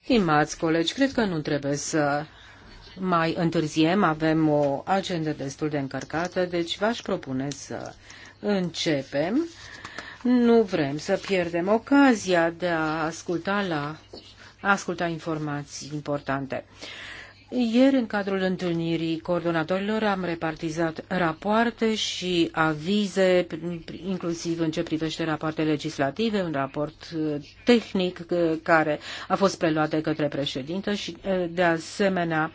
Stimați colegi, cred că nu trebuie să mai întârziem, avem o agendă destul de încărcată, deci v-aș propune să începem. Nu vrem să pierdem ocazia de a asculta la a asculta informații importante. Ieri, în cadrul întâlnirii coordonatorilor, am repartizat rapoarte și avize, inclusiv în ce privește rapoarte legislative, un raport uh, tehnic uh, care a fost preluat de către președintă și, uh, de asemenea,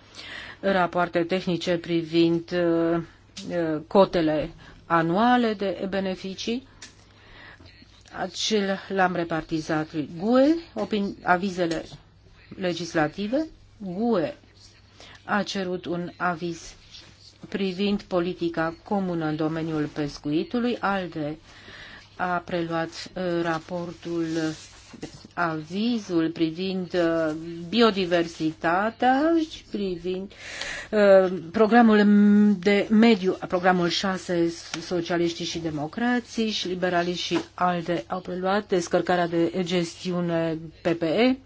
rapoarte tehnice privind cotele anuale de beneficii. Acel l-am repartizat lui GUE, avizele legislative, GUE a cerut un aviz privind politica comună în domeniul pescuitului. ALDE a preluat uh, raportul avizul privind uh, biodiversitatea și privind uh, programul de mediu, programul 6, socialiștii și democrații și liberalii și alte au preluat descărcarea de gestiune PPE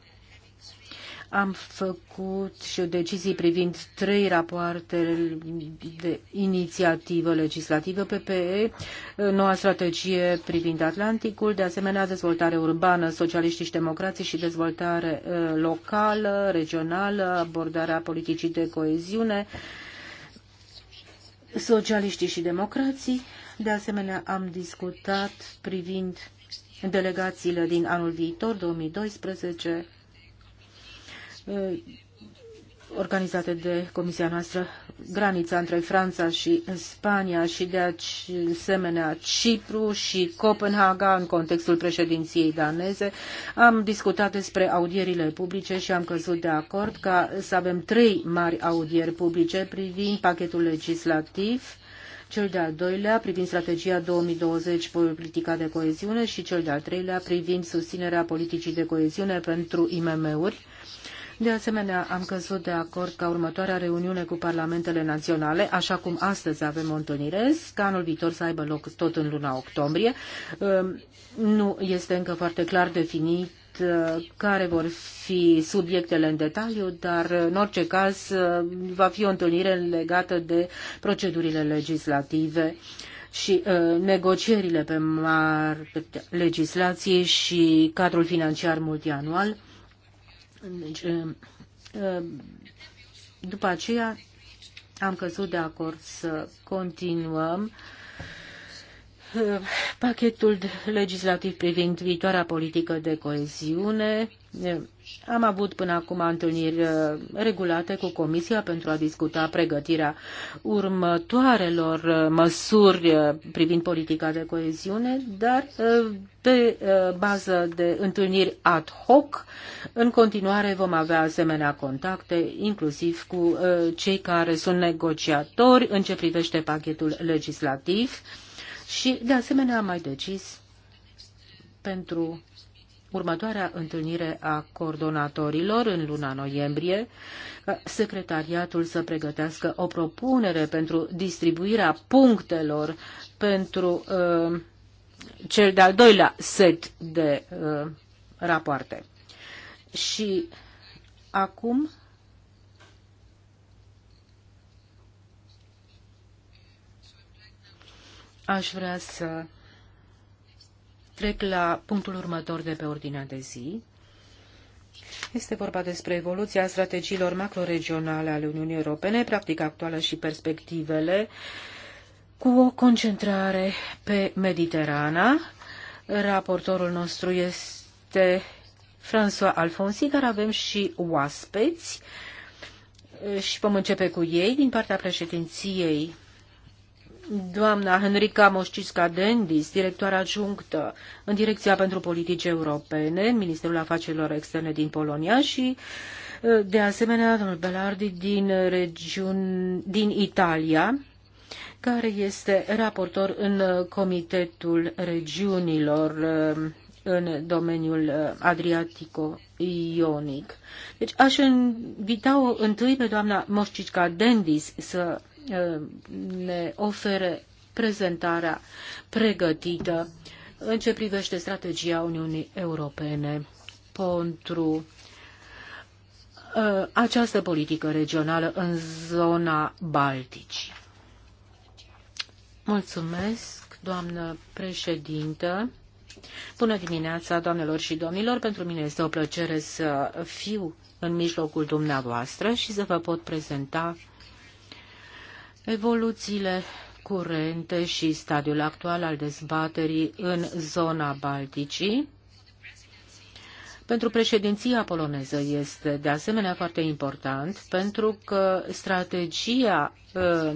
am făcut și o decizie privind trei rapoarte de inițiativă legislativă PPE, noua strategie privind Atlanticul, de asemenea dezvoltare urbană, socialiștii și democrații și dezvoltare uh, locală, regională, abordarea politicii de coeziune, socialiștii și democrații. De asemenea, am discutat privind delegațiile din anul viitor, 2012, Uh, organizate de comisia noastră, granița între Franța și Spania și de asemenea Cipru și Copenhaga în contextul președinției daneze. Am discutat despre audierile publice și am căzut de acord ca să avem trei mari audieri publice privind pachetul legislativ, cel de-al doilea privind strategia 2020 politica de coeziune și cel de-al treilea privind susținerea politicii de coeziune pentru IMM-uri de asemenea, am căzut de acord ca următoarea reuniune cu parlamentele naționale, așa cum astăzi avem o întâlnire, ca anul viitor să aibă loc tot în luna octombrie. Ehm, nu este încă foarte clar definit eh, care vor fi subiectele în detaliu, dar eh, în orice caz eh, va fi o întâlnire legată de procedurile legislative și uh, negocierile pe mar legislație și cadrul financiar multianual. Deci, uh, uh, după aceea am căzut de acord să continuăm uh, pachetul legislativ privind viitoarea politică de coeziune am avut până acum întâlniri uh, regulate cu Comisia pentru a discuta pregătirea următoarelor uh, măsuri uh, privind politica de coeziune, dar pe bază de întâlniri ad hoc, în continuare vom avea asemenea contacte, inclusiv cu cei care sunt negociatori în ce privește pachetul legislativ și, de asemenea, am mai decis pentru următoarea întâlnire a coordonatorilor în luna noiembrie, secretariatul să pregătească o propunere pentru distribuirea punctelor pentru uh, cel de-al doilea set de uh, rapoarte. Și acum aș vrea să trec la punctul următor de pe ordinea de zi. Este vorba despre evoluția strategiilor macroregionale ale Uniunii Europene, practica actuală și perspectivele, cu o concentrare pe Mediterana. Raportorul nostru este François Alfonsi, dar avem și oaspeți și vom începe cu ei din partea președinției doamna Henrica Moșcisca Dendis, directoare adjunctă în Direcția pentru Politici Europene, Ministerul Afacerilor Externe din Polonia și uh, de asemenea domnul Belardi din, regiun, din Italia, care este raportor în uh, Comitetul Regiunilor uh, în domeniul adriatico-ionic. Deci aș invita-o întâi pe doamna Moșcicica Dendis să ne ofere prezentarea pregătită în ce privește strategia Uniunii Europene pentru uh, această politică regională în zona Balticii. Mulțumesc, doamnă președintă. Bună dimineața, doamnelor și domnilor. Pentru mine este o plăcere să fiu în mijlocul dumneavoastră și să vă pot prezenta Evoluțiile curente și stadiul actual al dezbaterii în zona Balticii. Pentru președinția poloneză este de asemenea foarte important pentru că strategia uh,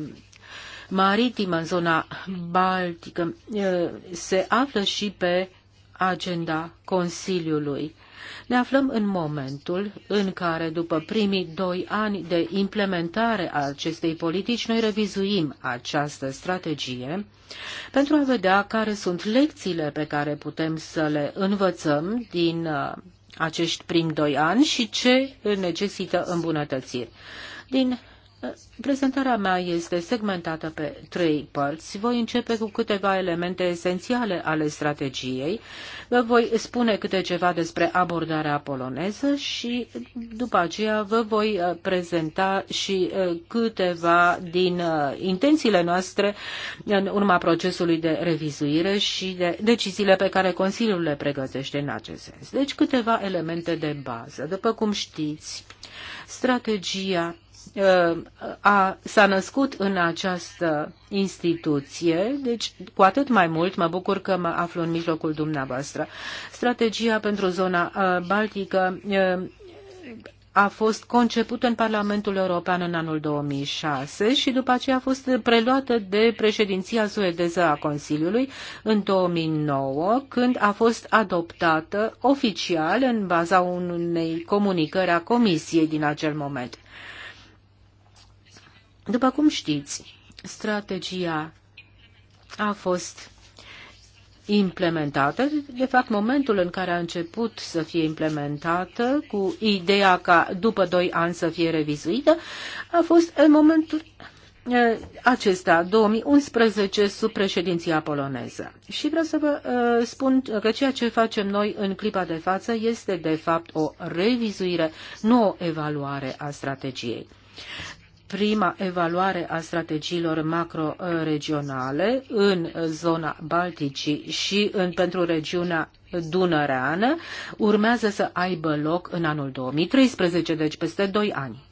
maritimă în zona Baltică uh, se află și pe agenda Consiliului. Ne aflăm în momentul în care, după primii doi ani de implementare a acestei politici, noi revizuim această strategie pentru a vedea care sunt lecțiile pe care putem să le învățăm din uh, acești primi doi ani și ce necesită îmbunătățiri. Din Prezentarea mea este segmentată pe trei părți. Voi începe cu câteva elemente esențiale ale strategiei, vă voi spune câte ceva despre abordarea poloneză și după aceea vă voi uh, prezenta și uh, câteva din uh, intențiile noastre în urma procesului de revizuire și de deciziile pe care Consiliul le pregătește în acest sens. Deci câteva elemente de bază. După cum știți, strategia a, s-a născut în această instituție, deci cu atât mai mult mă bucur că mă aflu în mijlocul dumneavoastră. Strategia pentru zona baltică a fost concepută în Parlamentul European în anul 2006 și după aceea a fost preluată de președinția suedeză a Consiliului în 2009, când a fost adoptată oficial în baza unei comunicări a Comisiei din acel moment. După cum știți, strategia a fost implementată, de fapt momentul în care a început să fie implementată cu ideea ca după doi ani să fie revizuită, a fost în momentul acesta, 2011, sub președinția poloneză. Și vreau să vă uh, spun că ceea ce facem noi în clipa de față este, de fapt, o revizuire, nu o evaluare a strategiei prima evaluare a strategiilor macroregionale în zona Balticii și în, pentru regiunea dunăreană urmează să aibă loc în anul 2013, deci peste 2 ani.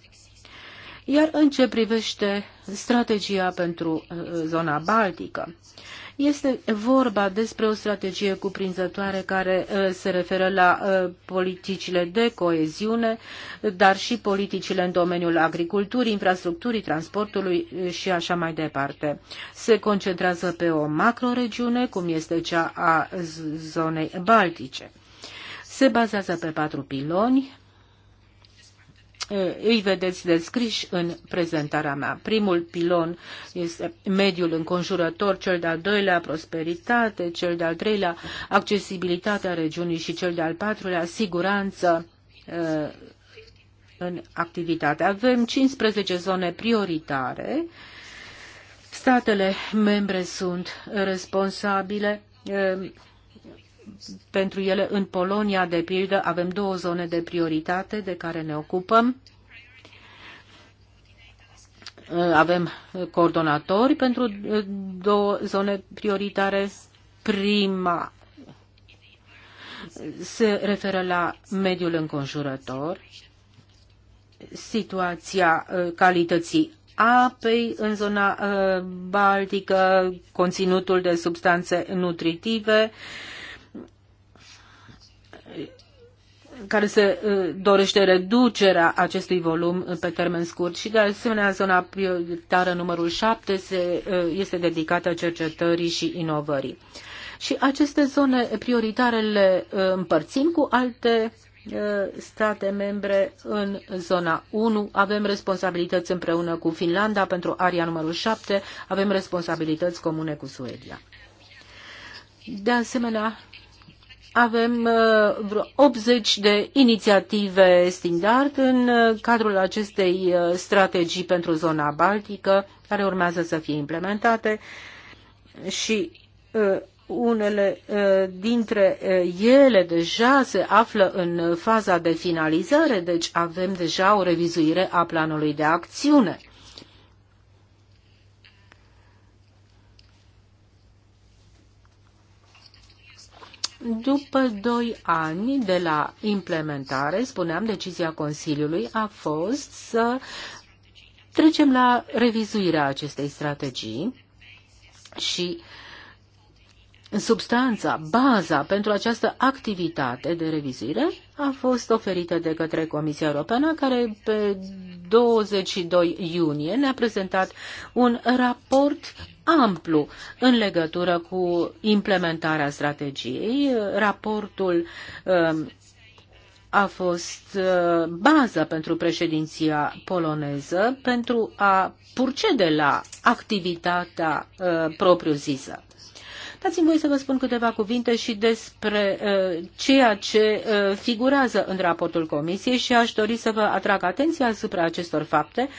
Iar în ce privește strategia pentru uh, zona Baltică, este vorba despre o strategie cuprinzătoare care uh, se referă la uh, politicile de coeziune, dar și politicile în domeniul agriculturii, infrastructurii, transportului uh, și așa mai departe. Se concentrează pe o macroregiune, cum este cea a zonei baltice. Se bazează pe patru piloni, Eh, îi vedeți descriși în prezentarea mea. Primul pilon este mediul înconjurător, cel de-al doilea prosperitate, cel de-al treilea accesibilitatea regiunii și cel de-al patrulea siguranță eh, în activitate. Avem 15 zone prioritare. Statele membre sunt responsabile eh, pentru ele în Polonia, de pildă, avem două zone de prioritate de care ne ocupăm. Avem coordonatori pentru două zone prioritare. Prima se referă la mediul înconjurător, situația uh, calității apei în zona uh, baltică, conținutul de substanțe nutritive, care se uh, dorește reducerea acestui volum uh, pe termen scurt și de asemenea zona prioritară numărul 7 se, uh, este dedicată cercetării și inovării. Și aceste zone prioritare le împărțim cu alte state membre în zona 1. Avem responsabilități împreună cu Finlanda pentru aria numărul 7, avem responsabilități comune cu Suedia. De asemenea, avem uh, vreo 80 de inițiative standard în uh, cadrul acestei uh, strategii pentru zona baltică, care urmează să fie implementate și unele dintre ele deja se află în faza de finalizare, deci avem deja o revizuire a planului de acțiune. După doi ani de la implementare, spuneam, decizia Consiliului a fost să trecem la revizuirea acestei strategii și substanța, baza pentru această activitate de revizuire a fost oferită de către Comisia Europeană, care pe 22 iunie ne-a prezentat un raport amplu în legătură cu implementarea strategiei. Raportul um, a fost uh, bază pentru președinția poloneză pentru a purcede la activitatea uh, propriu-zisă. Dați-mi voi să vă spun câteva cuvinte și despre uh, ceea ce uh, figurează în raportul Comisiei și aș dori să vă atrag atenția asupra acestor fapte,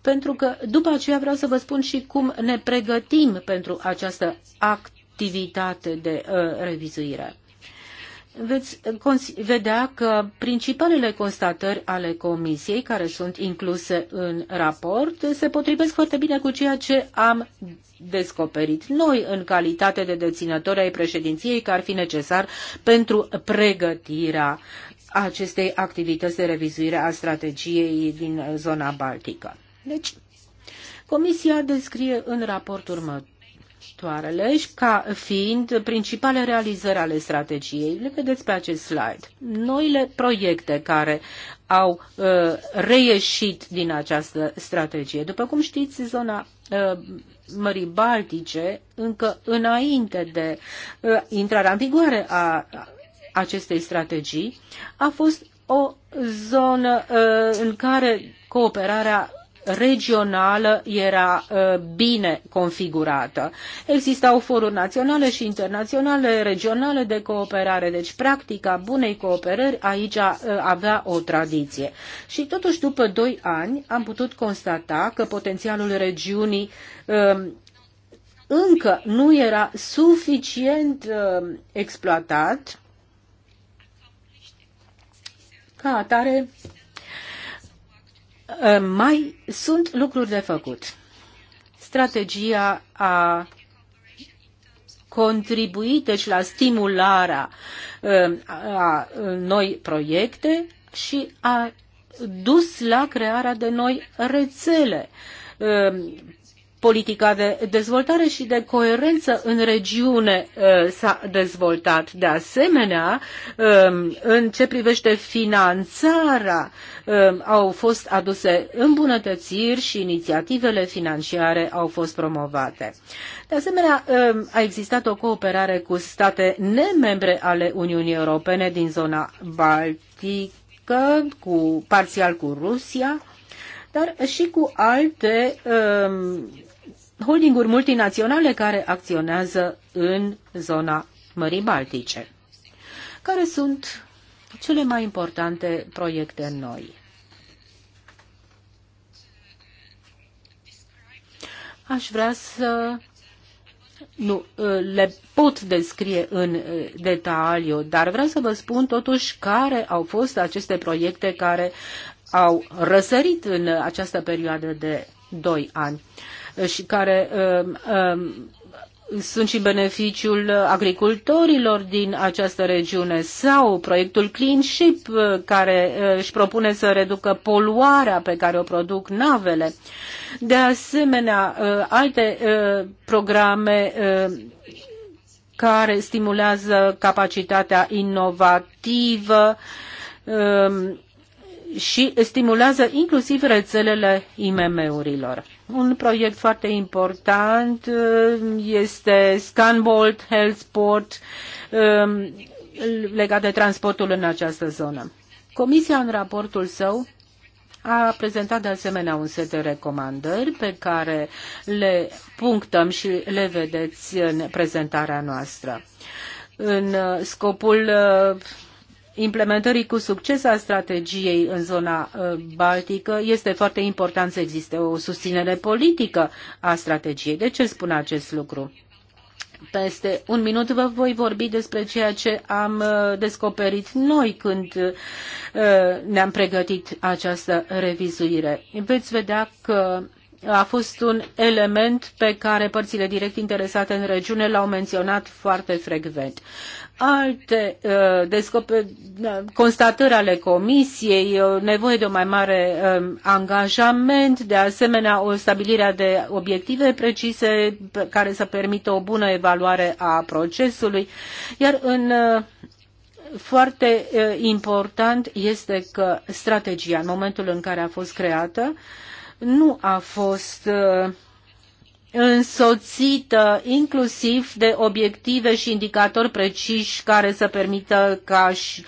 pentru că după aceea vreau să vă spun și cum ne pregătim pentru această activitate de uh, revizuire veți vedea că principalele constatări ale comisiei, care sunt incluse în raport, se potrivesc foarte bine cu ceea ce am descoperit noi în calitate de deținători ai președinției, că ar fi necesar pentru pregătirea acestei activități de revizuire a strategiei din zona baltică. Deci, Comisia descrie în raport următor toarele ca fiind principale realizări ale strategiei. Le vedeți pe acest slide. Noile proiecte care au uh, reieșit din această strategie. După cum știți, zona uh, Mării Baltice, încă înainte de uh, intrarea în vigoare a acestei strategii, a fost o zonă uh, în care cooperarea regională era uh, bine configurată. Existau foruri naționale și internaționale, regionale de cooperare, deci practica bunei cooperări aici uh, avea o tradiție. Și totuși după doi ani am putut constata că potențialul regiunii uh, încă nu era suficient exploatat ca atare Ă, mai sunt lucruri de făcut. Strategia a contribuit deci la stimularea ă, a noi proiecte și a dus la crearea de noi rețele ă, politica de dezvoltare și de coerență în regiune uh, s-a dezvoltat. De asemenea, um, în ce privește finanțarea, um, au fost aduse îmbunătățiri și inițiativele financiare au fost promovate. De asemenea, um, a existat o cooperare cu state nemembre ale Uniunii Europene din zona Baltică, cu, parțial cu Rusia, dar și cu alte um, holdinguri multinaționale care acționează în zona Mării Baltice. Care sunt cele mai importante proiecte noi? Aș vrea să nu le pot descrie în eh, detaliu, dar vreau să vă spun totuși care au fost aceste proiecte care au răsărit în această perioadă de 2 ani. Uh, și care uh, um, sunt și beneficiul agricultorilor din această regiune sau proiectul Clean Ship uh, care își propune să reducă poluarea pe care o produc navele. De asemenea, alte programe care stimulează capacitatea inovativă um, și stimulează inclusiv rețelele IMM-urilor. Un proiect foarte important uh, este Scanbolt Healthport um, legat de transportul în această zonă. Comisia în raportul său a prezentat de asemenea un set de recomandări pe care le punctăm și le vedeți în prezentarea noastră în scopul uh, implementării cu succes a strategiei în zona uh, baltică este foarte important să existe o susținere politică a strategiei. De ce spun acest lucru? Peste un minut vă voi vorbi despre ceea ce am uh, descoperit noi când uh, ne-am pregătit această revizuire. Veți vedea că a fost un element pe care părțile direct interesate în regiune l-au menționat foarte frecvent alte uh, uh, constatări ale comisiei, nevoie de o mai mare uh, angajament, de asemenea o stabilire de obiective precise care să permită o bună evaluare a procesului, iar în uh, foarte uh, important este că strategia, în momentul în care a fost creată, nu a fost uh, însoțită inclusiv de obiective și indicatori preciși care să permită ca și,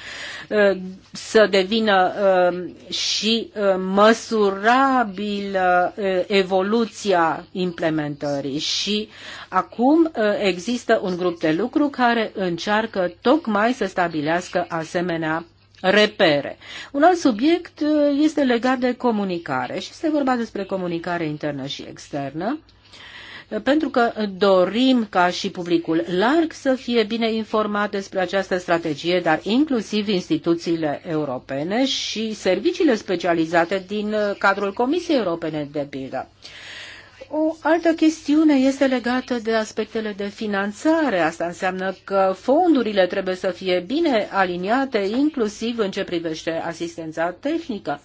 uh, să devină uh, și uh, măsurabilă evoluția implementării. Și acum există un grup de lucru care încearcă tocmai să stabilească asemenea repere. Un alt subiect este legat de comunicare și este vorba despre comunicare internă și externă pentru că dorim ca și publicul larg să fie bine informat despre această strategie, dar inclusiv instituțiile europene și serviciile specializate din uh, cadrul Comisiei Europene de Pildă. O altă chestiune este legată de aspectele de finanțare. Asta înseamnă că fondurile trebuie să fie bine aliniate, inclusiv în ce privește asistența tehnică.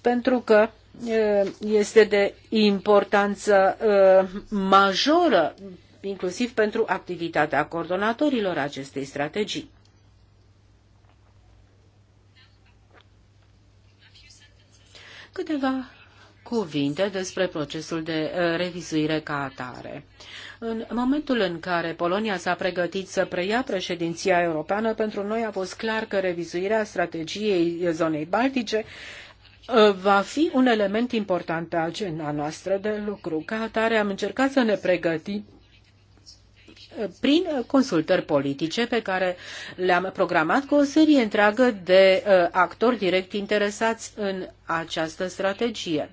Pentru că Eh, este de importanță eh, majoră, inclusiv pentru activitatea coordonatorilor acestei strategii. Câteva cuvinte despre procesul de eh, revizuire ca atare. În momentul în care Polonia s-a pregătit să preia președinția europeană, pentru noi a fost clar că revizuirea strategiei zonei baltice Ă, va fi un element important pe agenda noastră de lucru. Ca atare am încercat să ne pregătim ă, prin consultări politice pe care le-am programat cu o serie întreagă de ă, actori direct interesați în această strategie.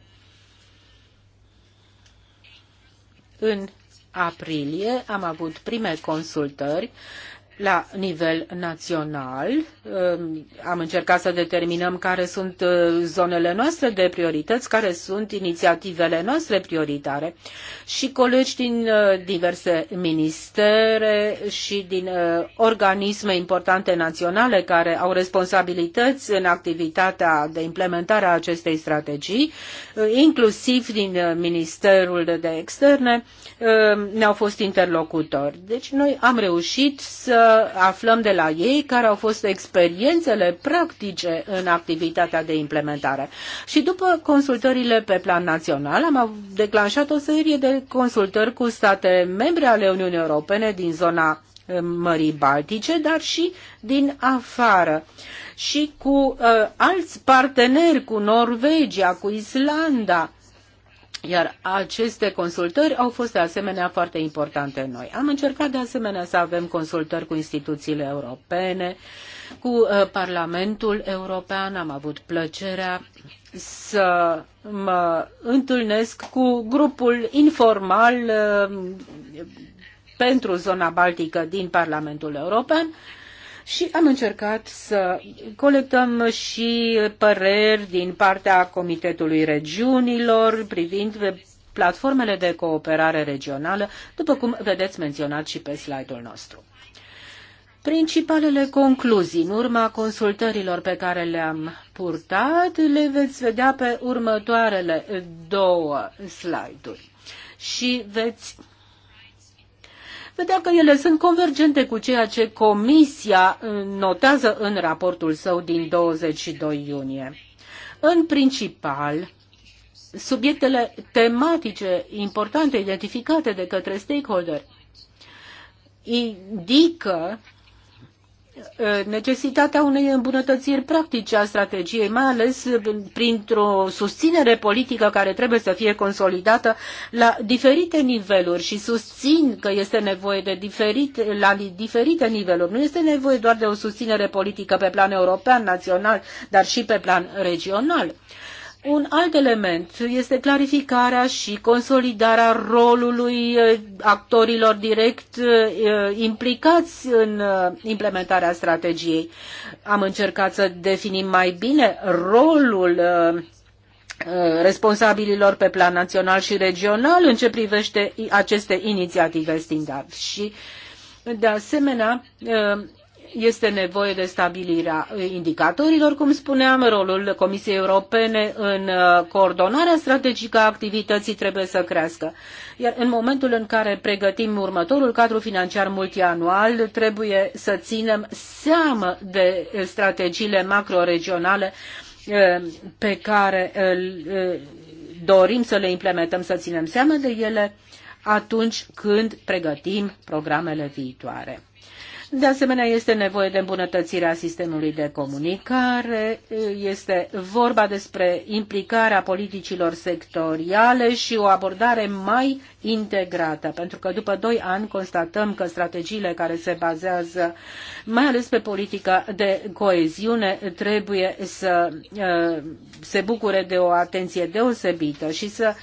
În aprilie am avut prime consultări uh, la nivel național. Um, am încercat să determinăm care sunt uh, zonele noastre de priorități, care sunt inițiativele noastre prioritare și colegi din uh, diverse ministere și din uh, organisme importante naționale care au responsabilități în activitatea de implementare a acestei strategii, inclusiv din Ministerul de Externe, ne-au fost interlocutori. Deci noi am reușit să aflăm de la ei care au fost experiențele practice în activitatea de implementare. Și după consultările pe plan național am declanșat o serie de consultări cu state membre ale Uniunii Europene din zona eh, Mării Baltice, dar și din afară. Și cu uh, alți parteneri, cu Norvegia, cu Islanda, iar aceste consultări au fost de asemenea foarte importante noi. Am încercat de asemenea să avem consultări cu instituțiile europene, cu uh, Parlamentul European. Am avut plăcerea să mă întâlnesc cu grupul informal uh, pentru zona baltică din Parlamentul European și am încercat să colectăm și păreri din partea Comitetului Regiunilor privind platformele de cooperare regională, după cum vedeți menționat și pe slide-ul nostru. Principalele concluzii în urma consultărilor pe care le-am purtat le veți vedea pe următoarele două slide-uri și veți vedea că ele sunt convergente cu ceea ce Comisia uh, notează în raportul său din 22 iunie. În principal, subiectele tematice importante identificate de către stakeholder indică Ă, necesitatea unei îmbunătățiri practice a strategiei, mai ales printr-o susținere politică care trebuie să fie consolidată la diferite niveluri și susțin că este nevoie de diferite, la diferite niveluri. Nu este nevoie doar de o susținere politică pe plan european, național, dar și pe plan regional. Un alt element este clarificarea și consolidarea rolului eh, actorilor direct eh, implicați în eh, implementarea strategiei. Am încercat să definim mai bine rolul responsabililor pe plan național și regional în ce privește aceste inițiative standard. Și, de asemenea, este nevoie de stabilirea uh, indicatorilor, cum spuneam, rolul Comisiei Europene în uh, coordonarea strategică a activității trebuie să crească. Iar în momentul în care pregătim următorul cadru financiar multianual, trebuie să ținem seamă de uh, strategiile macroregionale pe care dorim să le implementăm, să ținem seama de ele atunci când pregătim programele viitoare. De asemenea, este nevoie de îmbunătățirea sistemului de comunicare, este vorba despre implicarea politicilor sectoriale și o abordare mai integrată, pentru că după doi ani constatăm că strategiile care se bazează mai ales pe politica de coeziune trebuie să uh, se bucure de o atenție deosebită și să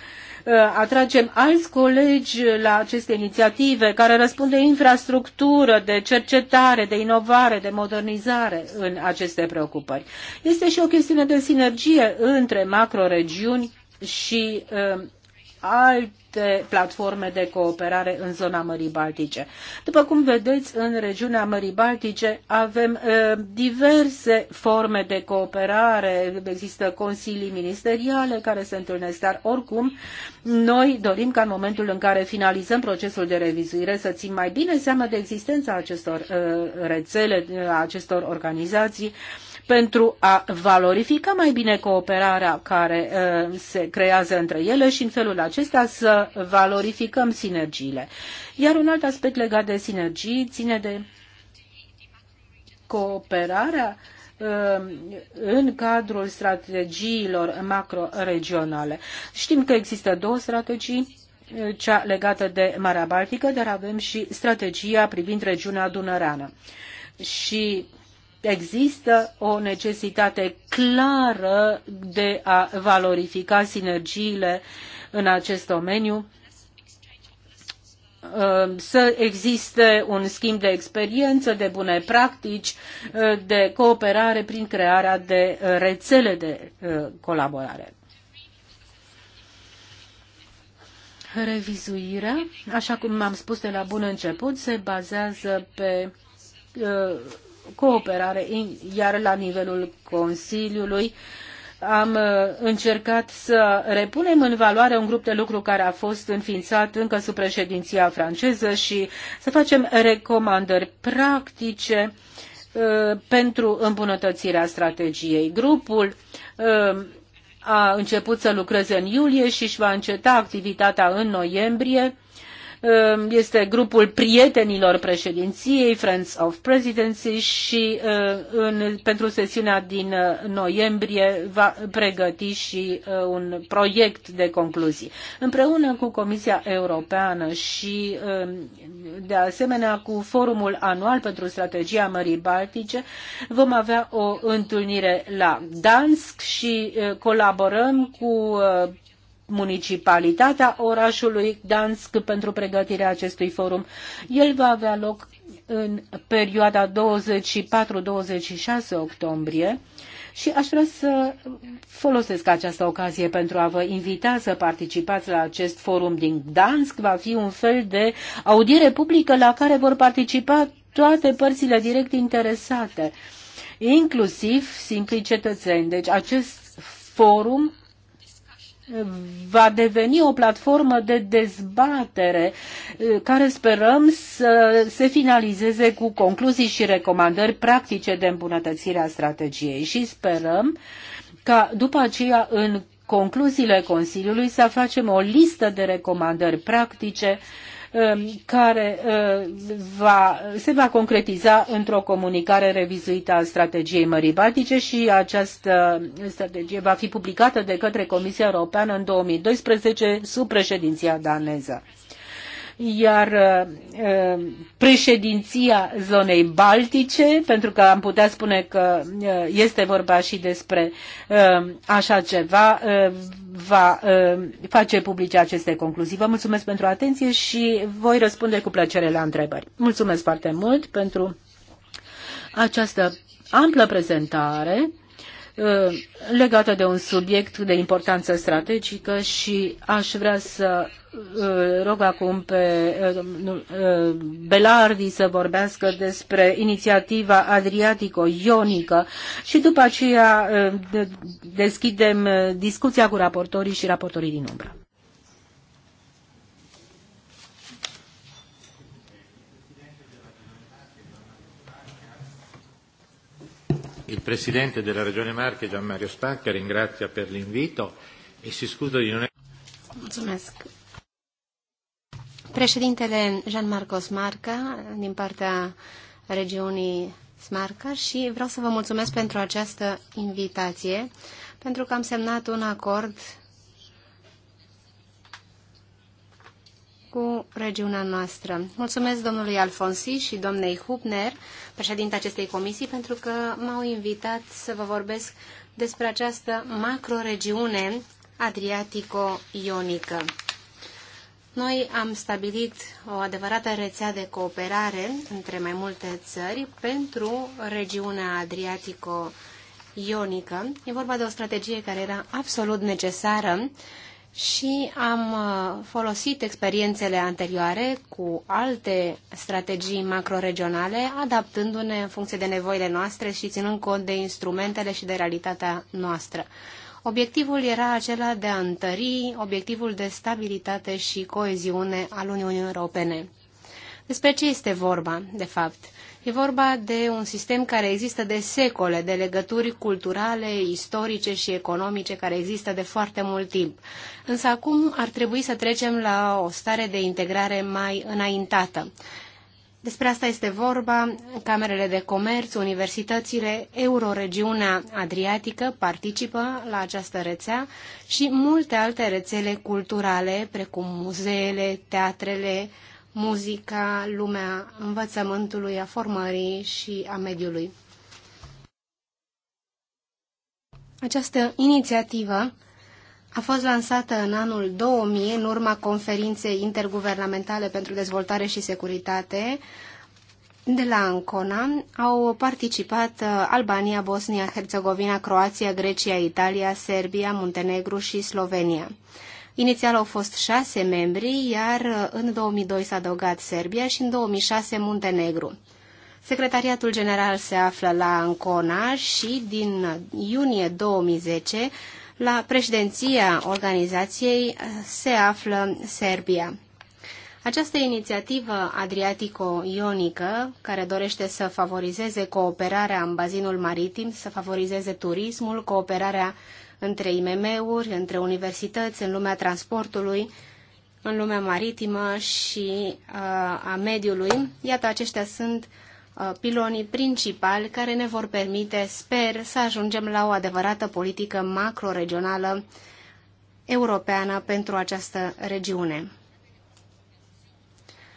Uh, atragem alți colegi la aceste inițiative care răspund de infrastructură, de cercetare, de inovare, de modernizare în aceste preocupări. Este și o chestiune de sinergie între macroregiuni și uh, alte platforme de cooperare în zona Mării Baltice. După cum vedeți, în regiunea Mării Baltice avem uh, diverse forme de cooperare, există consilii ministeriale care se întâlnesc, dar oricum noi dorim ca în momentul în care finalizăm procesul de revizuire să țin mai bine seama de existența acestor uh, rețele, a eh, acestor organizații, uh, pentru a valorifica mai bine cooperarea care uh, se creează între ele și în felul acesta să valorificăm sinergiile. Iar un alt aspect legat de sinergii ține de cooperarea uh, în cadrul strategiilor macroregionale. Știm că există două strategii, uh, cea legată de Marea Baltică, dar avem și strategia privind regiunea dunăreană. Și există o necesitate clară de a valorifica sinergiile în acest domeniu, ehm, să existe un schimb de experiență, de bune practici, ehm, de cooperare prin crearea de rețele de ehm, colaborare. Revizuirea, așa cum am spus de la bun început, se bazează pe cooperare, iar la nivelul Consiliului am uh, încercat să repunem în valoare un grup de lucru care a fost înființat încă sub președinția franceză și să facem recomandări practice uh, pentru îmbunătățirea strategiei. Grupul uh, a început să lucreze în iulie și își va înceta activitatea în noiembrie Um, este grupul prietenilor președinției, Friends of Presidency și uh, în, pentru sesiunea din uh, noiembrie va pregăti și uh, un proiect de concluzii. Împreună cu Comisia Europeană și um, de asemenea cu Forumul Anual pentru Strategia Mării Baltice vom avea o întâlnire la Dansk și colaborăm cu municipalitatea orașului Gdansk pentru pregătirea acestui forum. El va avea loc în perioada 24-26 octombrie și aș vrea să folosesc această ocazie pentru a vă invita să participați la acest forum din Gdansk. Va fi un fel de audiere publică la care vor participa toate părțile direct interesate, inclusiv simpli cetățeni. Deci acest forum va deveni o platformă de dezbatere eh, care sperăm să se finalizeze cu concluzii și recomandări practice de îmbunătățire a strategiei și sperăm ca după aceea în concluziile Consiliului să facem o listă de recomandări practice uh, Um, care uh, va, se va concretiza într-o comunicare revizuită a strategiei Mării Baltice și această strategie va fi publicată de către Comisia Europeană în 2012 sub președinția daneză iar uh, uh, președinția zonei baltice, pentru că am putea spune că uh, este vorba și despre așa ceva, va face publice aceste concluzii. Vă mulțumesc pentru atenție și voi răspunde cu plăcere la întrebări. Mulțumesc foarte mult pentru această amplă prezentare Uh, legată de un subiect de importanță strategică și aș vrea să uh, rog acum pe uh, Belardi să vorbească despre inițiativa Adriatico-Ionică și după aceea deschidem discuția cu raportorii și raportorii din umbră. Il Presidente della Regione Marche, Gian Mario Spacca, ringrazia per l'invito e si scusa di non... Mulțumesc. Președintele Jean Marcos Marca, din partea regiunii Smarca și vreau să vă mulțumesc pentru această invitație, pentru că am semnat un acord cu regiunea noastră. Mulțumesc domnului Alfonsi și domnei Hubner, președinte acestei comisii, pentru că m-au invitat să vă vorbesc despre această macroregiune adriatico-ionică. Noi am stabilit o adevărată rețea de cooperare între mai multe țări pentru regiunea adriatico-ionică. E vorba de o strategie care era absolut necesară și am uh, folosit experiențele anterioare cu alte strategii macroregionale, adaptându-ne în funcție de nevoile noastre și ținând cont de instrumentele și de realitatea noastră. Obiectivul era acela de a întări obiectivul de stabilitate și coeziune al Uniunii Europene. Despre ce este vorba, de fapt? E vorba de un sistem care există de secole, de legături culturale, istorice și economice care există de foarte mult timp. Însă acum ar trebui să trecem la o stare de integrare mai înaintată. Despre asta este vorba. Camerele de comerț, universitățile, euroregiunea adriatică participă la această rețea și multe alte rețele culturale, precum muzeele, teatrele, muzica, lumea învățământului, a formării și a mediului. Această inițiativă a fost lansată în anul 2000 în urma conferinței interguvernamentale pentru dezvoltare și securitate de la Ancona. Au participat uh, Albania, Bosnia, Herțegovina, Croația, Grecia, Italia, Serbia, Muntenegru și Slovenia. Inițial au fost șase membri, iar uh, în 2002 s-a adăugat Serbia și în 2006 Muntenegru. Secretariatul general se află la Ancona și din uh, iunie 2010 la președinția organizației uh, se află Serbia. Această inițiativă adriatico-ionică, care dorește să favorizeze cooperarea în bazinul maritim, să favorizeze turismul, cooperarea între IMM-uri, între universități, în lumea transportului, în lumea maritimă și uh, a mediului. Iată, aceștia sunt uh, pilonii principali care ne vor permite, sper, să ajungem la o adevărată politică macroregională europeană pentru această regiune.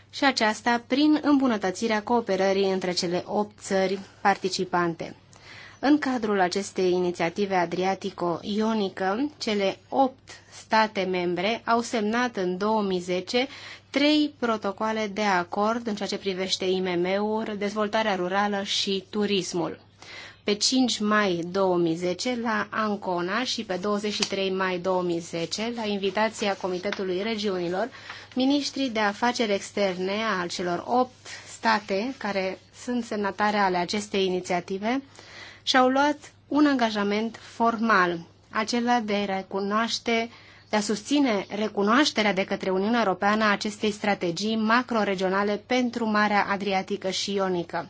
Și aceasta prin îmbunătățirea cooperării între cele opt țări participante. În cadrul acestei inițiative adriatico-ionică, cele opt state membre au semnat în 2010 trei protocoale de acord în ceea ce privește IMM-uri, dezvoltarea rurală și turismul. Pe 5 mai 2010 la Ancona și pe 23 mai 2010 la invitația Comitetului Regiunilor, ministrii de afaceri externe al celor opt state care sunt semnatare ale acestei inițiative și-au luat un angajament formal, acela de a recunoaște de a susține recunoașterea de către Uniunea Europeană a acestei strategii macroregionale pentru Marea Adriatică și Ionică.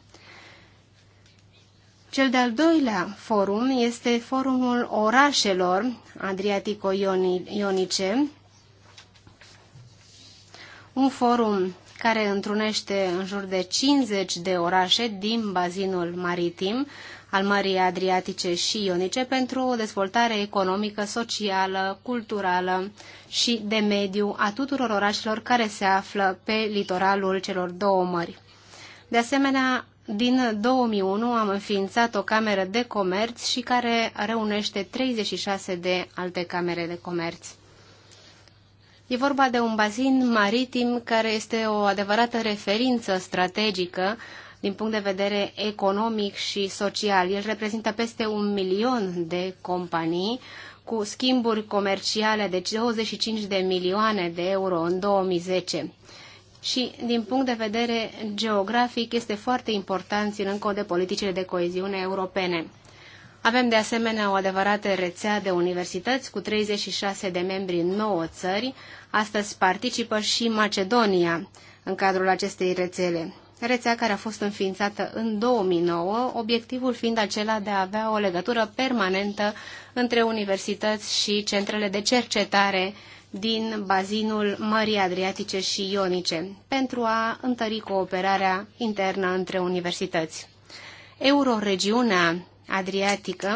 Cel de-al doilea forum este forumul orașelor adriatico-ionice, un forum care întrunește în jur de 50 de orașe din bazinul maritim, al Mării Adriatice și Ionice pentru o dezvoltare economică, socială, culturală și de mediu a tuturor orașelor care se află pe litoralul celor două mări. De asemenea, din 2001 am înființat o cameră de comerț și care reunește 36 de alte camere de comerț. E vorba de un bazin maritim care este o adevărată referință strategică din punct de vedere economic și social. El reprezintă peste un milion de companii cu schimburi comerciale de 25 de milioane de euro în 2010. Și, din punct de vedere geografic, este foarte important ținând cont de politicile de coeziune europene. Avem de asemenea o adevărată rețea de universități cu 36 de membri în 9 țări. Astăzi participă și Macedonia în cadrul acestei rețele rețea care a fost înființată în 2009, obiectivul fiind acela de a avea o legătură permanentă între universități și centrele de cercetare din bazinul Mării Adriatice și Ionice, pentru a întări cooperarea internă între universități. Euroregiunea Adriatică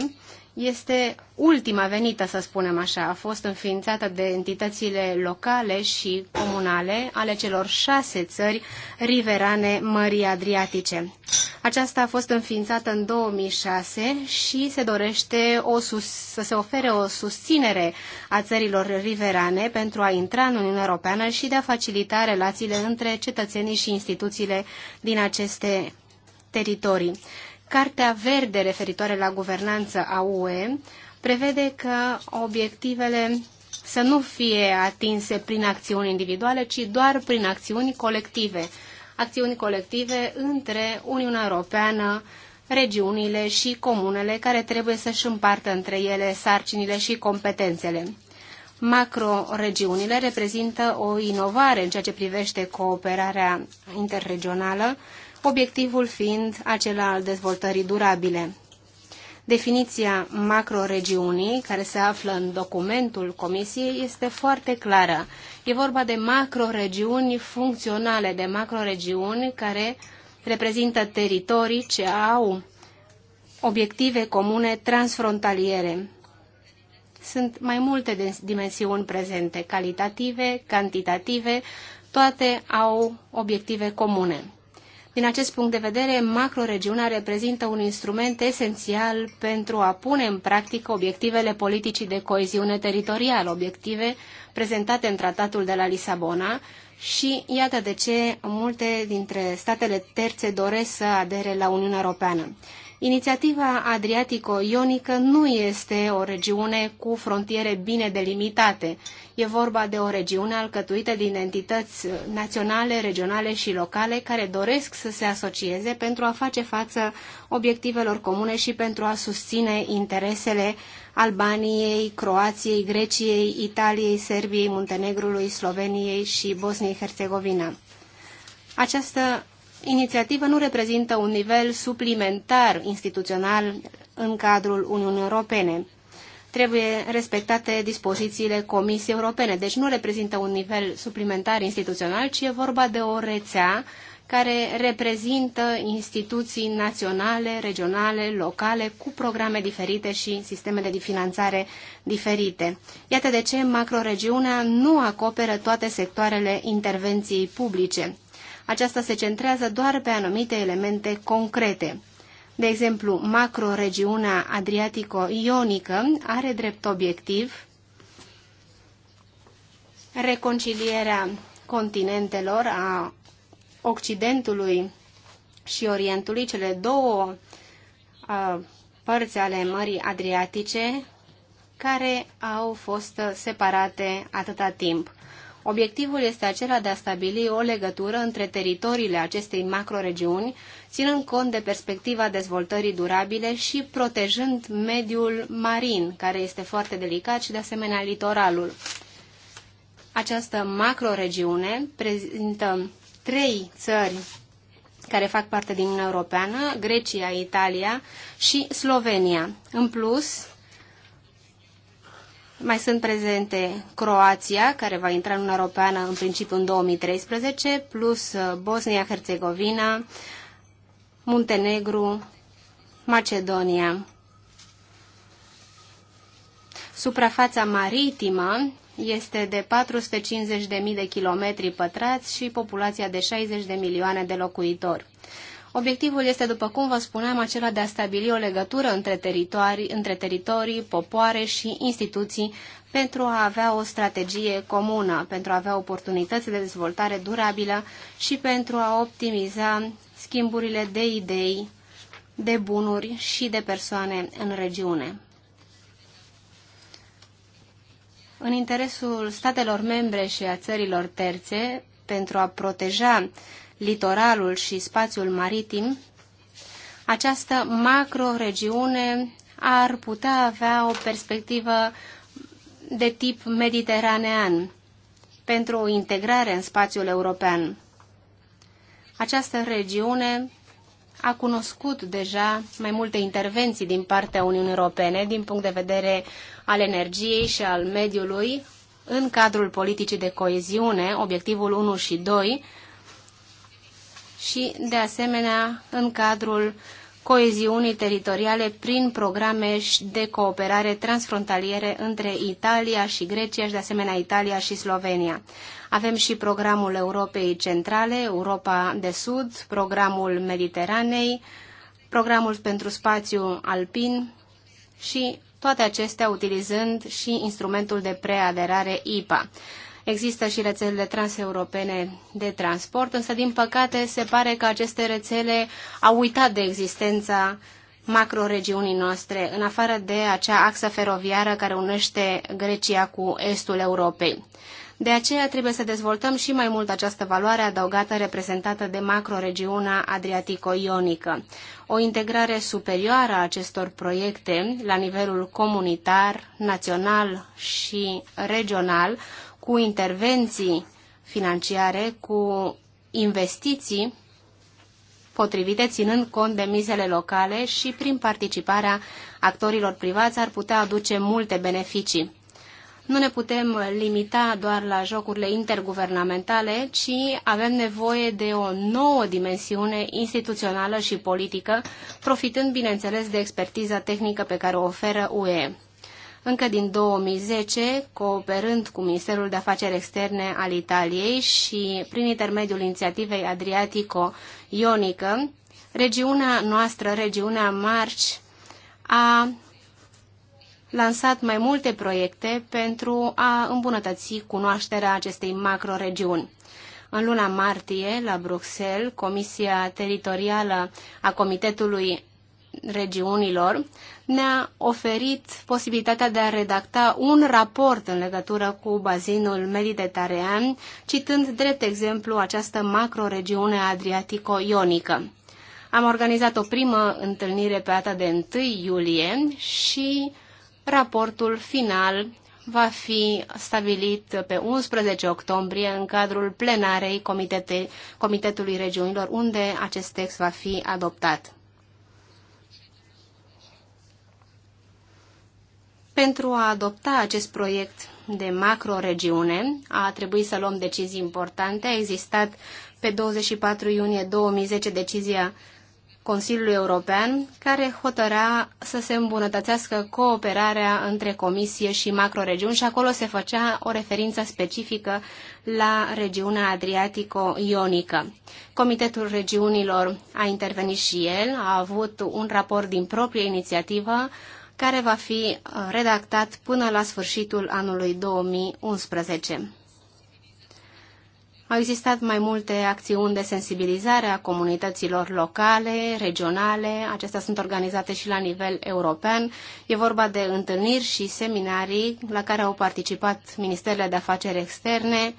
este ultima venită, să spunem așa. A fost înființată de entitățile locale și comunale ale celor șase țări riverane Mării Adriatice. Aceasta a fost înființată în 2006 și se dorește o sus, să se ofere o susținere a țărilor riverane pentru a intra în Uniunea Europeană și de a facilita relațiile între cetățenii și instituțiile din aceste teritorii. Cartea verde referitoare la guvernanță a UE prevede că obiectivele să nu fie atinse prin acțiuni individuale, ci doar prin acțiuni colective. Acțiuni colective între Uniunea Europeană, regiunile și comunele care trebuie să-și împartă între ele sarcinile și competențele. Macroregiunile reprezintă o inovare în ceea ce privește cooperarea interregională obiectivul fiind acela al dezvoltării durabile. Definiția macroregiunii, care se află în documentul Comisiei, este foarte clară. E vorba de macroregiuni funcționale, de macroregiuni care reprezintă teritorii ce au obiective comune transfrontaliere. Sunt mai multe dimensiuni prezente, calitative, cantitative, toate au obiective comune. Din acest punct de vedere, macroregiunea reprezintă un instrument esențial pentru a pune în practică obiectivele politicii de coeziune teritorială, obiective prezentate în tratatul de la Lisabona și iată de ce multe dintre statele terțe doresc să adere la Uniunea Europeană. Inițiativa Adriatico-Ionică nu este o regiune cu frontiere bine delimitate. E vorba de o regiune alcătuită din entități naționale, regionale și locale care doresc să se asocieze pentru a face față obiectivelor comune și pentru a susține interesele Albaniei, Croației, Greciei, Italiei, Serbiei, Muntenegrului, Sloveniei și Bosniei-Herzegovina. Această inițiativă nu reprezintă un nivel suplimentar instituțional în cadrul Uniunii Europene. Trebuie respectate dispozițiile Comisiei Europene, deci nu reprezintă un nivel suplimentar instituțional, ci e vorba de o rețea care reprezintă instituții naționale, regionale, locale, cu programe diferite și sisteme de finanțare diferite. Iată de ce macroregiunea nu acoperă toate sectoarele intervenției publice aceasta se centrează doar pe anumite elemente concrete. De exemplu, macroregiunea Adriatico-Ionică are drept obiectiv reconcilierea continentelor a Occidentului și Orientului, cele două uh, părți ale Mării Adriatice, care au fost separate atâta timp. Obiectivul este acela de a stabili o legătură între teritoriile acestei macroregiuni, ținând cont de perspectiva dezvoltării durabile și protejând mediul marin, care este foarte delicat și de asemenea litoralul. Această macroregiune prezintă trei țări care fac parte din Uniunea Europeană, Grecia, Italia și Slovenia. În plus, mai sunt prezente Croația, care va intra în Uniunea Europeană în principiu în 2013, plus uh, Bosnia-Herzegovina, Muntenegru, Macedonia. Suprafața maritimă este de 450.000 de kilometri pătrați și populația de 60 de milioane de locuitori. Obiectivul este, după cum vă spuneam, acela de a stabili o legătură între teritorii, între teritorii popoare și instituții pentru a avea o strategie comună, pentru a avea oportunități de dezvoltare durabilă și pentru a optimiza schimburile de idei, de bunuri și de persoane în regiune. În interesul statelor membre și a țărilor terțe, pentru a proteja litoralul și spațiul maritim, această macroregiune ar putea avea o perspectivă de tip mediteranean pentru o integrare în spațiul european. Această regiune a cunoscut deja mai multe intervenții din partea Uniunii Europene din punct de vedere al energiei și al mediului în cadrul politicii de coeziune, obiectivul 1 și 2, și, de asemenea, în cadrul coeziunii teritoriale prin programe de cooperare transfrontaliere între Italia și Grecia și, de asemenea, Italia și Slovenia. Avem și programul Europei Centrale, Europa de Sud, programul Mediteranei, programul pentru spațiu alpin și toate acestea utilizând și instrumentul de preaderare IPA. Există și rețelele transeuropene de transport, însă din păcate se pare că aceste rețele au uitat de existența macroregiunii noastre, în afară de acea axă feroviară care unește Grecia cu estul Europei. De aceea trebuie să dezvoltăm și mai mult această valoare adăugată reprezentată de macroregiunea Adriatico-Ionică. O integrare superioară a acestor proiecte la nivelul comunitar, național și regional cu intervenții financiare, cu investiții potrivite, ținând cont de mizele locale și prin participarea actorilor privați ar putea aduce multe beneficii. Nu ne putem limita doar la jocurile interguvernamentale, ci avem nevoie de o nouă dimensiune instituțională și politică, profitând, bineînțeles, de expertiza tehnică pe care o oferă UE. Încă din 2010, cooperând cu Ministerul de Afaceri Externe al Italiei și prin intermediul inițiativei Adriatico-Ionică, regiunea noastră, regiunea Marci, a lansat mai multe proiecte pentru a îmbunătăți cunoașterea acestei macroregiuni. În luna martie, la Bruxelles, Comisia Teritorială a Comitetului regiunilor ne-a oferit posibilitatea de a redacta un raport în legătură cu bazinul mediteranean, citând drept exemplu această macroregiune adriatico-ionică. Am organizat o primă întâlnire pe data de 1 iulie și raportul final va fi stabilit pe 11 octombrie în cadrul plenarei Comitetului Regiunilor, unde acest text va fi adoptat. Pentru a adopta acest proiect de macroregiune a trebuit să luăm decizii importante. A existat pe 24 iunie 2010 decizia Consiliului European, care hotărea să se îmbunătățească cooperarea între Comisie și macroregiuni și acolo se făcea o referință specifică la regiunea Adriatico-Ionică. Comitetul Regiunilor a intervenit și el, a avut un raport din proprie inițiativă, care va fi uh, redactat până la sfârșitul anului 2011. Au existat mai multe acțiuni de sensibilizare a comunităților locale, regionale, acestea sunt organizate și la nivel european. E vorba de întâlniri și seminarii la care au participat Ministerele de Afaceri Externe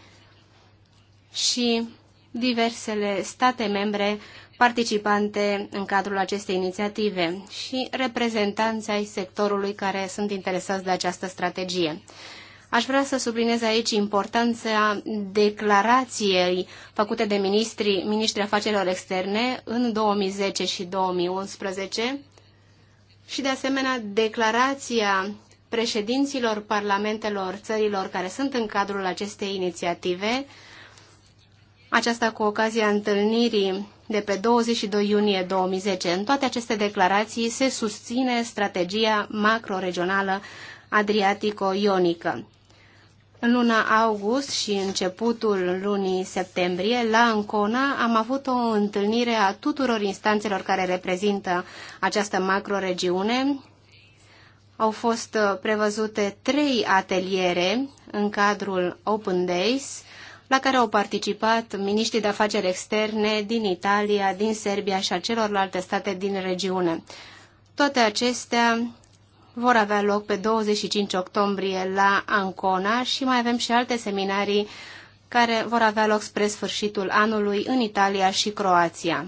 și diversele state membre participante în cadrul acestei inițiative și reprezentanți ai sectorului care sunt interesați de această strategie. Aș vrea să subliniez aici importanța declarației făcute de ministrii, ministrii afacerilor externe în 2010 și 2011 și de asemenea declarația președinților parlamentelor țărilor care sunt în cadrul acestei inițiative, aceasta cu ocazia întâlnirii de pe 22 iunie 2010. În toate aceste declarații se susține strategia macroregională adriatico-ionică. În luna august și începutul lunii septembrie, la Ancona, am avut o întâlnire a tuturor instanțelor care reprezintă această macroregiune. Au fost prevăzute trei ateliere în cadrul Open Days la care au participat miniștrii de afaceri externe din Italia, din Serbia și a celorlalte state din regiune. Toate acestea vor avea loc pe 25 octombrie la Ancona și mai avem și alte seminarii care vor avea loc spre sfârșitul anului în Italia și Croația.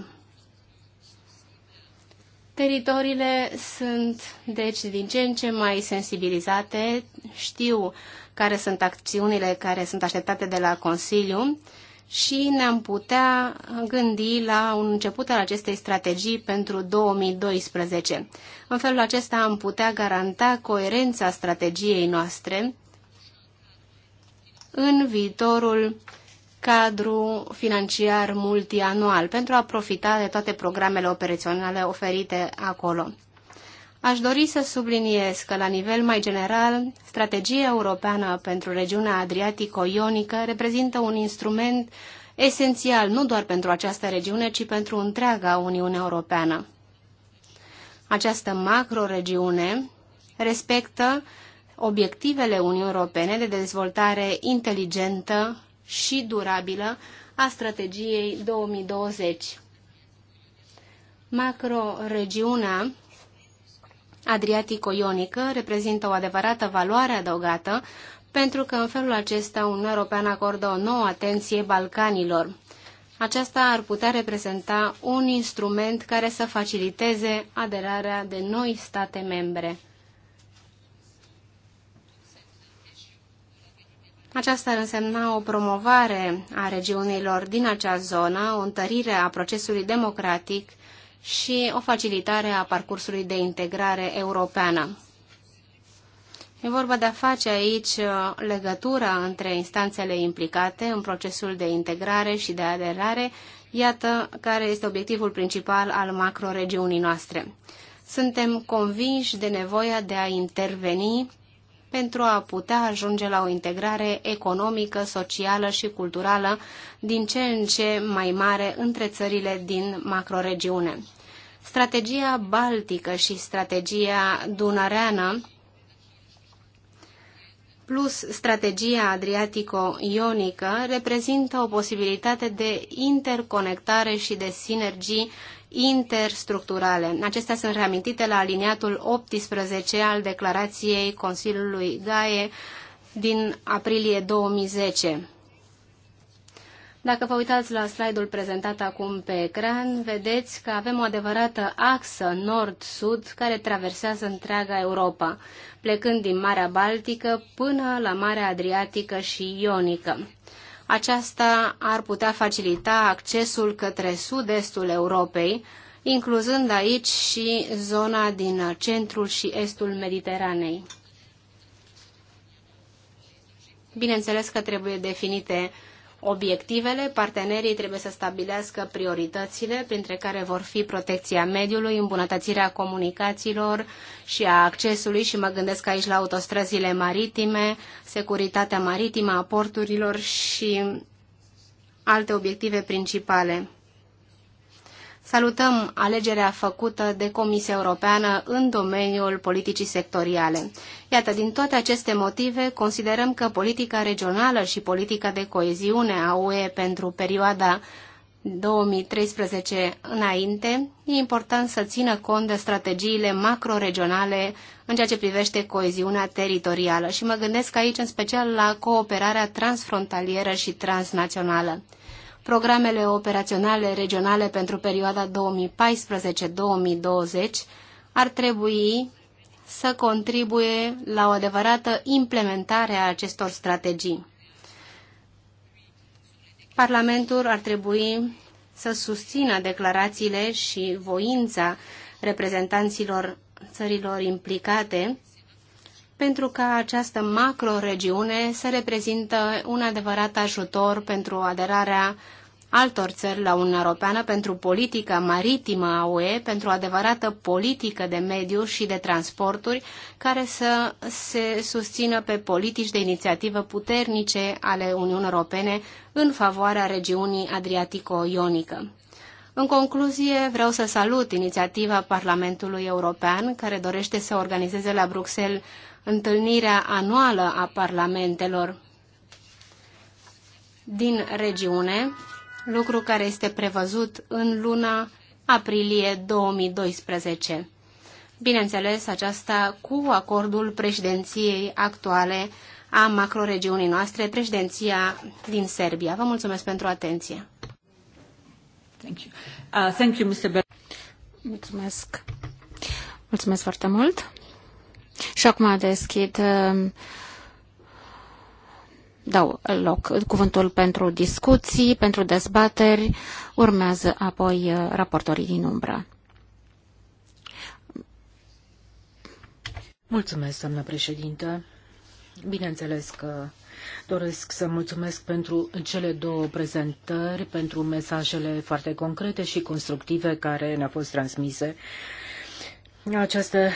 Teritoriile sunt, deci, din ce în ce mai sensibilizate, știu care sunt acțiunile care sunt așteptate de la Consiliu și ne-am putea gândi la un început al acestei strategii pentru 2012. În felul acesta am putea garanta coerența strategiei noastre în viitorul cadru financiar multianual pentru a profita de toate programele operaționale oferite acolo. Aș dori să subliniez că, la nivel mai general, strategia europeană pentru regiunea Adriatico-Ionică reprezintă un instrument esențial nu doar pentru această regiune, ci pentru întreaga Uniune Europeană. Această macroregiune respectă obiectivele Uniunii Europene de dezvoltare inteligentă și durabilă a strategiei 2020. Macroregiunea adriatico-ionică reprezintă o adevărată valoare adăugată, pentru că în felul acesta Uniunea Europeană acordă o nouă atenție Balcanilor. Aceasta ar putea reprezenta un instrument care să faciliteze aderarea de noi state membre. Aceasta ar însemna o promovare a regiunilor din acea zonă, o întărire a procesului democratic și o facilitare a parcursului de integrare europeană. E vorba de a face aici uh, legătura între instanțele implicate în procesul de integrare și de aderare, iată care este obiectivul principal al macroregiunii noastre. Suntem convinși de nevoia de a interveni pentru a putea ajunge la o integrare economică, socială și culturală din ce în ce mai mare între țările din macroregiune. Strategia baltică și strategia dunăreană plus strategia adriatico-ionică reprezintă o posibilitate de interconectare și de sinergii interstructurale. Acestea sunt reamintite la aliniatul 18 al declarației Consiliului GAE din aprilie 2010. Dacă vă uitați la slide-ul prezentat acum pe ecran, vedeți că avem o adevărată axă nord-sud care traversează întreaga Europa, plecând din Marea Baltică până la Marea Adriatică și Ionică. Aceasta ar putea facilita accesul către sud-estul Europei, incluzând aici și zona din centrul și estul Mediteranei. Bineînțeles că trebuie definite obiectivele, partenerii trebuie să stabilească prioritățile, printre care vor fi protecția mediului, îmbunătățirea comunicațiilor și a accesului și mă gândesc aici la autostrăzile maritime, securitatea maritimă a porturilor și alte obiective principale. Salutăm alegerea făcută de Comisia Europeană în domeniul politicii sectoriale. Iată, din toate aceste motive, considerăm că politica regională și politica de coeziune a UE pentru perioada 2013 înainte, e important să țină cont de strategiile macroregionale în ceea ce privește coeziunea teritorială și mă gândesc aici în special la cooperarea transfrontalieră și transnațională programele operaționale regionale pentru perioada 2014-2020 ar trebui să contribuie la o adevărată implementare a acestor strategii. Parlamentul ar trebui să susțină declarațiile și voința reprezentanților țărilor implicate pentru că această macro-regiune se reprezintă un adevărat ajutor pentru aderarea altor țări la Uniunea Europeană pentru politică maritimă a UE, pentru o adevărată politică de mediu și de transporturi, care să se susțină pe politici de inițiativă puternice ale Uniunii Europene în favoarea regiunii Adriatico-Ionică. În concluzie, vreau să salut inițiativa Parlamentului European, care dorește să organizeze la Bruxelles întâlnirea anuală a parlamentelor din regiune, lucru care este prevăzut în luna aprilie 2012. Bineînțeles, aceasta cu acordul președinției actuale a macroregiunii noastre, președinția din Serbia. Vă mulțumesc pentru atenție. Thank you. Uh, thank you, Mr. Mulțumesc. Mulțumesc foarte mult. Și acum deschid, um, dau loc cuvântul pentru discuții, pentru dezbateri, urmează apoi uh, raportorii din umbră. Mulțumesc, doamnă președinte. Bineînțeles că doresc să mulțumesc pentru cele două prezentări, pentru mesajele foarte concrete și constructive care ne-au fost transmise această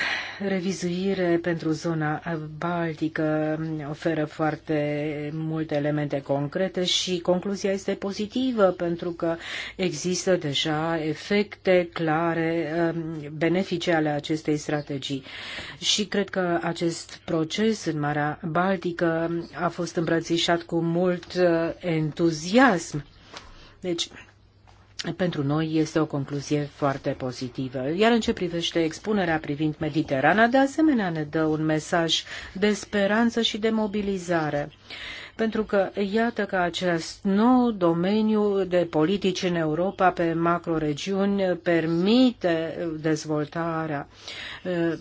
revizuire pentru zona baltică oferă foarte multe elemente concrete și concluzia este pozitivă pentru că există deja efecte clare um, benefice ale acestei strategii. Și cred că acest proces în Marea Baltică a fost îmbrățișat cu mult uh, entuziasm. Deci, pentru noi este o concluzie foarte pozitivă. Iar în ce privește expunerea privind Mediterana, de asemenea ne dă un mesaj de speranță și de mobilizare. Pentru că iată că acest nou domeniu de politici în Europa pe macroregiuni permite dezvoltarea uh,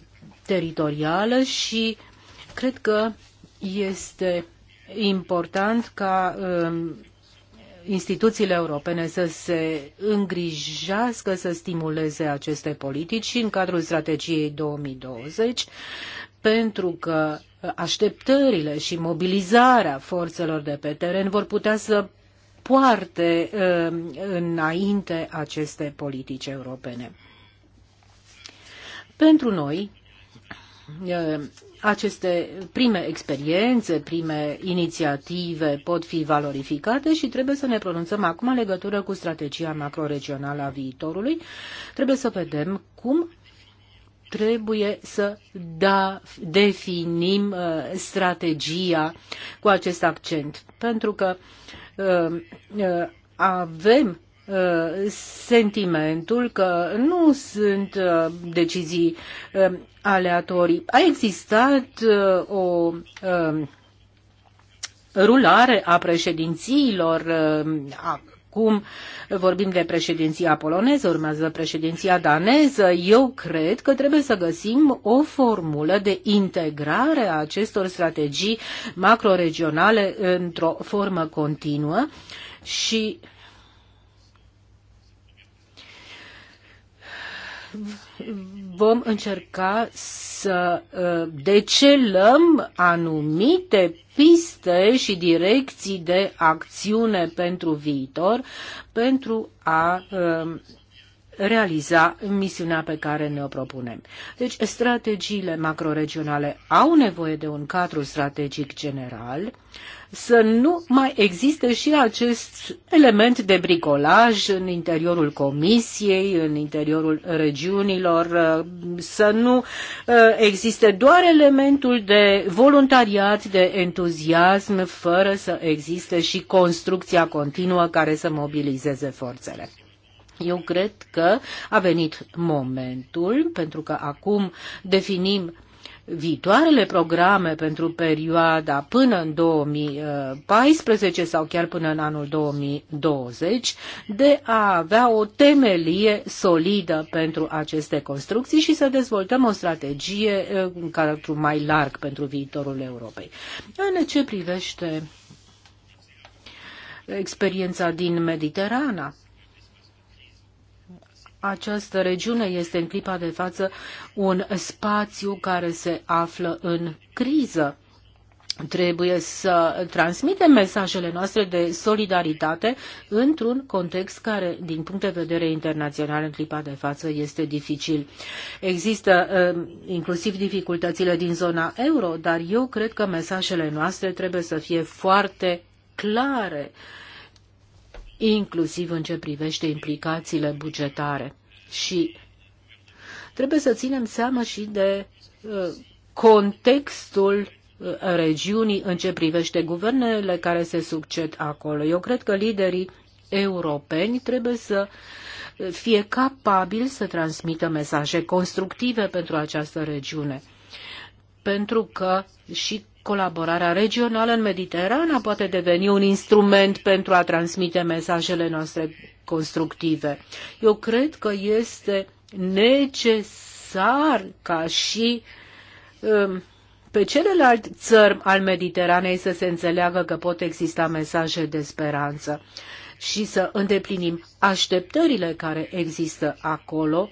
teritorială și cred că este important ca uh, instituțiile europene să se îngrijească să stimuleze aceste politici și în cadrul strategiei 2020, pentru că așteptările și mobilizarea forțelor de pe teren vor putea să poarte uh, înainte aceste politici europene. Pentru noi, uh, aceste prime experiențe, prime inițiative pot fi valorificate și trebuie să ne pronunțăm acum în legătură cu strategia macroregională a viitorului. Trebuie să vedem cum trebuie să da, definim uh, strategia cu acest accent. Pentru că uh, uh, avem Uh, sentimentul că nu sunt uh, decizii uh, aleatorii. A existat o rulare a președințiilor. Acum vorbim de președinția poloneză, urmează președinția daneză. Eu cred că trebuie să găsim o formulă de integrare a acestor strategii macroregionale într-o formă continuă și uh, vom încerca să ă, decelăm anumite piste și direcții de acțiune pentru viitor pentru a ă, realiza misiunea pe care ne-o propunem. Deci, strategiile macroregionale au nevoie de un cadru strategic general, să nu mai existe și acest element de bricolaj în interiorul comisiei, în interiorul regiunilor, să nu uh, existe doar elementul de voluntariat, de entuziasm, fără să existe și construcția continuă care să mobilizeze forțele. Eu cred că a venit momentul, pentru că acum definim viitoarele programe pentru perioada până în 2014 sau chiar până în anul 2020 de a avea o temelie solidă pentru aceste construcții și să dezvoltăm o strategie în eh, caracter mai larg pentru viitorul Europei. În ce privește experiența din Mediterana, această regiune este în clipa de față un spațiu care se află în criză. Trebuie să transmitem mesajele noastre de solidaritate într-un context care, din punct de vedere internațional, în clipa de față este dificil. Există um, inclusiv dificultățile din zona euro, dar eu cred că mesajele noastre trebuie să fie foarte clare uh, inclusiv în ce privește implicațiile bugetare. Și trebuie să ținem seama și de uh, contextul uh, regiunii în ce privește guvernele care se succed acolo. Eu cred că liderii europeni trebuie să uh, fie capabili să transmită mesaje constructive pentru această regiune. Pentru că și colaborarea regională în Mediterana poate deveni un instrument pentru a transmite mesajele noastre constructive. Eu cred că este necesar ca și um, pe celelalte țări al Mediteranei să se înțeleagă că pot exista mesaje de speranță și să îndeplinim așteptările care există acolo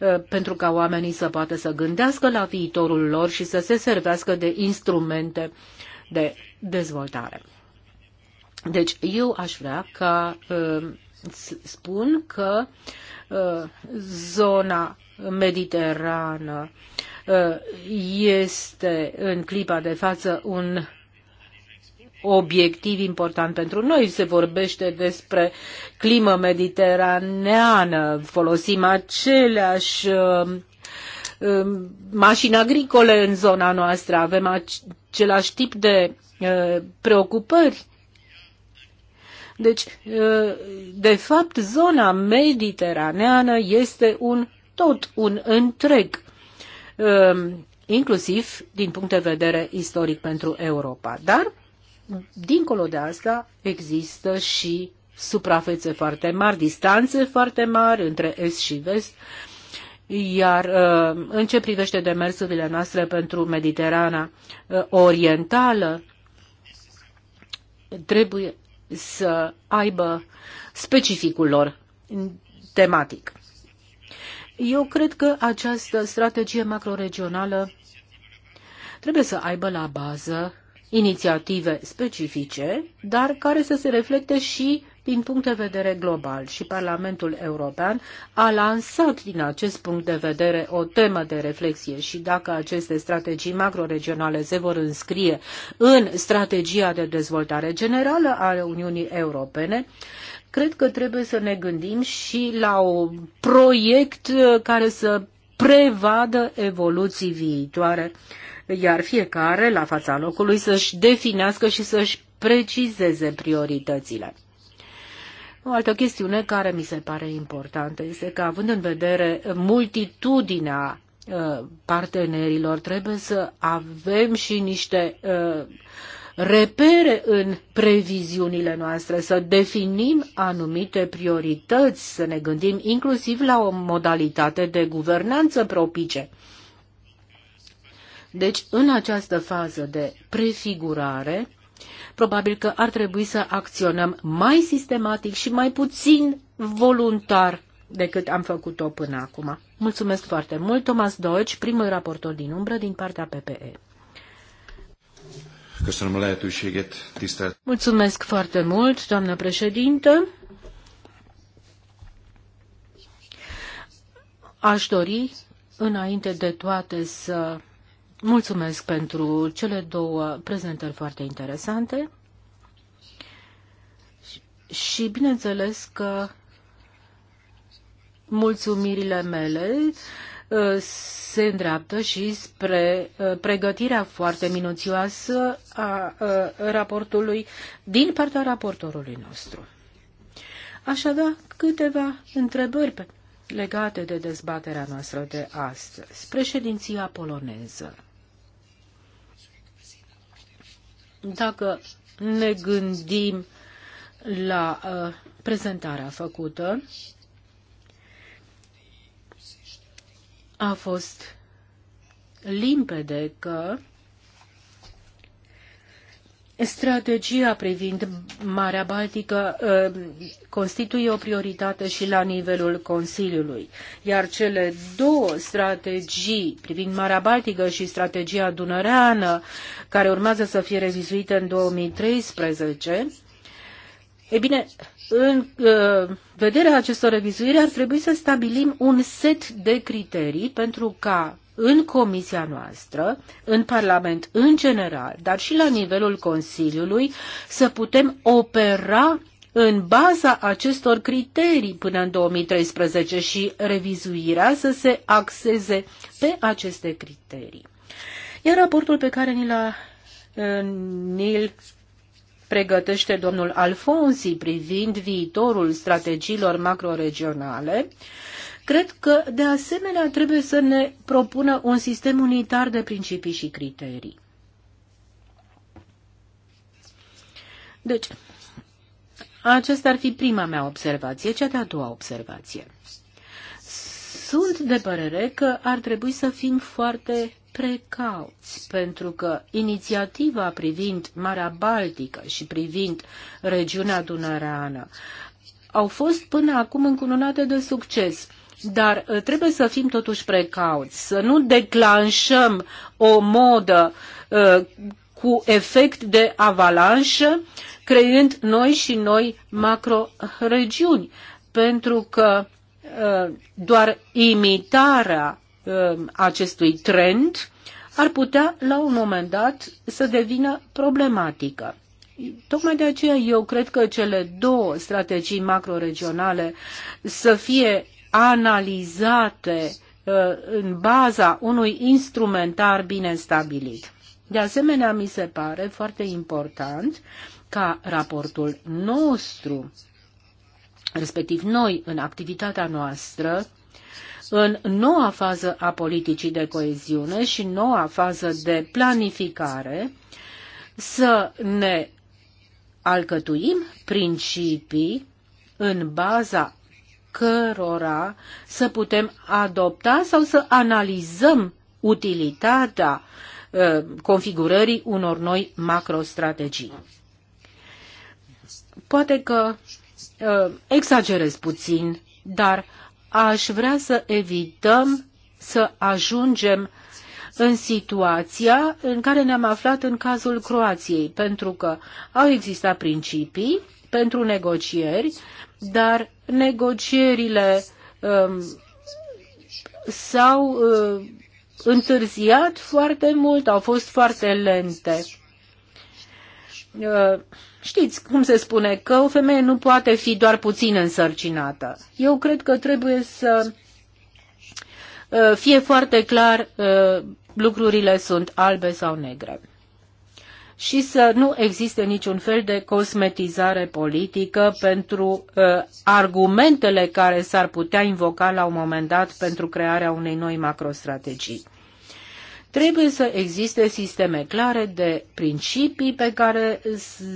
uh, pentru ca oamenii să poată să gândească la viitorul lor și să se servească de instrumente de dezvoltare. Deci eu aș vrea ca uh, spun că uh, zona mediterană este în clipa de față un obiectiv important pentru noi. Se vorbește despre climă mediteraneană, folosim aceleași uh, uh, mașini agricole în zona noastră, avem același tip de uh, preocupări. Deci, de fapt, zona mediteraneană este un tot un întreg, inclusiv din punct de vedere istoric pentru Europa. Dar dincolo de asta, există și suprafețe foarte mari, distanțe foarte mari între est și vest, iar uh, în ce privește demersurile noastre pentru Mediterana uh, Orientală, trebuie să aibă specificul lor tematic. Eu cred că această strategie macroregională trebuie să aibă la bază inițiative specifice, dar care să se reflecte și din punct de vedere global și Parlamentul European a lansat din acest punct de vedere o temă de reflexie și dacă aceste strategii macroregionale se vor înscrie în strategia de dezvoltare generală a Uniunii Europene, cred că trebuie să ne gândim și la un proiect care să prevadă evoluții viitoare iar fiecare la fața locului să-și definească și să-și precizeze prioritățile. O altă chestiune care mi se pare importantă este că, având în vedere multitudinea uh, partenerilor, trebuie să avem și niște uh, repere în previziunile noastre, să definim anumite priorități, să ne gândim inclusiv la o modalitate de guvernanță propice. Deci, în această fază de prefigurare, probabil că ar trebui să acționăm mai sistematic și mai puțin voluntar decât am făcut-o până acum. Mulțumesc foarte mult, Thomas Deutsch, primul raportor din umbră din partea PPE. Mulțumesc foarte mult, doamnă președintă. Aș dori, înainte de toate, să Mulțumesc pentru cele două prezentări foarte interesante și bineînțeles că mulțumirile mele uh, se îndreaptă și spre uh, pregătirea foarte minuțioasă a uh, raportului din partea raportorului nostru. Așadar câteva întrebări legate de dezbaterea noastră de astăzi. Președinția poloneză Dacă ne gândim la uh, prezentarea făcută, a fost limpede că Strategia privind Marea Baltică uh, constituie o prioritate și la nivelul Consiliului, iar cele două strategii privind Marea Baltică și strategia dunăreană, care urmează să fie revizuite în 2013, e bine, în uh, vederea acestor revizuiri ar trebui să stabilim un set de criterii pentru ca în comisia noastră, în Parlament în general, dar și la nivelul Consiliului, să putem opera în baza acestor criterii până în 2013 și revizuirea să se axeze pe aceste criterii. Iar raportul pe care ni l ni pregătește domnul Alfonsi privind viitorul strategiilor macroregionale, Cred că, de asemenea, trebuie să ne propună un sistem unitar de principii și criterii. Deci, aceasta ar fi prima mea observație, cea de-a doua observație. Sunt de părere că ar trebui să fim foarte precauți, pentru că inițiativa privind Marea Baltică și privind regiunea dunăreană au fost până acum încununate de succes. Dar uh, trebuie să fim totuși precauți, să nu declanșăm o modă uh, cu efect de avalanșă, creând noi și noi macroregiuni, pentru că uh, doar imitarea acestui trend ar putea la un moment dat să devină problematică. Tocmai de aceea eu cred că cele două strategii macroregionale să fie analizate uh, în baza unui instrumentar bine stabilit. De asemenea, mi se pare foarte important ca raportul nostru, respectiv noi în activitatea noastră, în noua fază a politicii de coeziune și noua fază de planificare, să ne alcătuim principii în baza cărora să putem adopta sau să analizăm utilitatea ă, configurării unor noi macrostrategii. Poate că ă, exagerez puțin, dar aș vrea să evităm să ajungem în situația în care ne-am aflat în cazul Croației, pentru că au existat principii pentru negocieri, dar negocierile um, s-au uh, întârziat foarte mult, au fost foarte lente. Uh, Știți cum se spune că o femeie nu poate fi doar puțin însărcinată. Eu cred că trebuie să uh, fie foarte clar uh, lucrurile sunt albe sau negre și să nu existe niciun fel de cosmetizare politică pentru uh, argumentele care s-ar putea invoca la un moment dat pentru crearea unei noi macrostrategii. Trebuie să existe sisteme clare de principii pe care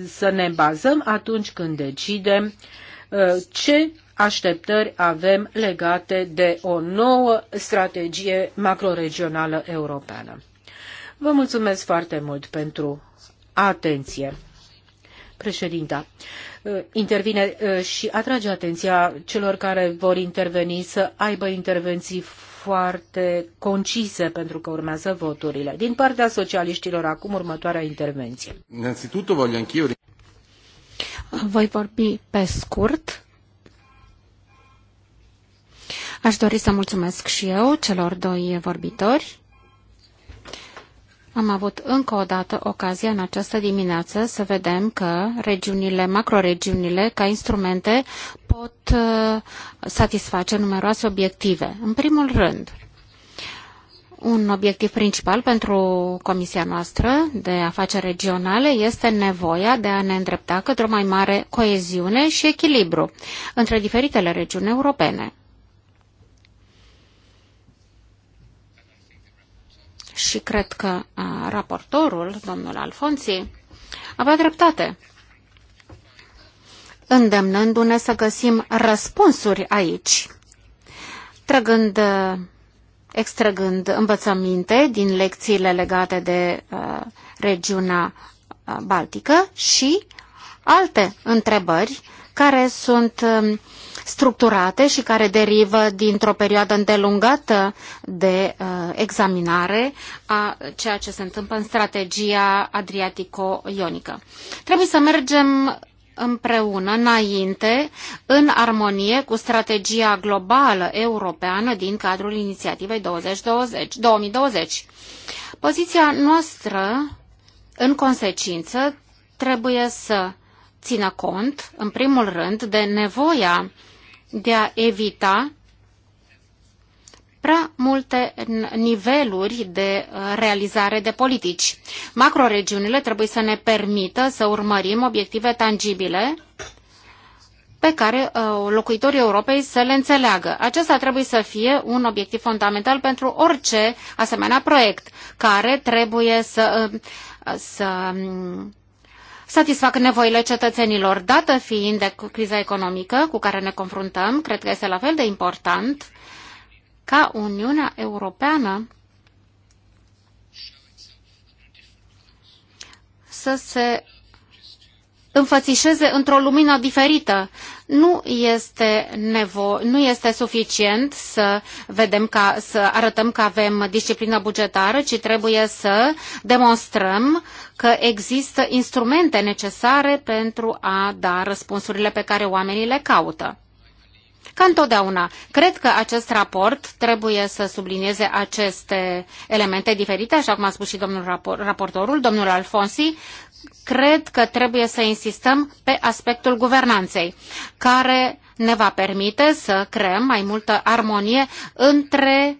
să ne bazăm atunci când decidem uh, ce așteptări avem legate de o nouă strategie macroregională europeană. Vă mulțumesc foarte mult pentru atenție. Președinta, uh, intervine uh, și atrage atenția celor care vor interveni să aibă intervenții foarte concise pentru că urmează voturile. Din partea socialiștilor acum următoarea intervenție. Voi vorbi pe scurt. Aș dori să mulțumesc și eu celor doi vorbitori am avut încă o dată ocazia în această dimineață să vedem că regiunile, macroregiunile, ca instrumente, pot uh, satisface numeroase obiective. În primul rând, un obiectiv principal pentru Comisia noastră de afaceri regionale este nevoia de a ne îndrepta către o mai mare coeziune și echilibru între diferitele regiuni europene. și cred că raportorul, domnul Alfonsi, avea dreptate îndemnându-ne să găsim răspunsuri aici, trăgând, extrăgând învățăminte din lecțiile legate de uh, regiunea Baltică și alte întrebări care sunt structurate și care derivă dintr-o perioadă îndelungată de uh, examinare a ceea ce se întâmplă în strategia adriatico-ionică. Trebuie să mergem împreună, înainte, în armonie cu strategia globală europeană din cadrul inițiativei 2020, 2020. Poziția noastră, în consecință, trebuie să țină cont, în primul rând, de nevoia de a evita prea multe niveluri de uh, realizare de politici. Macroregiunile trebuie să ne permită să urmărim obiective tangibile pe care uh, locuitorii Europei să le înțeleagă. Acesta trebuie să fie un obiectiv fundamental pentru orice asemenea proiect care trebuie să, uh, să um, satisfac nevoile cetățenilor, dată fiind de criza economică cu care ne confruntăm, cred că este la fel de important ca Uniunea Europeană să se înfățișeze într-o lumină diferită. Nu este, nevo- nu este suficient să, vedem ca, să arătăm că avem disciplină bugetară, ci trebuie să demonstrăm că există instrumente necesare pentru a da răspunsurile pe care oamenii le caută. Ca întotdeauna, cred că acest raport trebuie să sublinieze aceste elemente diferite, așa cum a spus și domnul raportorul, domnul Alfonsi, cred că trebuie să insistăm pe aspectul guvernanței, care ne va permite să creăm mai multă armonie între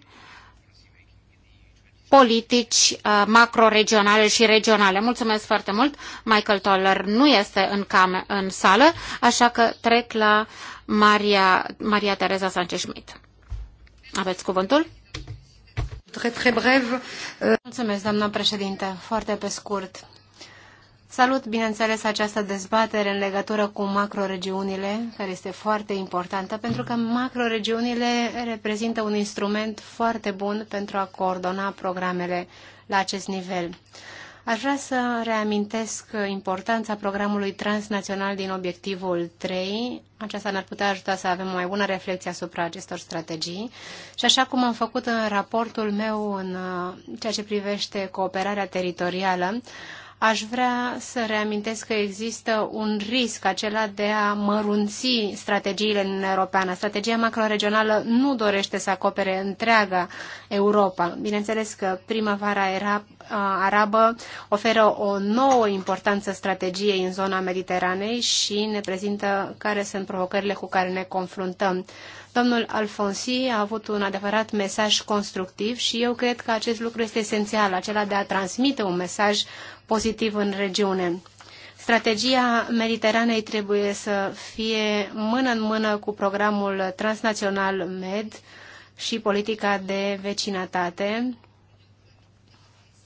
politici uh, macroregionale și regionale. Mulțumesc foarte mult. Michael Toller nu este în, cam, în sală, așa că trec la Maria, Maria Teresa Sanchez-Schmidt. Aveți cuvântul? Mulțumesc, doamnă președinte. Foarte pe scurt. Salut, bineînțeles, această dezbatere în legătură cu macroregiunile, care este foarte importantă, pentru că macroregiunile reprezintă un instrument foarte bun pentru a coordona programele la acest nivel. Aș vrea să reamintesc importanța programului transnațional din obiectivul 3. Aceasta ne-ar putea ajuta să avem o mai bună reflexie asupra acestor strategii. Și așa cum am făcut în raportul meu în uh, ceea ce privește cooperarea teritorială, Aș vrea să reamintesc că există un risc acela de a mărunți strategiile în Europeană. Strategia macroregională nu dorește să acopere întreaga Europa. Bineînțeles că primăvara era arabă oferă o nouă importanță strategiei în zona Mediteranei și ne prezintă care sunt provocările cu care ne confruntăm. Domnul Alfonsi a avut un adevărat mesaj constructiv și eu cred că acest lucru este esențial, acela de a transmite un mesaj pozitiv în regiune. Strategia Mediteranei trebuie să fie mână în mână cu programul transnațional MED și politica de vecinătate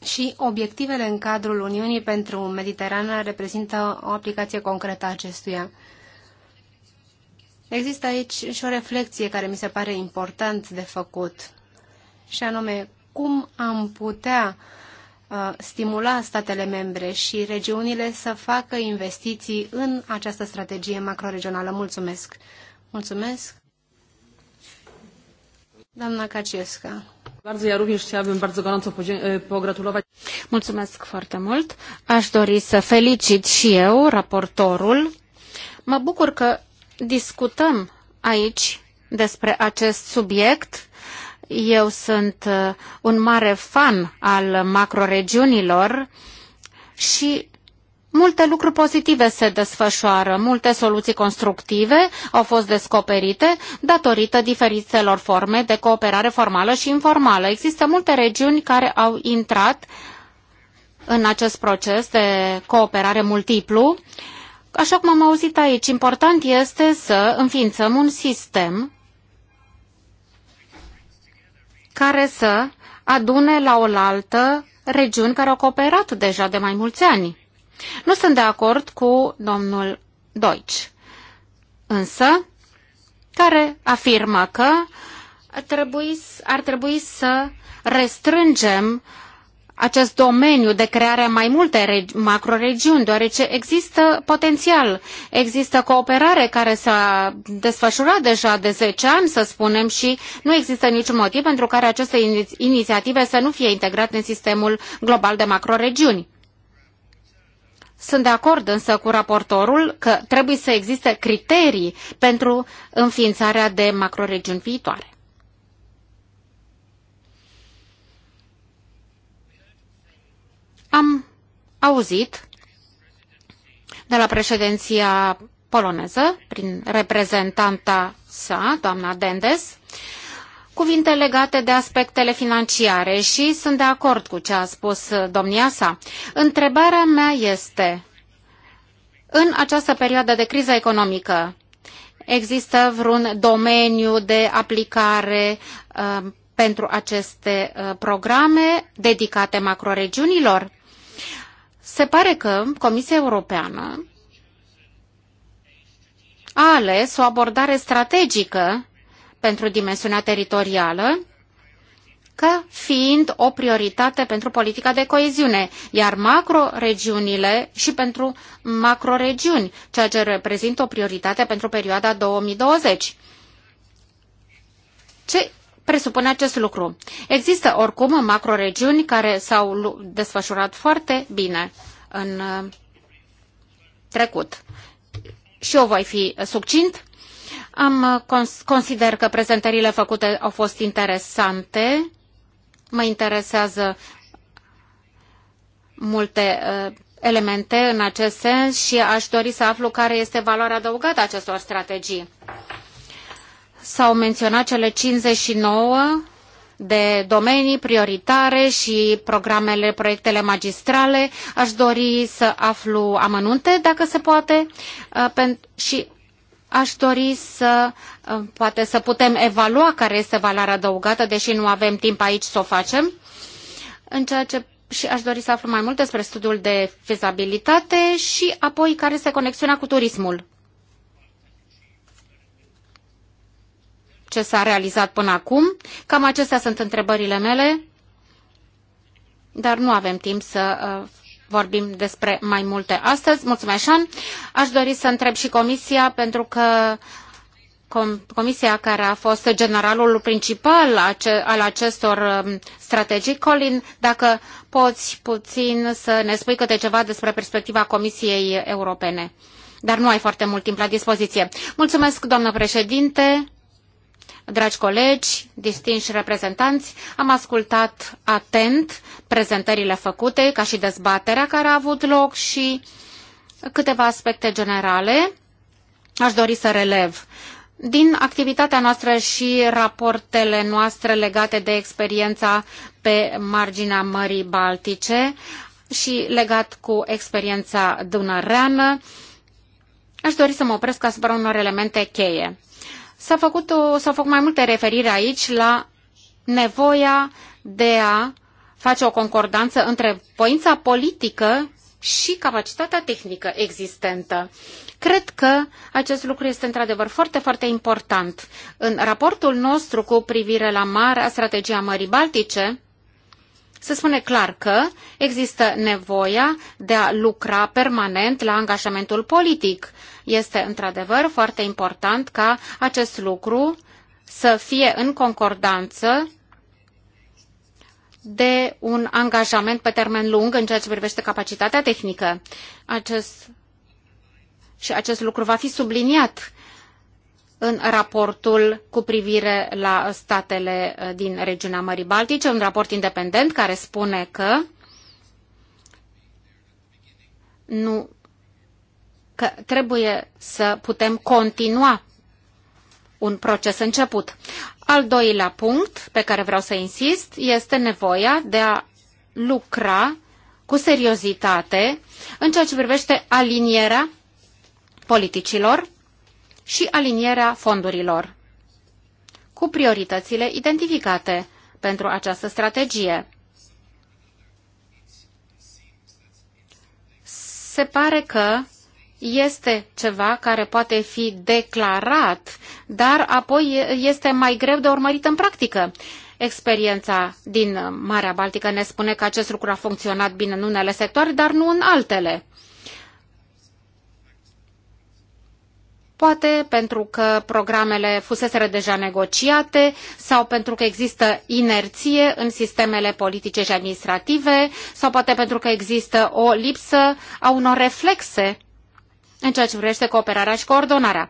și obiectivele în cadrul Uniunii pentru Mediterana reprezintă o aplicație concretă a acestuia. Există aici și o reflexie care mi se pare important de făcut, și anume cum am putea uh, stimula statele membre și regiunile să facă investiții în această strategie macroregională. Mulțumesc! Mulțumesc! Doamna Kaciewska. Mulțumesc foarte mult. Aș dori să felicit și eu raportorul. Mă bucur că discutăm aici despre acest subiect. Eu sunt uh, un mare fan al macroregiunilor și Multe lucruri pozitive se desfășoară, multe soluții constructive au fost descoperite datorită diferitelor forme de cooperare formală și informală. Există multe regiuni care au intrat în acest proces de cooperare multiplu Așa cum am auzit aici, important este să înființăm un sistem care să adune la oaltă regiuni care au cooperat deja de mai mulți ani. Nu sunt de acord cu domnul Deutsch, însă, care afirmă că ar trebui, ar trebui să restrângem acest domeniu de creare a mai multe macroregiuni, deoarece există potențial, există cooperare care s-a desfășurat deja de 10 ani, să spunem, și nu există niciun motiv pentru care aceste inițiative să nu fie integrate în sistemul global de macroregiuni. Sunt de acord însă cu raportorul că trebuie să existe criterii pentru înființarea de macroregiuni viitoare. Am auzit de la președinția poloneză, prin reprezentanta sa, doamna Dendes, cuvinte legate de aspectele financiare și sunt de acord cu ce a spus domnia sa. Întrebarea mea este, în această perioadă de criză economică, există vreun domeniu de aplicare uh, pentru aceste uh, programe dedicate macroregiunilor? Se pare că Comisia Europeană a ales o abordare strategică pentru dimensiunea teritorială ca fiind o prioritate pentru politica de coeziune, iar macroregiunile și pentru macroregiuni, ceea ce reprezintă o prioritate pentru perioada 2020. Ce presupune acest lucru. Există oricum macroregiuni care s-au desfășurat foarte bine în uh, trecut. Și eu voi fi succint. Am uh, cons- consider că prezentările făcute au fost interesante. Mă interesează multe uh, elemente în acest sens și aș dori să aflu care este valoarea adăugată a acestor strategii. S-au menționat cele 59 de domenii prioritare și programele, proiectele magistrale. Aș dori să aflu amănunte, dacă se poate, uh, și aș dori să uh, poate să putem evalua care este valoarea adăugată, deși nu avem timp aici să o facem. În ceea ce și aș dori să aflu mai mult despre studiul de fezabilitate și apoi care este conexiunea cu turismul. ce s-a realizat până acum. Cam acestea sunt întrebările mele, dar nu avem timp să uh, vorbim despre mai multe astăzi. Mulțumesc, Sean. Aș dori să întreb și comisia, pentru că comisia care a fost generalul principal al acestor um, strategii, Colin, dacă poți puțin să ne spui câte ceva despre perspectiva Comisiei Europene. Dar nu ai foarte mult timp la dispoziție. Mulțumesc, doamnă președinte. Dragi colegi, distinși reprezentanți, am ascultat atent prezentările făcute, ca și dezbaterea care a avut loc și câteva aspecte generale. Aș dori să relev din activitatea noastră și rapoartele noastre legate de experiența pe marginea Mării Baltice și legat cu experiența dunăreană, aș dori să mă opresc asupra unor elemente cheie s au făcut, o, făcut mai multe referiri aici la nevoia de a face o concordanță între voința politică și capacitatea tehnică existentă. Cred că acest lucru este într-adevăr foarte, foarte important. În raportul nostru cu privire la marea strategia Mării Baltice, se spune clar că există nevoia de a lucra permanent la angajamentul politic. Este într-adevăr foarte important ca acest lucru să fie în concordanță de un angajament pe termen lung în ceea ce privește capacitatea tehnică. Acest, și acest lucru va fi subliniat în raportul cu privire la statele uh, din regiunea Mării Baltice, un raport independent care spune că nu că trebuie să putem continua un proces început. Al doilea punct pe care vreau să insist este nevoia de a lucra cu seriozitate în ceea ce privește alinierea politicilor și alinierea fondurilor cu prioritățile identificate pentru această strategie. Se pare că este ceva care poate fi declarat, dar apoi este mai greu de urmărit în practică. Experiența din Marea Baltică ne spune că acest lucru a funcționat bine în unele sectoare, dar nu în altele. Poate pentru că programele fuseseră deja negociate sau pentru că există inerție în sistemele politice și administrative sau poate pentru că există o lipsă a unor reflexe în ceea ce privește cooperarea și coordonarea.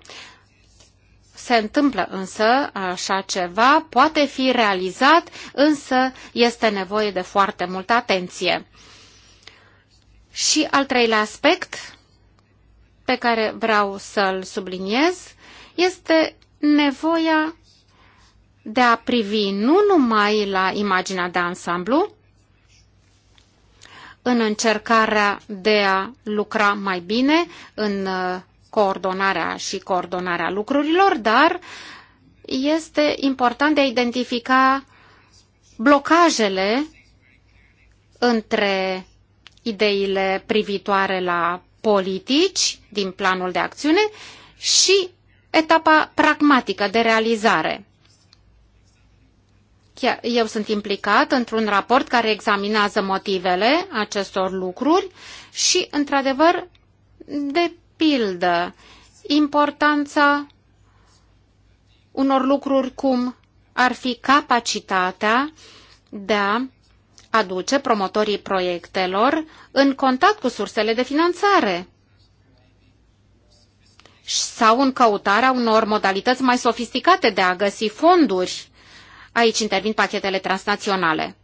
Se întâmplă însă așa ceva, poate fi realizat, însă este nevoie de foarte multă atenție. Și al treilea aspect pe care vreau să-l subliniez este nevoia de a privi nu numai la imaginea de ansamblu, în încercarea de a lucra mai bine, în uh, coordonarea și coordonarea lucrurilor, dar este important de a identifica blocajele între ideile privitoare la politici din planul de acțiune și etapa pragmatică de realizare. Eu sunt implicat într-un raport care examinează motivele acestor lucruri și, într-adevăr, de pildă, importanța unor lucruri cum ar fi capacitatea de a aduce promotorii proiectelor în contact cu sursele de finanțare sau în căutarea unor modalități mai sofisticate de a găsi fonduri. Aici intervin pachetele transnaționale.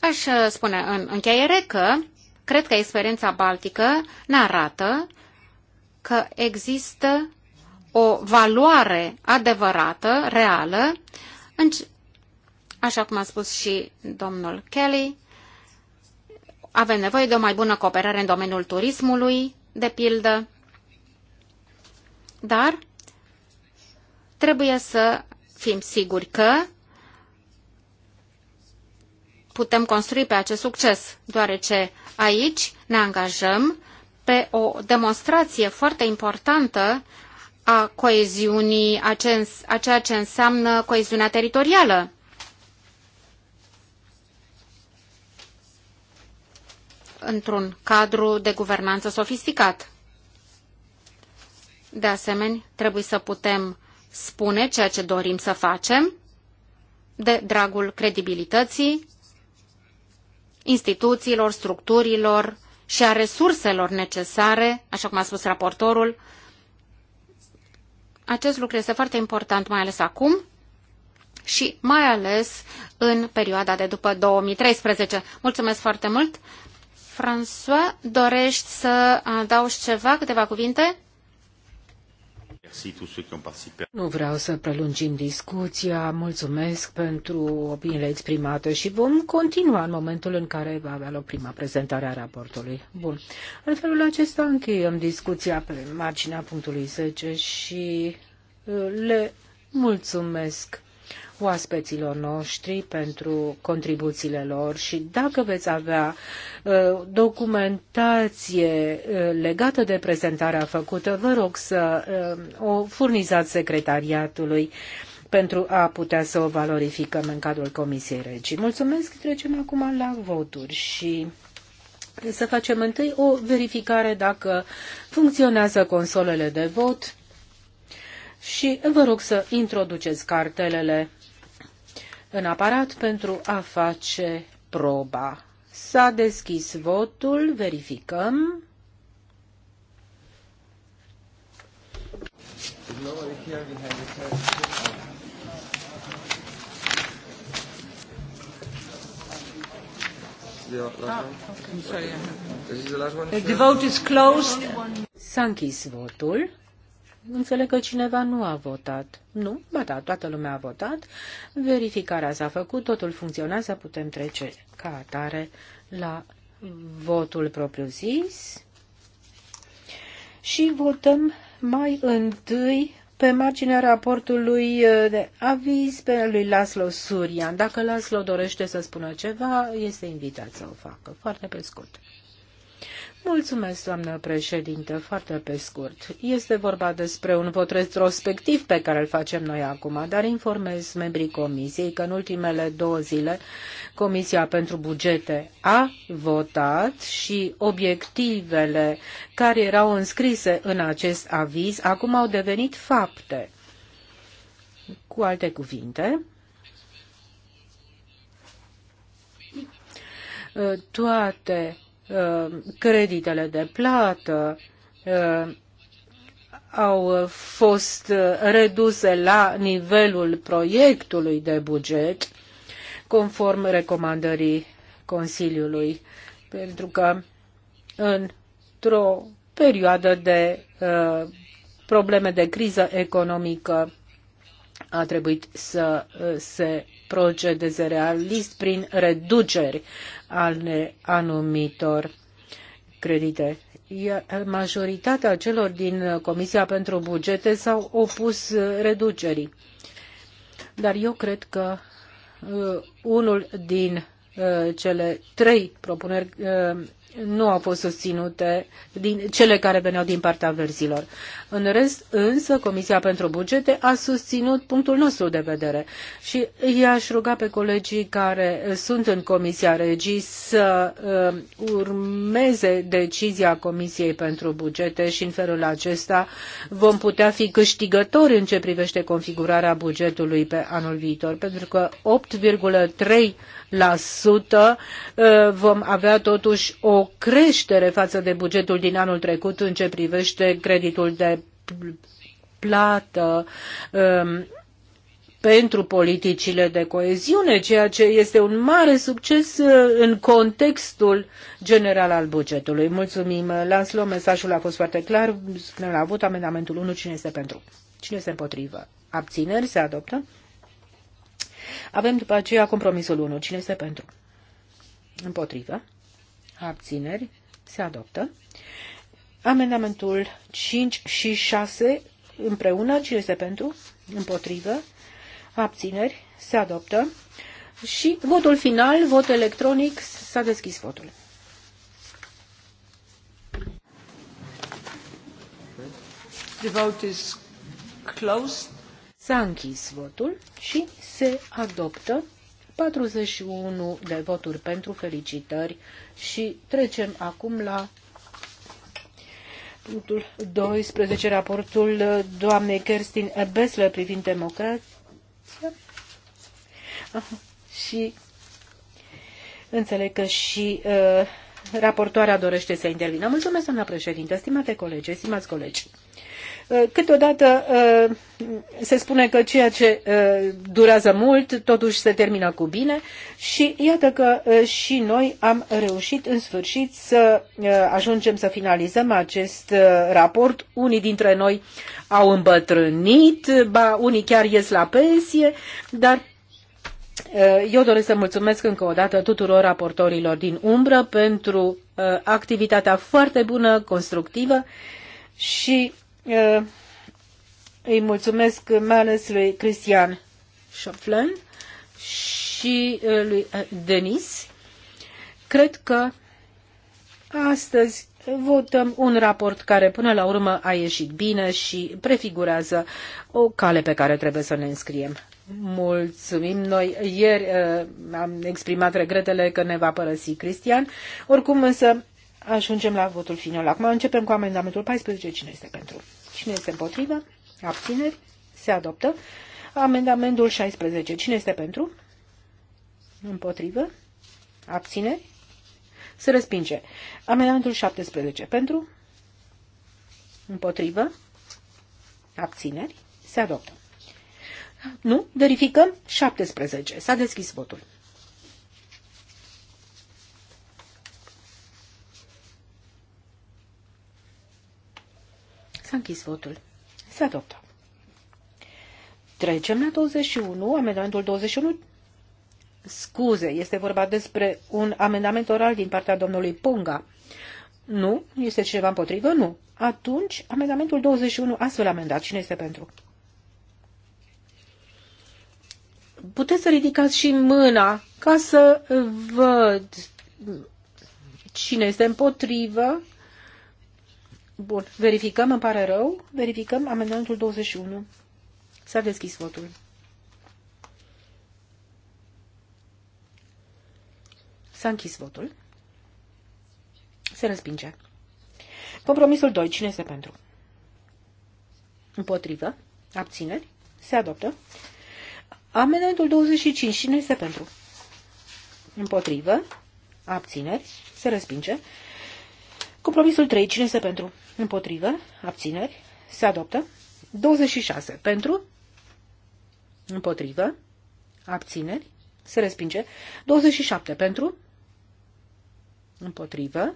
Aș uh, spune în încheiere că cred că experiența baltică ne arată că există o valoare adevărată, reală, așa cum a spus și domnul Kelly, avem nevoie de o mai bună cooperare în domeniul turismului, de pildă. Dar trebuie să fim siguri că putem construi pe acest succes, deoarece aici ne angajăm pe o demonstrație foarte importantă a coeziunii, a ceea ce înseamnă coeziunea teritorială. într-un cadru de guvernanță sofisticat. De asemenea, trebuie să putem spune ceea ce dorim să facem de dragul credibilității, instituțiilor, structurilor și a resurselor necesare, așa cum a spus raportorul. Acest lucru este foarte important, mai ales acum și mai ales în perioada de după 2013. Mulțumesc foarte mult! François, dorești să adaugi ceva, câteva cuvinte? Nu vreau să prelungim discuția, mulțumesc pentru opiniile exprimate și vom continua în momentul în care va avea loc prima prezentare a raportului. Bun. În felul acesta încheiem discuția pe marginea punctului 10 și uh, le mulțumesc oaspeților noștri pentru contribuțiile lor și dacă veți avea uh, documentație uh, legată de prezentarea făcută, vă rog să uh, o furnizați secretariatului pentru a putea să o valorificăm în cadrul Comisiei Regii. Mulțumesc, trecem acum la voturi și să facem întâi o verificare dacă funcționează consolele de vot și vă rog să introduceți cartelele în aparat pentru a face proba. S-a deschis votul, verificăm. Ah, The vote is closed. S-a închis votul. Înțeleg că cineva nu a votat. Nu? Ba da, toată lumea a votat. Verificarea s-a făcut, totul funcționează, putem trece ca atare la votul propriu-zis. Și votăm mai întâi pe marginea raportului uh, de aviz pe lui Laslo Surian. Dacă Laslo dorește să spună ceva, este invitat să o facă. Foarte pe scurt. Mulțumesc, doamnă președinte, foarte pe scurt. Este vorba despre un vot retrospectiv pe care îl facem noi acum, dar informez membrii comisiei că în ultimele două zile Comisia pentru Bugete a votat și obiectivele care erau înscrise în acest aviz acum au devenit fapte. Cu alte cuvinte, toate Uh, creditele de plată uh, au fost uh, reduse la nivelul proiectului de buget, conform recomandării Consiliului, pentru că într-o perioadă de probleme de criză economică a trebuit să uh, se procedeze realist prin reduceri ale anumitor credite. majoritatea celor din Comisia pentru Bugete s-au opus uh, reducerii. Dar eu cred că uh, unul din cele trei propuneri nu au fost susținute din cele care veneau din partea verzilor. În rest, însă, Comisia pentru Bugete a susținut punctul nostru de vedere și i-aș ruga pe colegii care sunt în Comisia Regii să uh, urmeze decizia Comisiei pentru Bugete și în felul acesta vom putea fi câștigători în ce privește configurarea bugetului pe anul viitor, pentru că 8,3 vom avea totuși o creștere față de bugetul din anul trecut în ce privește creditul de plată um, pentru politicile de coeziune, ceea ce este un mare succes uh, în contextul general al bugetului. Mulțumim, uh, Lanslo, mesajul a fost foarte clar. Spune la vot amendamentul 1, cine este pentru? Cine este împotrivă? Abțineri se adoptă? Avem după aceea compromisul 1. Cine este pentru? Împotrivă. Abțineri. Se adoptă. Amendamentul 5 și 6 împreună. Cine este pentru? Împotrivă. Abțineri. Se adoptă. Și votul final, vot electronic, s-a deschis votul. The vote is closed. S-a închis votul și se adoptă 41 de voturi pentru felicitări și trecem acum la punctul 12, raportul doamnei Kerstin Besler privind democrația. Și înțeleg că și uh, raportoarea dorește să intervină. Mulțumesc, doamna președinte, stimate colegi, stimați colegi. Uh, câteodată uh, se spune că ceea ce uh, durează mult totuși se termină cu bine și iată că și noi am reușit în sfârșit să ajungem să finalizăm acest raport. Unii dintre noi au îmbătrânit, ba unii chiar ies la pensie, dar eu doresc să mulțumesc încă o dată tuturor raportorilor din umbră pentru activitatea foarte bună, constructivă și îi mulțumesc mai ales lui Cristian Șoflen și lui Denis. Cred că astăzi votăm un raport care până la urmă a ieșit bine și prefigurează o cale pe care trebuie să ne înscriem. Mulțumim. Noi ieri uh, am exprimat regretele că ne va părăsi Cristian. Oricum însă Ajungem la votul final. Acum începem cu amendamentul 14. Cine este pentru? Cine este împotrivă? Abțineri? Se adoptă. Amendamentul 16. Cine este pentru? Împotrivă? Abțineri? Se respinge. Amendamentul 17. Pentru? Împotrivă? Abțineri? Se adoptă. Nu? Verificăm? 17. S-a deschis votul. S-a închis votul. Se adoptă. Trecem la 21, amendamentul 21. Scuze, este vorba despre un amendament oral din partea domnului Ponga. Nu? Este ceva împotrivă? Nu. Atunci, amendamentul 21, astfel amendat. Cine este pentru? Puteți să ridicați și mâna ca să văd cine este împotrivă. Bun, verificăm, îmi pare rău. Verificăm amendamentul 21. S-a deschis votul. S-a închis votul. Se respinge. Compromisul 2. Cine este pentru? Împotrivă. Abțineri. Se adoptă. Amendamentul 25. Cine este pentru? Împotrivă. Abțineri. Se respinge. Compromisul 3. Cine este pentru? Împotrivă. Abțineri. Se adoptă. 26. Pentru. Împotrivă. Abțineri. Se respinge. 27. Pentru. Împotrivă.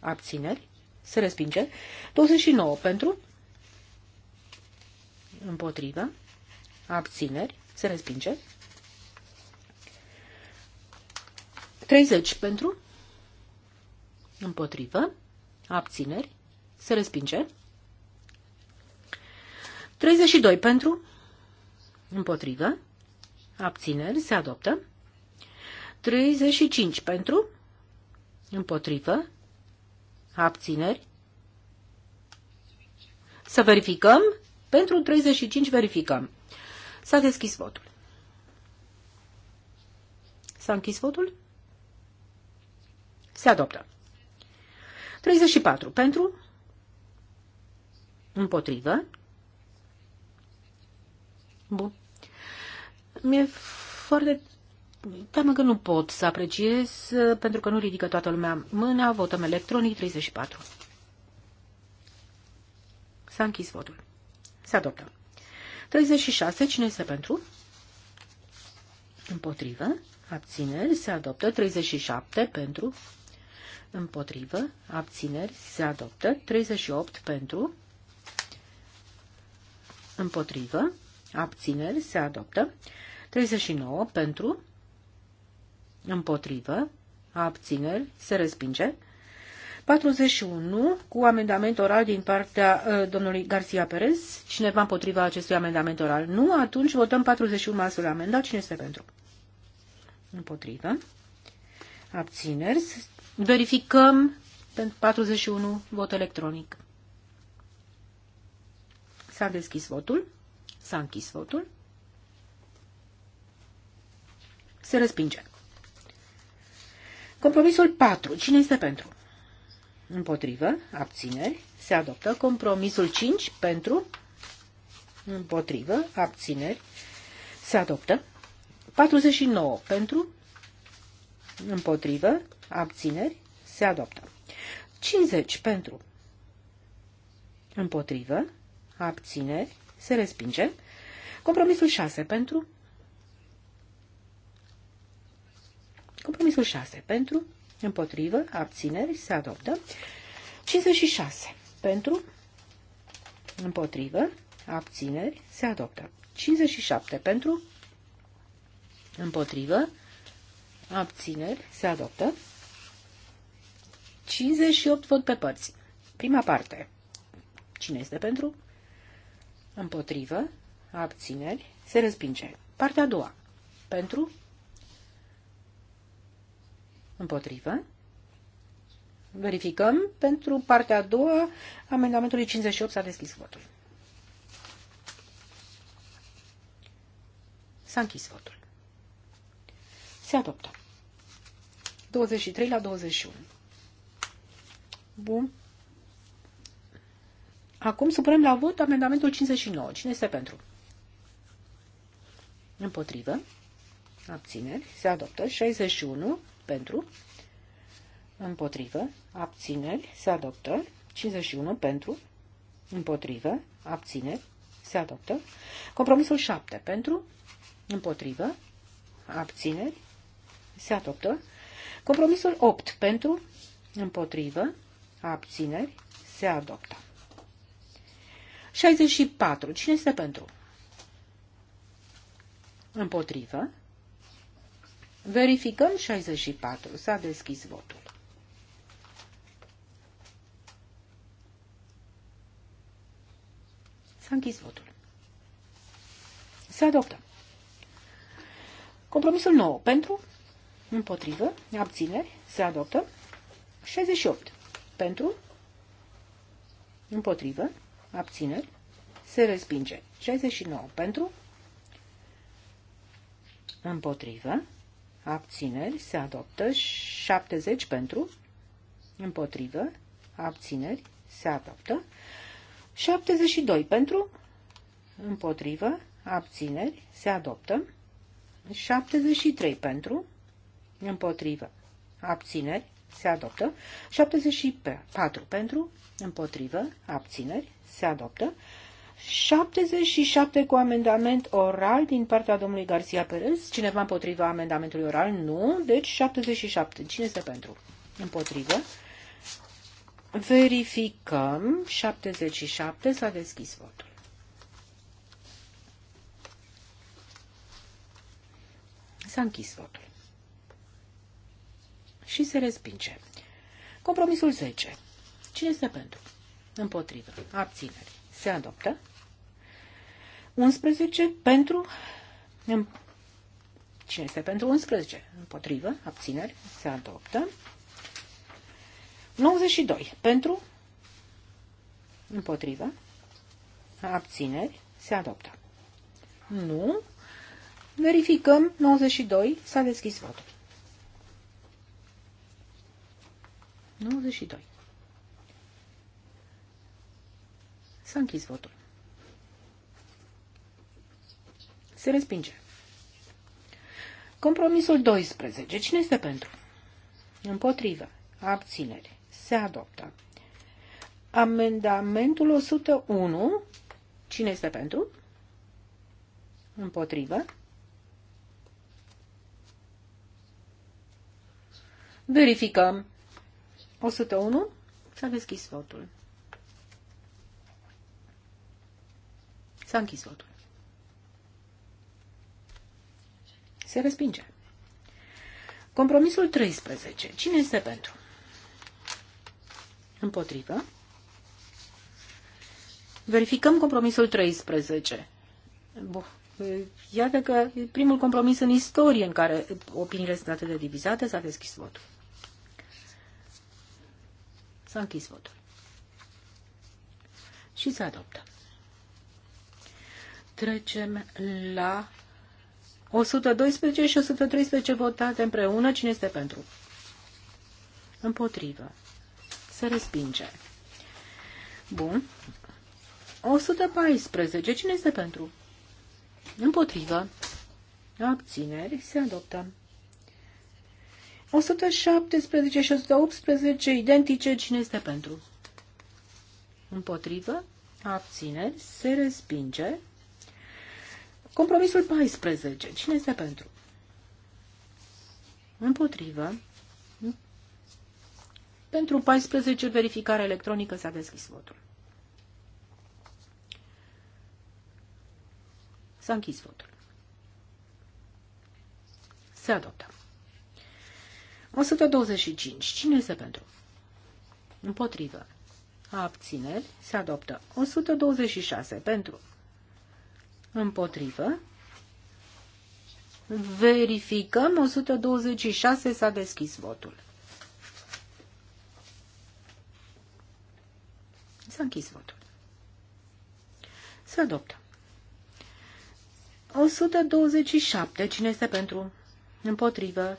Abțineri. Se respinge. 29. Pentru. Împotrivă. Abțineri. Se respinge. 30. Pentru. Împotrivă. Abțineri. Se respinge. 32 pentru. Împotrivă. Abțineri. Se adoptă. 35 pentru. Împotrivă. Abțineri. Să verificăm. Pentru 35 verificăm. S-a deschis votul. S-a închis votul? Se adoptă. 34 pentru, împotrivă. Bun. Mi-e foarte teamă că nu pot să apreciez, pentru că nu ridică toată lumea mâna. Votăm electronic 34. S-a închis votul. Se adoptă. 36. Cine este pentru? Împotrivă. Abțineri. Se adoptă. 37. Pentru împotrivă, abțineri, se adoptă. 38 pentru, împotrivă, abțineri, se adoptă. 39 pentru, împotrivă, abțineri, se respinge. 41 cu amendament oral din partea uh, domnului Garcia Perez. Cineva împotriva acestui amendament oral? Nu? Atunci votăm 41 de amendat. Cine este pentru? Împotrivă. Abțineri. Verificăm pentru 41 vot electronic. S-a deschis votul. S-a închis votul. Se respinge. Compromisul 4. Cine este pentru? Împotrivă. Abțineri. Se adoptă. Compromisul 5. Pentru. Împotrivă. Abțineri. Se adoptă. 49. Pentru. Împotrivă abțineri, se adoptă. 50 pentru, împotrivă, abțineri, se respinge. Compromisul 6 pentru, compromisul 6 pentru, împotrivă, abțineri, se adoptă. 56 pentru, împotrivă, abțineri, se adoptă. 57 pentru, împotrivă, abțineri, se adoptă. 58 vot pe părți. Prima parte. Cine este pentru? Împotrivă. Abțineri. Se respinge. Partea a doua. Pentru? Împotrivă. Verificăm. Pentru partea a doua, amendamentului 58 s-a deschis votul. S-a închis votul. Se adoptă. 23 la 21. Bun. Acum supunem la vot amendamentul 59. Cine este pentru? Împotrivă. Abțineri. Se adoptă. 61 pentru. Împotrivă. Abțineri. Se adoptă. 51 pentru. Împotrivă. Abțineri. Se adoptă. Compromisul 7 pentru. Împotrivă. Abțineri. Se adoptă. Compromisul 8 pentru. Împotrivă abțineri, se adoptă. 64. Cine este pentru? Împotrivă. Verificăm 64. S-a deschis votul. S-a închis votul. Se adoptă. Compromisul nou Pentru, împotrivă, abțineri, se adoptă. 68. Pentru? Împotrivă. Abțineri. Se respinge. 69. Pentru? Împotrivă. Abțineri. Se adoptă. 70. Pentru? Împotrivă. Abțineri. Se adoptă. 72. Pentru? Împotrivă. Abțineri. Se adoptă. 73. Pentru? Împotrivă. Abțineri se adoptă. 74 pentru, împotrivă, abțineri, se adoptă. 77 cu amendament oral din partea domnului Garcia Perez. Cineva împotriva amendamentului oral? Nu. Deci 77. Cine este pentru? Împotrivă. Verificăm. 77. S-a deschis votul. S-a închis votul și se respinge. Compromisul 10. Cine este pentru? Împotrivă. Abțineri. Se adoptă. 11 pentru... Cine este pentru 11? Împotrivă. Abțineri. Se adoptă. 92. Pentru... Împotrivă. Abțineri. Se adoptă. Nu. Verificăm. 92. S-a deschis votul. 92. S-a închis votul. Se respinge. Compromisul 12. Cine este pentru? Împotrivă. Abținere. Se adoptă. Amendamentul 101. Cine este pentru? Împotrivă. Verificăm. 101. S-a deschis votul. S-a închis votul. Se respinge. Compromisul 13. Cine este pentru? Împotrivă. Verificăm compromisul 13. Bo, Iată că primul compromis în istorie în care opiniile sunt atât de divizate s-a deschis votul. S-a închis votul. Și se adoptă. Trecem la 112 și 113 votate împreună. Cine este pentru? Împotrivă. Se respinge. Bun. 114. Cine este pentru? Împotrivă. Abțineri. Se adoptă. 117 și 118 identice. Cine este pentru? Împotrivă? Abțineri? Se respinge. Compromisul 14. Cine este pentru? Împotrivă. Pentru 14, verificare electronică s-a deschis votul. S-a închis votul. Se adoptă. 125. Cine este pentru? Împotrivă. Abțineri. Se adoptă. 126. Pentru. Împotrivă. Verificăm. 126. S-a deschis votul. S-a închis votul. Se adoptă. 127. Cine este pentru? Împotrivă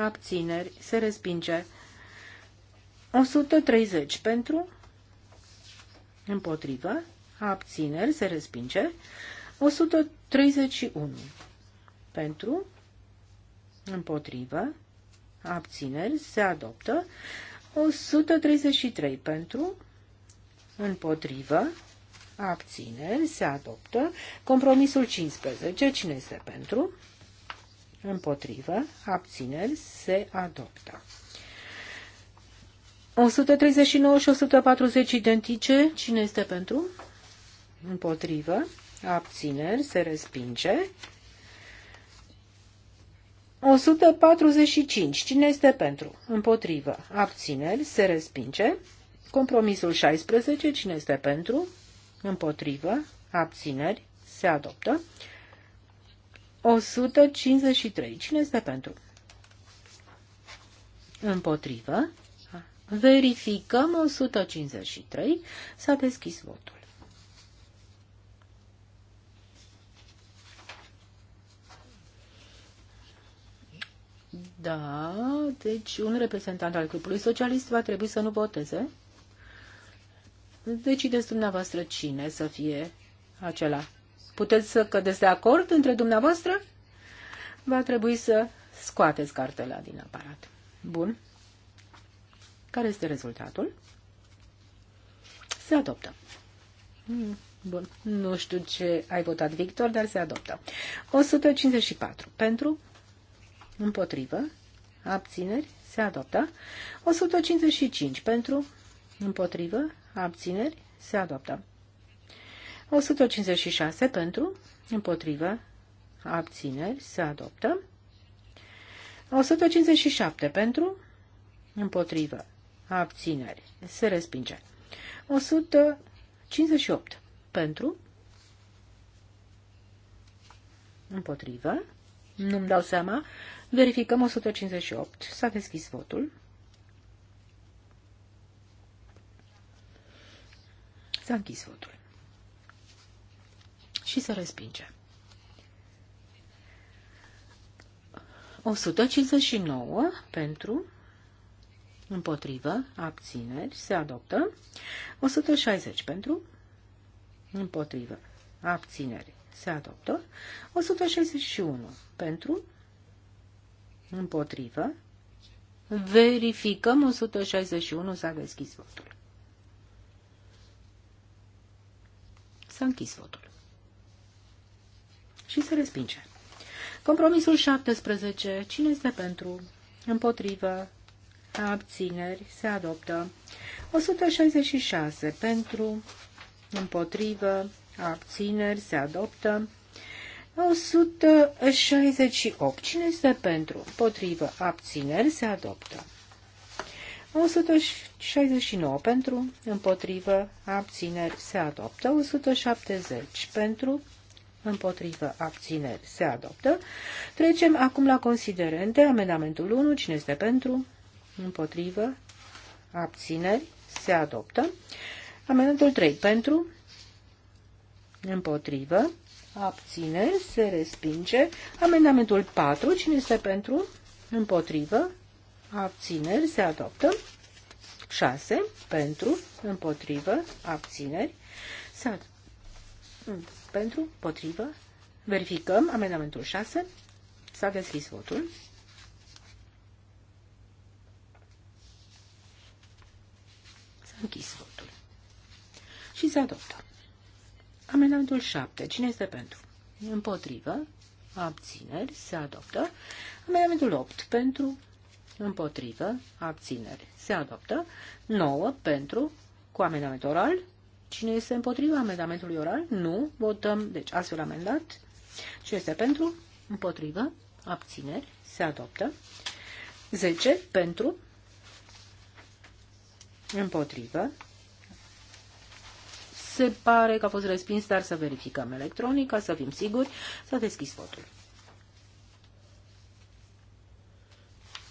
abțineri, se respinge. 130 pentru, împotrivă, abțineri, se respinge. 131 pentru, împotrivă, abțineri, se adoptă. 133 pentru, împotrivă, abțineri, se adoptă. Compromisul 15, cine este pentru? împotrivă, abțineri, se adoptă. 139 și 140 identice, cine este pentru? Împotrivă, abțineri, se respinge. 145. Cine este pentru? Împotrivă. Abțineri. Se respinge. Compromisul 16. Cine este pentru? Împotrivă. Abțineri. Se adoptă. 153. Cine este pentru? Împotrivă. Verificăm 153. S-a deschis votul. Da, deci un reprezentant al grupului socialist va trebui să nu voteze. Decideți dumneavoastră cine să fie acela Puteți să cădeți de acord între dumneavoastră? Va trebui să scoateți cartela din aparat. Bun. Care este rezultatul? Se adoptă. Hmm, bun. Nu știu ce ai votat, Victor, dar se adoptă. 154. Pentru? Împotrivă? Abțineri? Se adoptă. 155. Pentru? Împotrivă? Abțineri? Se adoptă. 156 pentru, împotrivă, abțineri, se adoptă. 157 pentru, împotrivă, abțineri, se respinge. 158 pentru, împotrivă, nu-mi dau seama, verificăm 158, s-a deschis votul. S-a închis votul și se respinge. 159 pentru, împotrivă, abțineri, se adoptă. 160 pentru, împotrivă, abțineri, se adoptă. 161 pentru, împotrivă, verificăm 161, s-a deschis votul. S-a închis votul și se respinge. Compromisul 17. Cine este pentru? Împotrivă. Abțineri. Se adoptă. 166. Pentru. Împotrivă. Abțineri. Se adoptă. 168. Cine este pentru? Împotrivă. Abțineri. Se adoptă. 169 pentru, împotrivă, abțineri, se adoptă. 170 pentru, împotrivă, abțineri, se adoptă. Trecem acum la considerente, amendamentul 1, cine este pentru, împotrivă, abțineri, se adoptă. Amendamentul 3, pentru, împotrivă, abțineri, se respinge. Amendamentul 4, cine este pentru, împotrivă, abțineri, se adoptă. 6. Pentru, împotrivă, abțineri, se pentru, potrivă. Verificăm amendamentul 6. S-a deschis votul. S-a închis votul. Și se adoptă. Amendamentul 7. Cine este pentru? Împotrivă. Abțineri. Se adoptă. Amendamentul 8. Pentru. Împotrivă. Abțineri. Se adoptă. 9. Pentru. Cu amendament oral. Cine este împotriva amendamentului oral? Nu. Votăm, deci, astfel amendat. Cine este pentru? Împotrivă. Abțineri. Se adoptă. 10 pentru. Împotrivă. Se pare că a fost respins, dar să verificăm electronic ca să fim siguri. S-a deschis votul.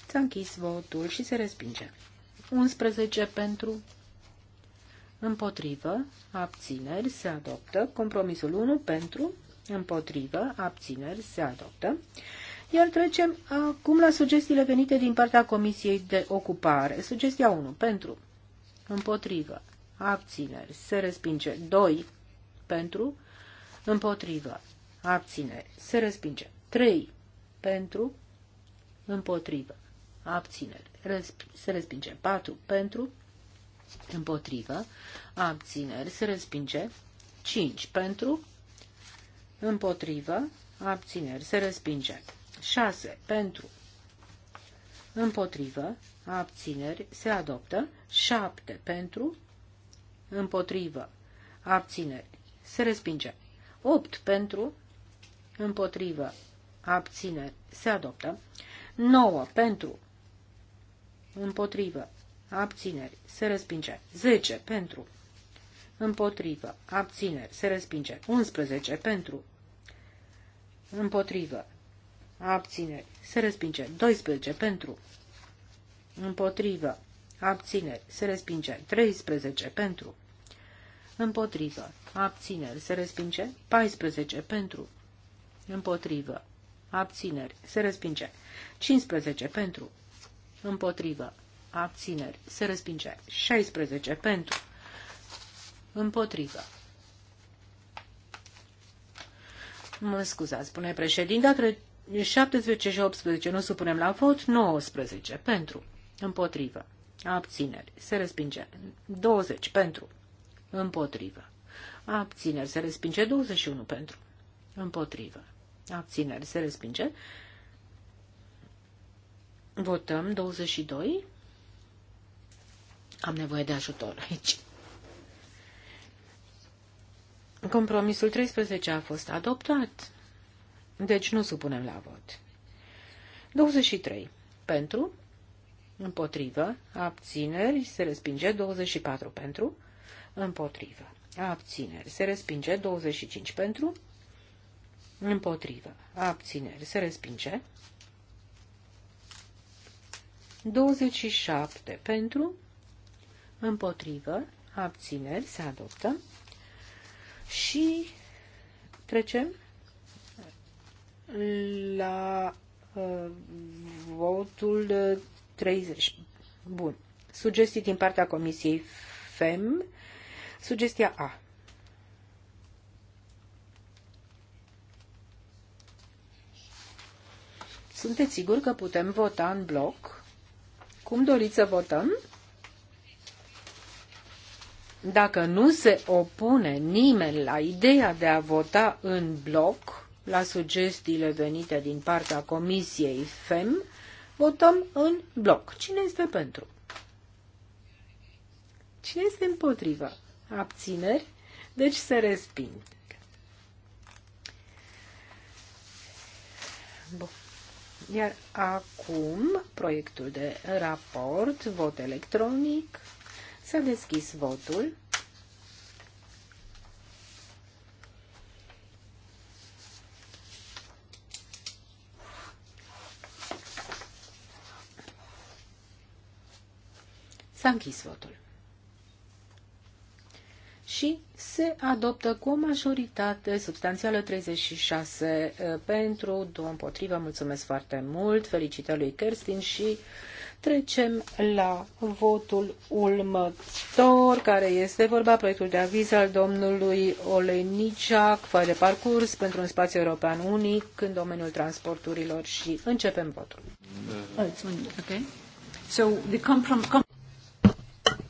S-a închis votul și se respinge. 11 pentru, împotrivă, abțineri, se adoptă. Compromisul 1 pentru, împotrivă, abțineri, se adoptă. Iar trecem acum la sugestiile venite din partea Comisiei de Ocupare. Sugestia 1 pentru, împotrivă, abțineri, se respinge. 2 pentru, împotrivă, abțineri, se respinge. 3 pentru, împotrivă, abțineri, resp se respinge. 4 pentru, împotrivă, abțineri, se respinge. 5 pentru, împotrivă, abțineri, se respinge. 6 pentru, împotrivă, abțineri, se adoptă. 7 pentru, împotrivă, abțineri, se respinge. 8 pentru, împotrivă, abțineri, se adoptă. 9 pentru, împotrivă, abțineri, se respinge. 10 pentru, împotrivă, abțineri, se respinge. 11 pentru, împotrivă, abțineri, se respinge. 12 pentru, împotrivă, abțineri, se respinge. 13 pentru, împotrivă, abțineri, se respinge. 14 pentru, împotrivă, abțineri, se respinge. 15 pentru, împotrivă, abțineri, se respinge. 16 pentru, împotrivă. Mă scuzați, spune președinte, între 17 și 18 nu supunem la vot, 19 pentru, împotrivă, abțineri, se respinge. 20 pentru, împotrivă, abțineri, se respinge. 21 pentru, împotrivă, abțineri, se respinge. Votăm 22. Am nevoie de ajutor aici. Compromisul 13 a fost adoptat, deci nu supunem la vot. 23. Pentru, împotrivă, abțineri, se respinge 24 pentru, împotrivă, abțineri, se respinge 25 pentru, împotrivă, abțineri, se respinge 27 pentru, împotrivă, abțineri, se adoptă. Și trecem la uh, votul 30. Bun. Sugestii din partea Comisiei FEM. Sugestia A. Sunteți siguri că putem vota în bloc? Cum doriți să votăm? Dacă nu se opune nimeni la ideea de a vota în bloc la sugestiile venite din partea Comisiei FEM, votăm în bloc. Cine este pentru? Cine este împotriva? Abțineri? Deci se resping. Bun. Iar acum proiectul de raport, vot electronic, S-a deschis votul. S-a închis votul. Și se adoptă cu o majoritate substanțială 36 eh, pentru, 2 împotrivă. Mulțumesc foarte mult. Felicitări lui Kerstin și Trecem la votul următor, care este vorba proiectul de aviz al domnului Oleniciac, fără parcurs pentru un spațiu european unic în domeniul transporturilor și începem votul. Oh, okay. So, the comprom-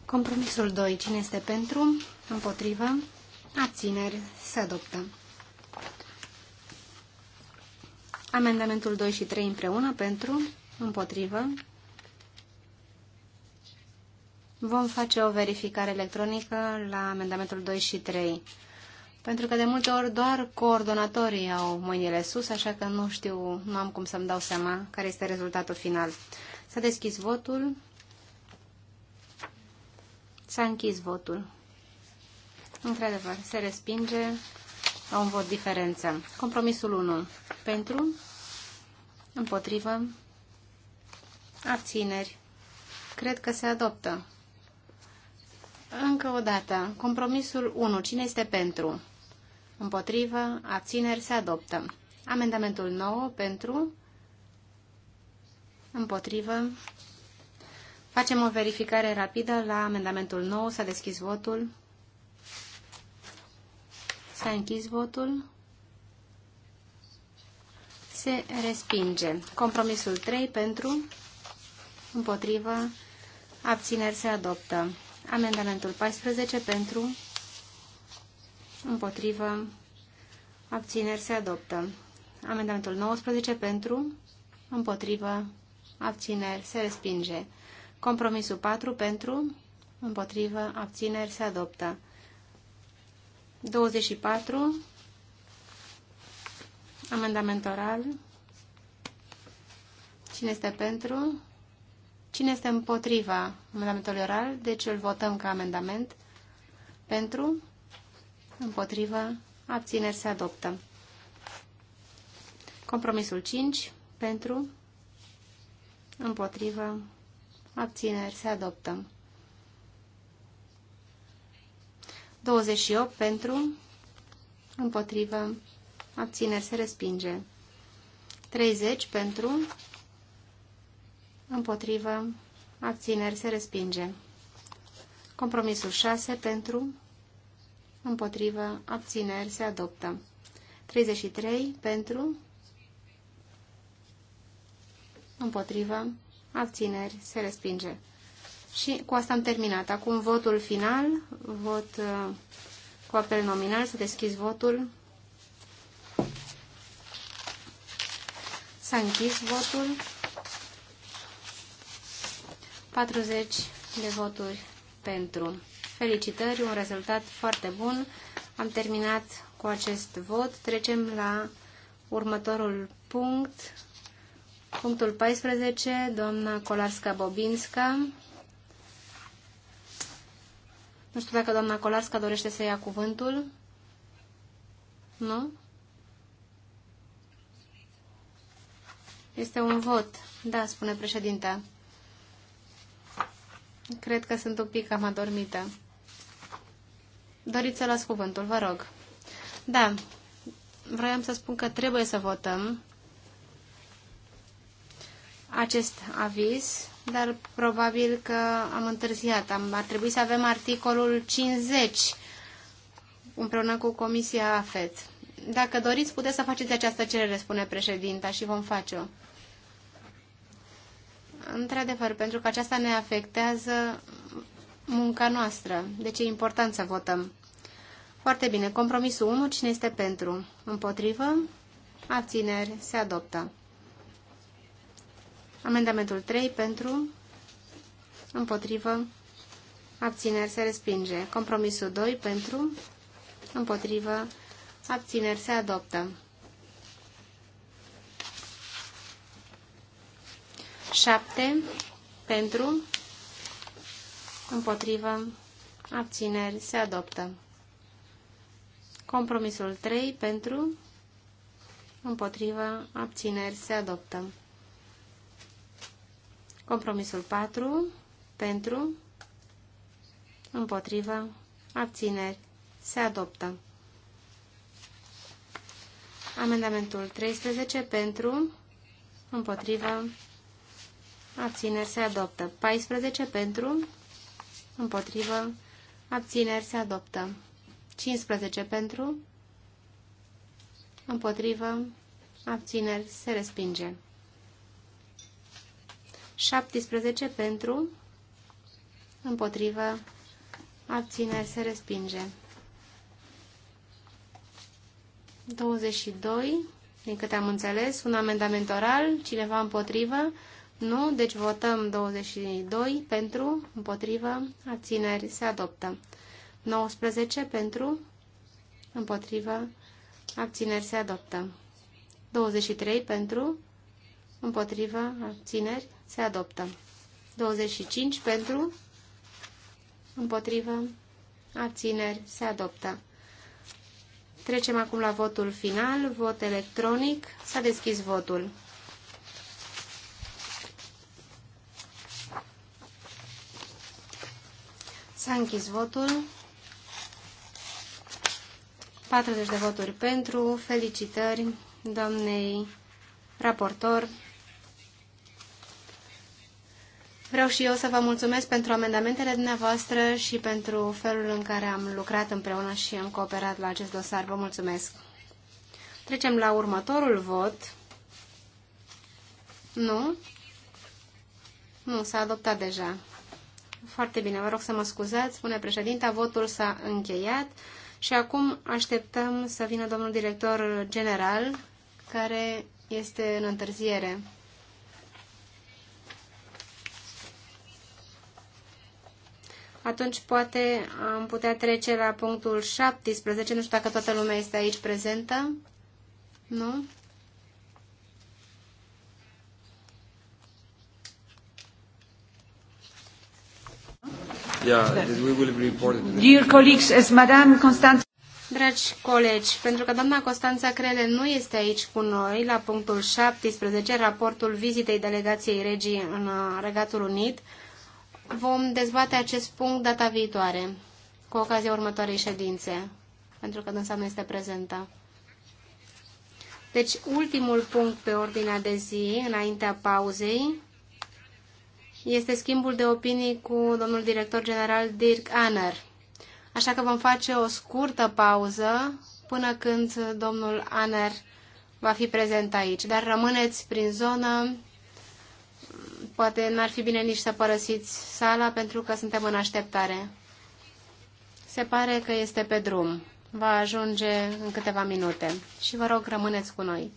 Compromisul 2. Cine este pentru? Împotrivă? Abțineri? Se adoptă. Amendamentul 2 și 3 împreună pentru? Împotrivă? Vom face o verificare electronică la amendamentul 2 și 3. Pentru că de multe ori doar coordonatorii au mâinile sus, așa că nu știu, nu am cum să-mi dau seama care este rezultatul final. S-a deschis votul. S-a închis votul. Într-adevăr, se respinge la un vot diferență. Compromisul 1. Pentru, împotrivă, abțineri. Cred că se adoptă. Încă o dată, compromisul 1. Cine este pentru? Împotrivă, abțineri, se adoptă. Amendamentul 9 pentru, împotrivă. Facem o verificare rapidă la amendamentul 9. S-a deschis votul. S-a închis votul. Se respinge. Compromisul 3 pentru, împotrivă, abțineri, se adoptă. Amendamentul 14 pentru, împotrivă, abțineri se adoptă. Amendamentul 19 pentru, împotrivă, abțineri se respinge. Compromisul 4 pentru, împotrivă, abțineri se adoptă. 24, amendament oral. Cine este pentru? Cine este împotriva amendamentului oral? Deci îl votăm ca amendament. Pentru, împotriva, abțineri se adoptă. Compromisul 5. Pentru, împotriva, abțineri se adoptă. 28 pentru, împotrivă, abțineri se respinge. 30 pentru, împotrivă, abțineri, se respinge. Compromisul 6 pentru, împotrivă, abțineri, se adoptă. 33 pentru, împotrivă, abțineri, se respinge. Și cu asta am terminat. Acum votul final, vot uh, cu apel nominal, să deschizi votul. S-a închis votul. 40 de voturi pentru. Felicitări, un rezultat foarte bun. Am terminat cu acest vot. Trecem la următorul punct. Punctul 14, doamna Kolarska-Bobinska. Nu știu dacă doamna Kolarska dorește să ia cuvântul. Nu? Este un vot. Da, spune președinta. Cred că sunt un pic cam adormită. Doriți să las cuvântul, vă rog. Da, vreau să spun că trebuie să votăm acest aviz, dar probabil că am întârziat. Am, ar trebui să avem articolul 50 împreună cu Comisia AFET. Dacă doriți, puteți să faceți această cerere, spune președinta, și vom face-o. Într-adevăr, pentru că aceasta ne afectează munca noastră. Deci e important să votăm. Foarte bine. Compromisul 1. Cine este pentru? Împotrivă? Abțineri. Se adoptă. Amendamentul 3. Pentru? Împotrivă? Abțineri. Se respinge. Compromisul 2. Pentru? Împotrivă? Abțineri. Se adoptă. 7 pentru, împotrivă, abțineri, se adoptă. Compromisul 3 pentru, împotrivă, abțineri, se adoptă. Compromisul 4 pentru, împotrivă, abțineri, se adoptă. Amendamentul 13 pentru, împotrivă, abțineri se adoptă. 14 pentru, împotrivă, abțineri se adoptă. 15 pentru, împotrivă, abțineri se respinge. 17 pentru, împotrivă, abțineri se respinge. 22, din câte am înțeles, un amendament oral, cineva împotrivă, nu, deci votăm 22 pentru, împotrivă, abțineri, se adoptă. 19 pentru, împotrivă, abțineri, se adoptă. 23 pentru, împotrivă, abțineri, se adoptă. 25 pentru, împotrivă, abțineri, se adoptă. Trecem acum la votul final, vot electronic, s-a deschis votul. S-a închis votul. 40 de voturi pentru. Felicitări doamnei raportor. Vreau și eu să vă mulțumesc pentru amendamentele dumneavoastră și pentru felul în care am lucrat împreună și am cooperat la acest dosar. Vă mulțumesc. Trecem la următorul vot. Nu? Nu, s-a adoptat deja. Foarte bine, vă rog să mă scuzați, spune președinta, votul s-a încheiat și acum așteptăm să vină domnul director general, care este în întârziere. Atunci poate am putea trece la punctul 17, nu știu dacă toată lumea este aici prezentă, nu? Yeah, we will be reported. Dear colleagues, as Madame Constanța... Dragi colegi, pentru că doamna Constanța Crele nu este aici cu noi, la punctul 17, raportul vizitei delegației regii în uh, Regatul Unit, vom dezbate acest punct data viitoare, cu ocazia următoarei ședințe, pentru că dânsa nu este prezentă. Deci, ultimul punct pe ordinea de zi, înaintea pauzei, este schimbul de opinii cu domnul director general Dirk Anner. Așa că vom face o scurtă pauză până când domnul Anner va fi prezent aici. Dar rămâneți prin zonă, poate n-ar fi bine nici să părăsiți sala pentru că suntem în așteptare. Se pare că este pe drum. Va ajunge în câteva minute și vă rog rămâneți cu noi.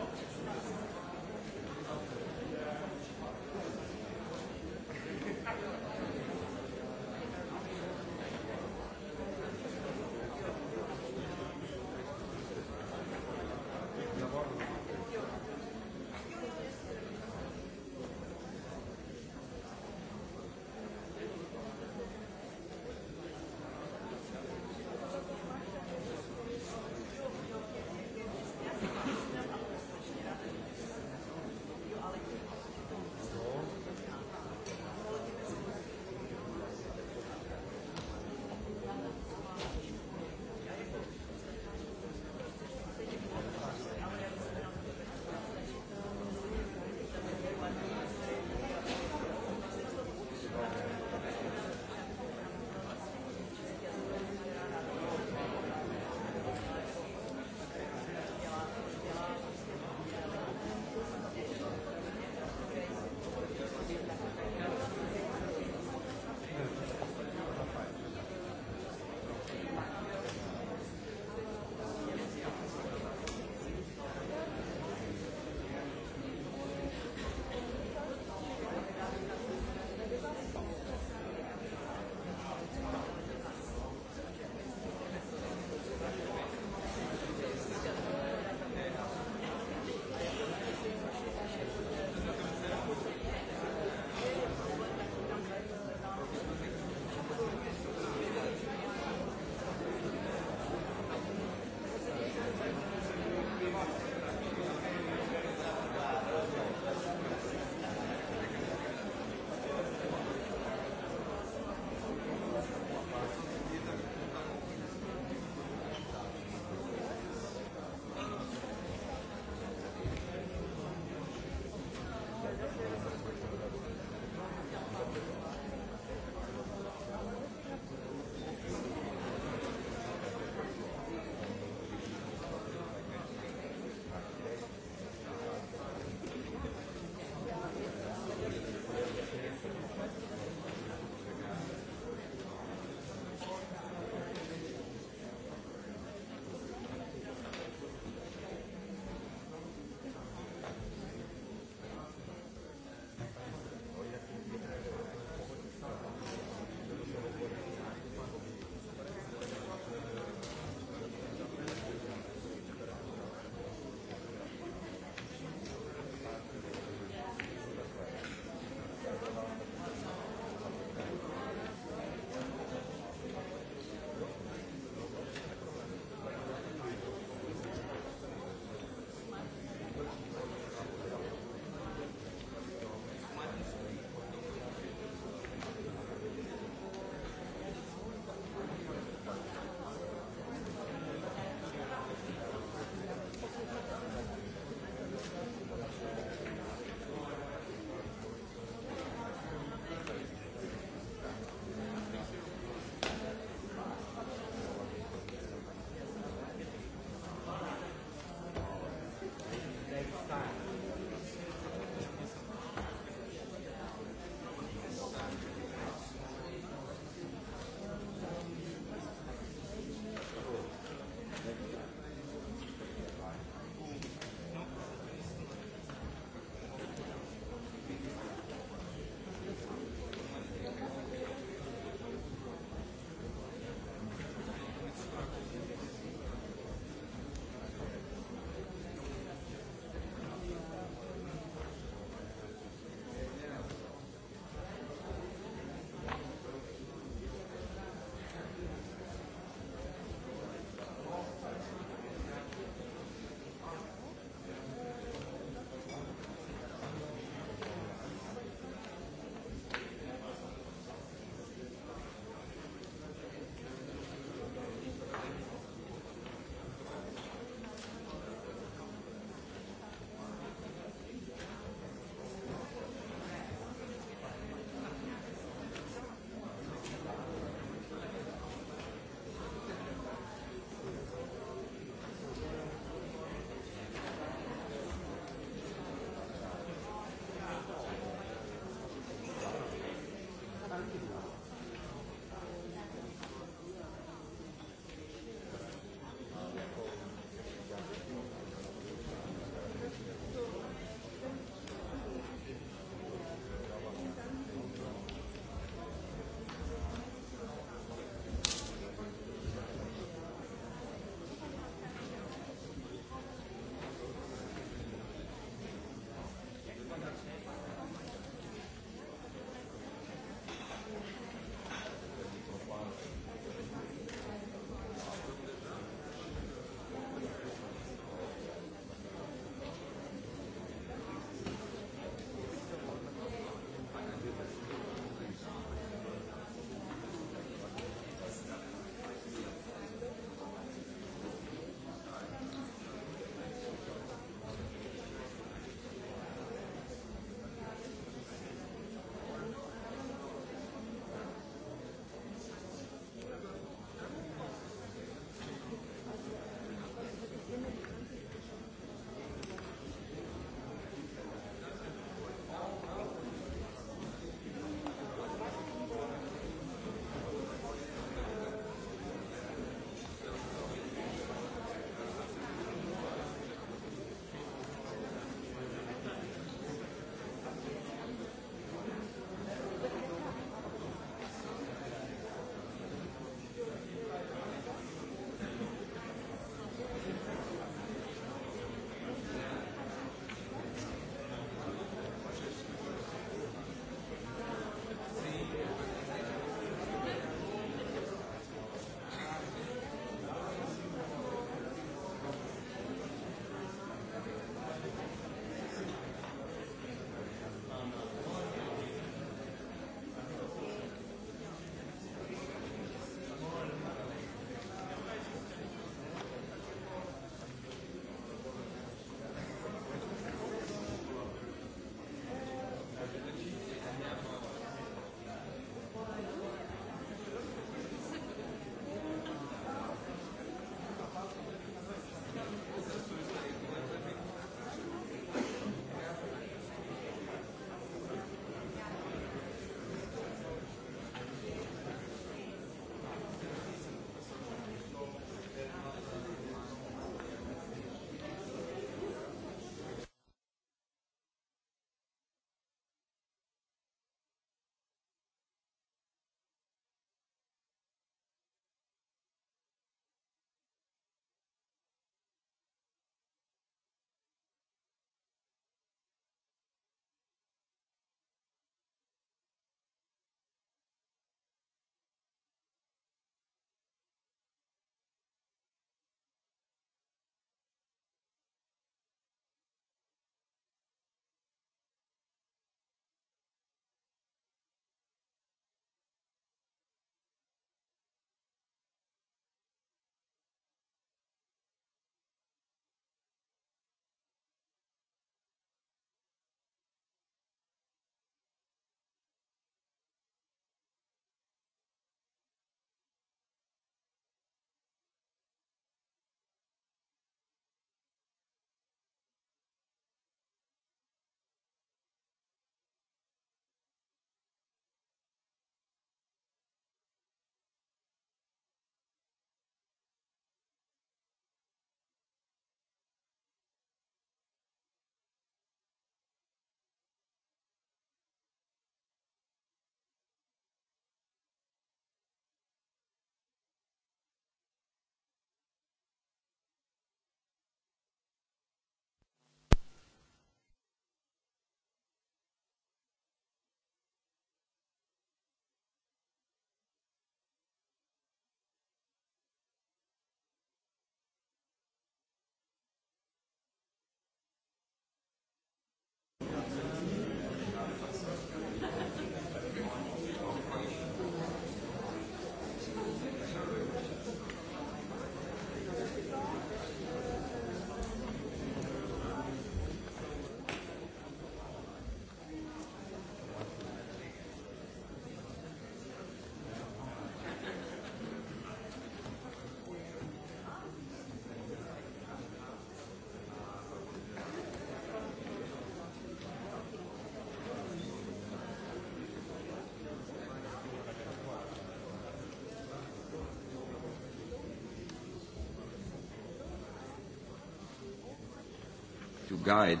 to guide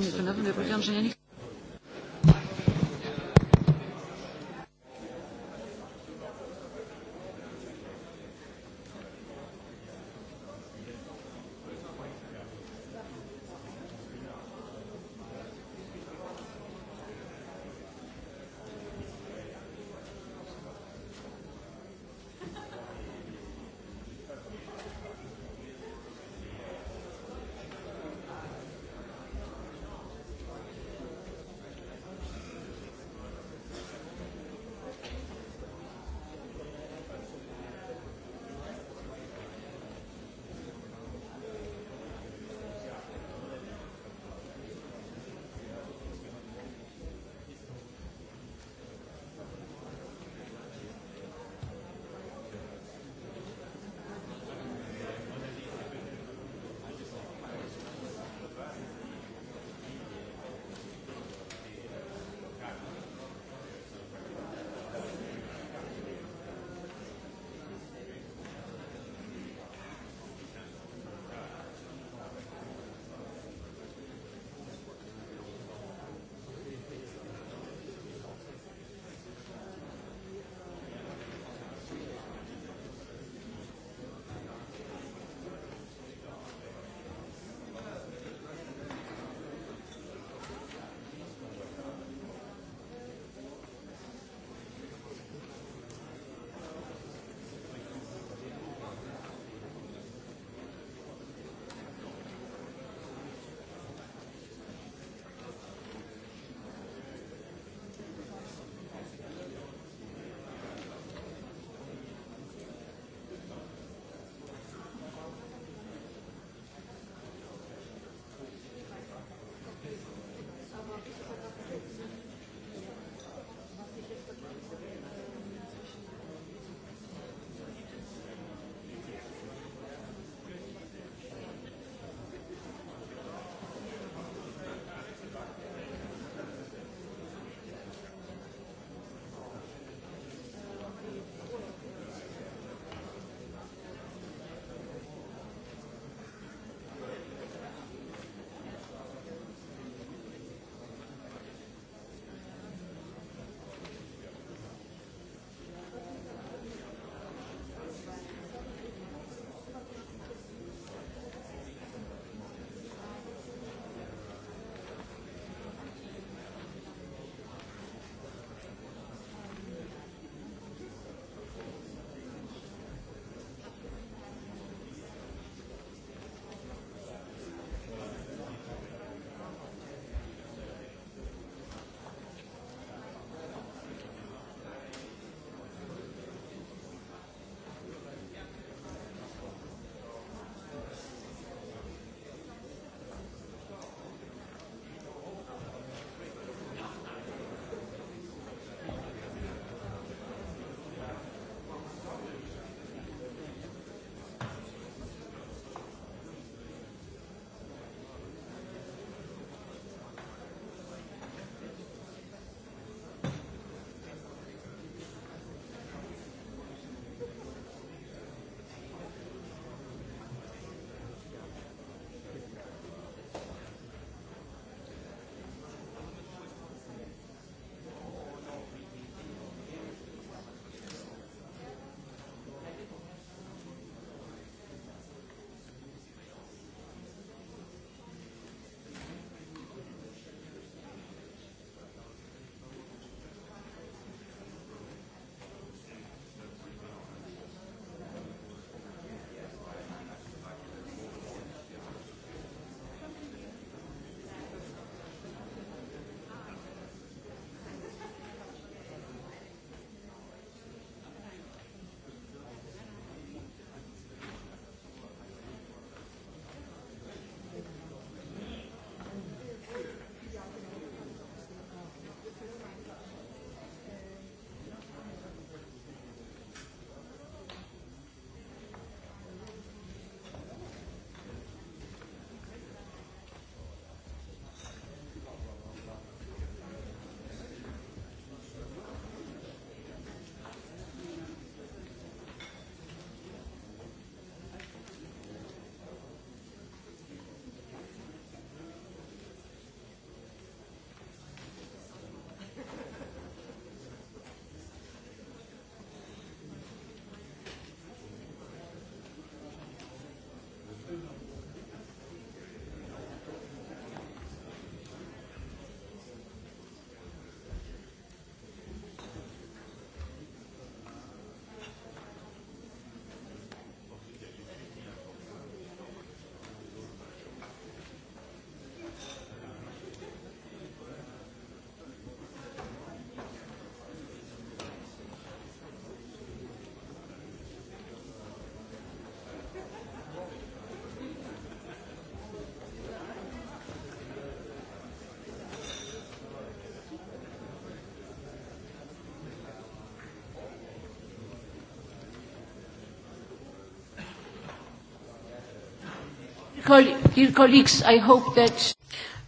Nie, to nawet nie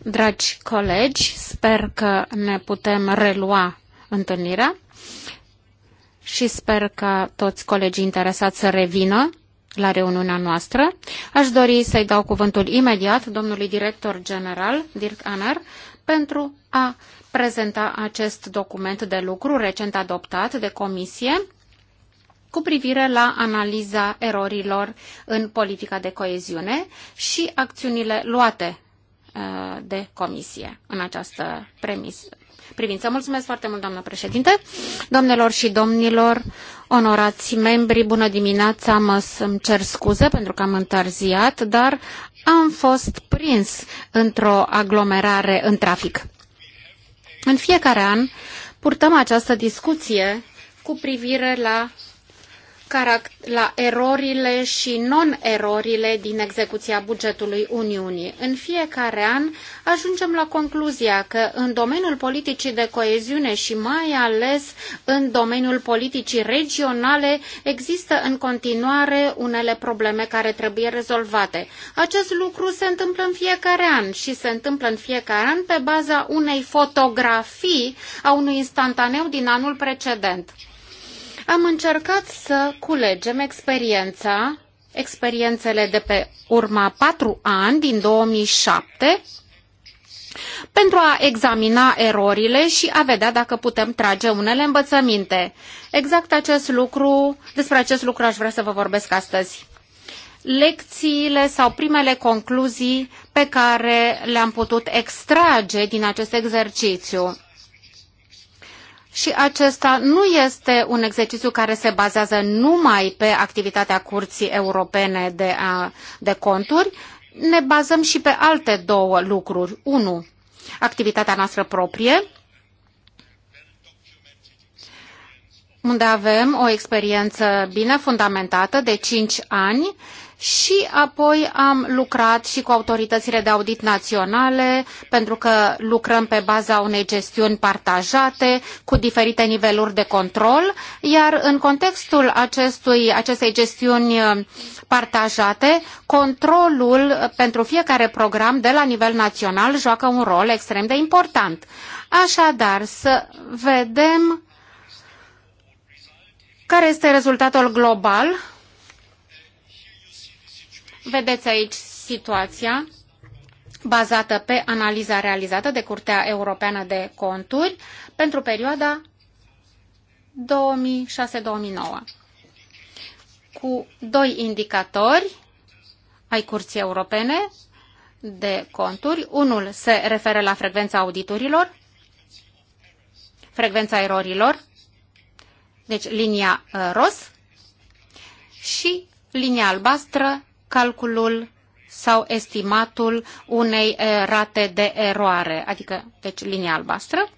Dragi colegi, sper că ne putem relua întâlnirea și sper că toți colegii interesați să revină la reuniunea noastră. Aș dori să-i dau cuvântul imediat domnului director general, Dirk Anner, pentru a prezenta acest document de lucru recent adoptat de comisie cu privire la analiza erorilor în politica de coeziune și acțiunile luate uh, de comisie în această premisă. Privință. Mulțumesc foarte mult, doamnă președinte. Domnilor și domnilor, onorați membri, bună dimineața, mă îmi cer scuze pentru că am întârziat, dar am fost prins într-o aglomerare în trafic. În fiecare an purtăm această discuție cu privire la la erorile și non-erorile din execuția bugetului Uniunii. În fiecare an ajungem la concluzia că în domeniul politicii de coeziune și mai ales în domeniul politicii regionale există în continuare unele probleme care trebuie rezolvate. Acest lucru se întâmplă în fiecare an și se întâmplă în fiecare an pe baza unei fotografii a unui instantaneu din anul precedent. Am încercat să culegem experiența, experiențele de pe urma patru ani din 2007 pentru a examina erorile și a vedea dacă putem trage unele învățăminte. Exact acest lucru, despre acest lucru aș vrea să vă vorbesc astăzi. Lecțiile sau primele concluzii pe care le-am putut extrage din acest exercițiu și acesta nu este un exercițiu care se bazează numai pe activitatea Curții Europene de, a, de Conturi. Ne bazăm și pe alte două lucruri. Unu, activitatea noastră proprie, unde avem o experiență bine fundamentată de 5 ani și apoi am lucrat și cu autoritățile de audit naționale, pentru că lucrăm pe baza unei gestiuni partajate, cu diferite niveluri de control, iar în contextul acestui, acestei gestiuni uh, partajate, controlul uh, pentru fiecare program de la nivel național joacă un rol extrem de important. Așadar, să vedem care este rezultatul global Vedeți aici situația bazată pe analiza realizată de Curtea Europeană de Conturi pentru perioada 2006-2009 cu doi indicatori ai Curții Europene de Conturi. Unul se referă la frecvența auditurilor, frecvența erorilor, deci linia uh, ros și linia albastră calculul sau estimatul unei eh, rate de eroare, adică deci linia albastră.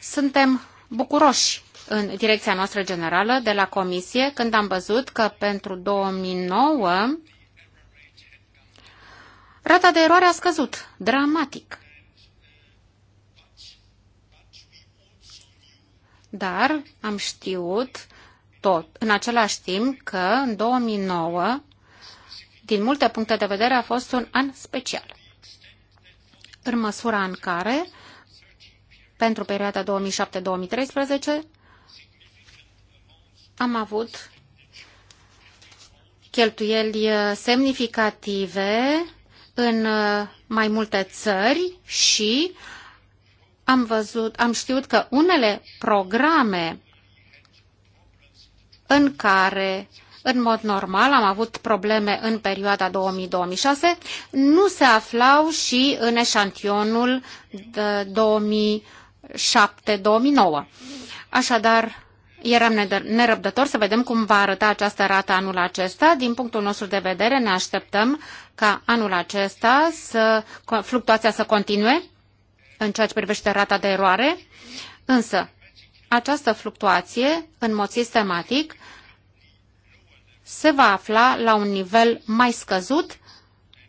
Suntem bucuroși în direcția noastră generală de la comisie când am văzut că pentru 2009 rata de eroare a scăzut dramatic. Dar am știut tot, în același timp că în 2009, din multe puncte de vedere, a fost un an special. În măsura în care, pentru perioada 2007-2013, am avut cheltuieli semnificative în mai multe țări și am, văzut, am știut că unele programe în care în mod normal, am avut probleme în perioada 2000-2006, nu se aflau și în eșantionul 2007-2009. Așadar, eram nerăbdător să vedem cum va arăta această rată anul acesta. Din punctul nostru de vedere, ne așteptăm ca anul acesta să, fluctuația să continue în ceea ce privește rata de eroare, însă această fluctuație, în mod sistematic, se va afla la un nivel mai scăzut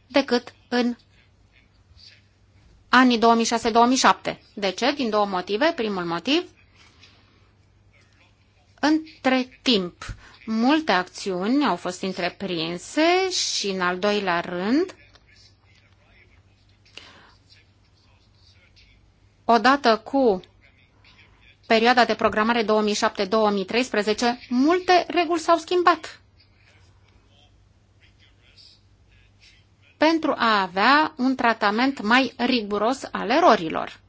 decât în anii 2006-2007. De ce? Din două motive. Primul motiv, între timp, multe acțiuni au fost întreprinse și, în al doilea rând, odată cu perioada de programare 2007-2013, multe reguli s-au schimbat. pentru a avea un tratament mai riguros al erorilor.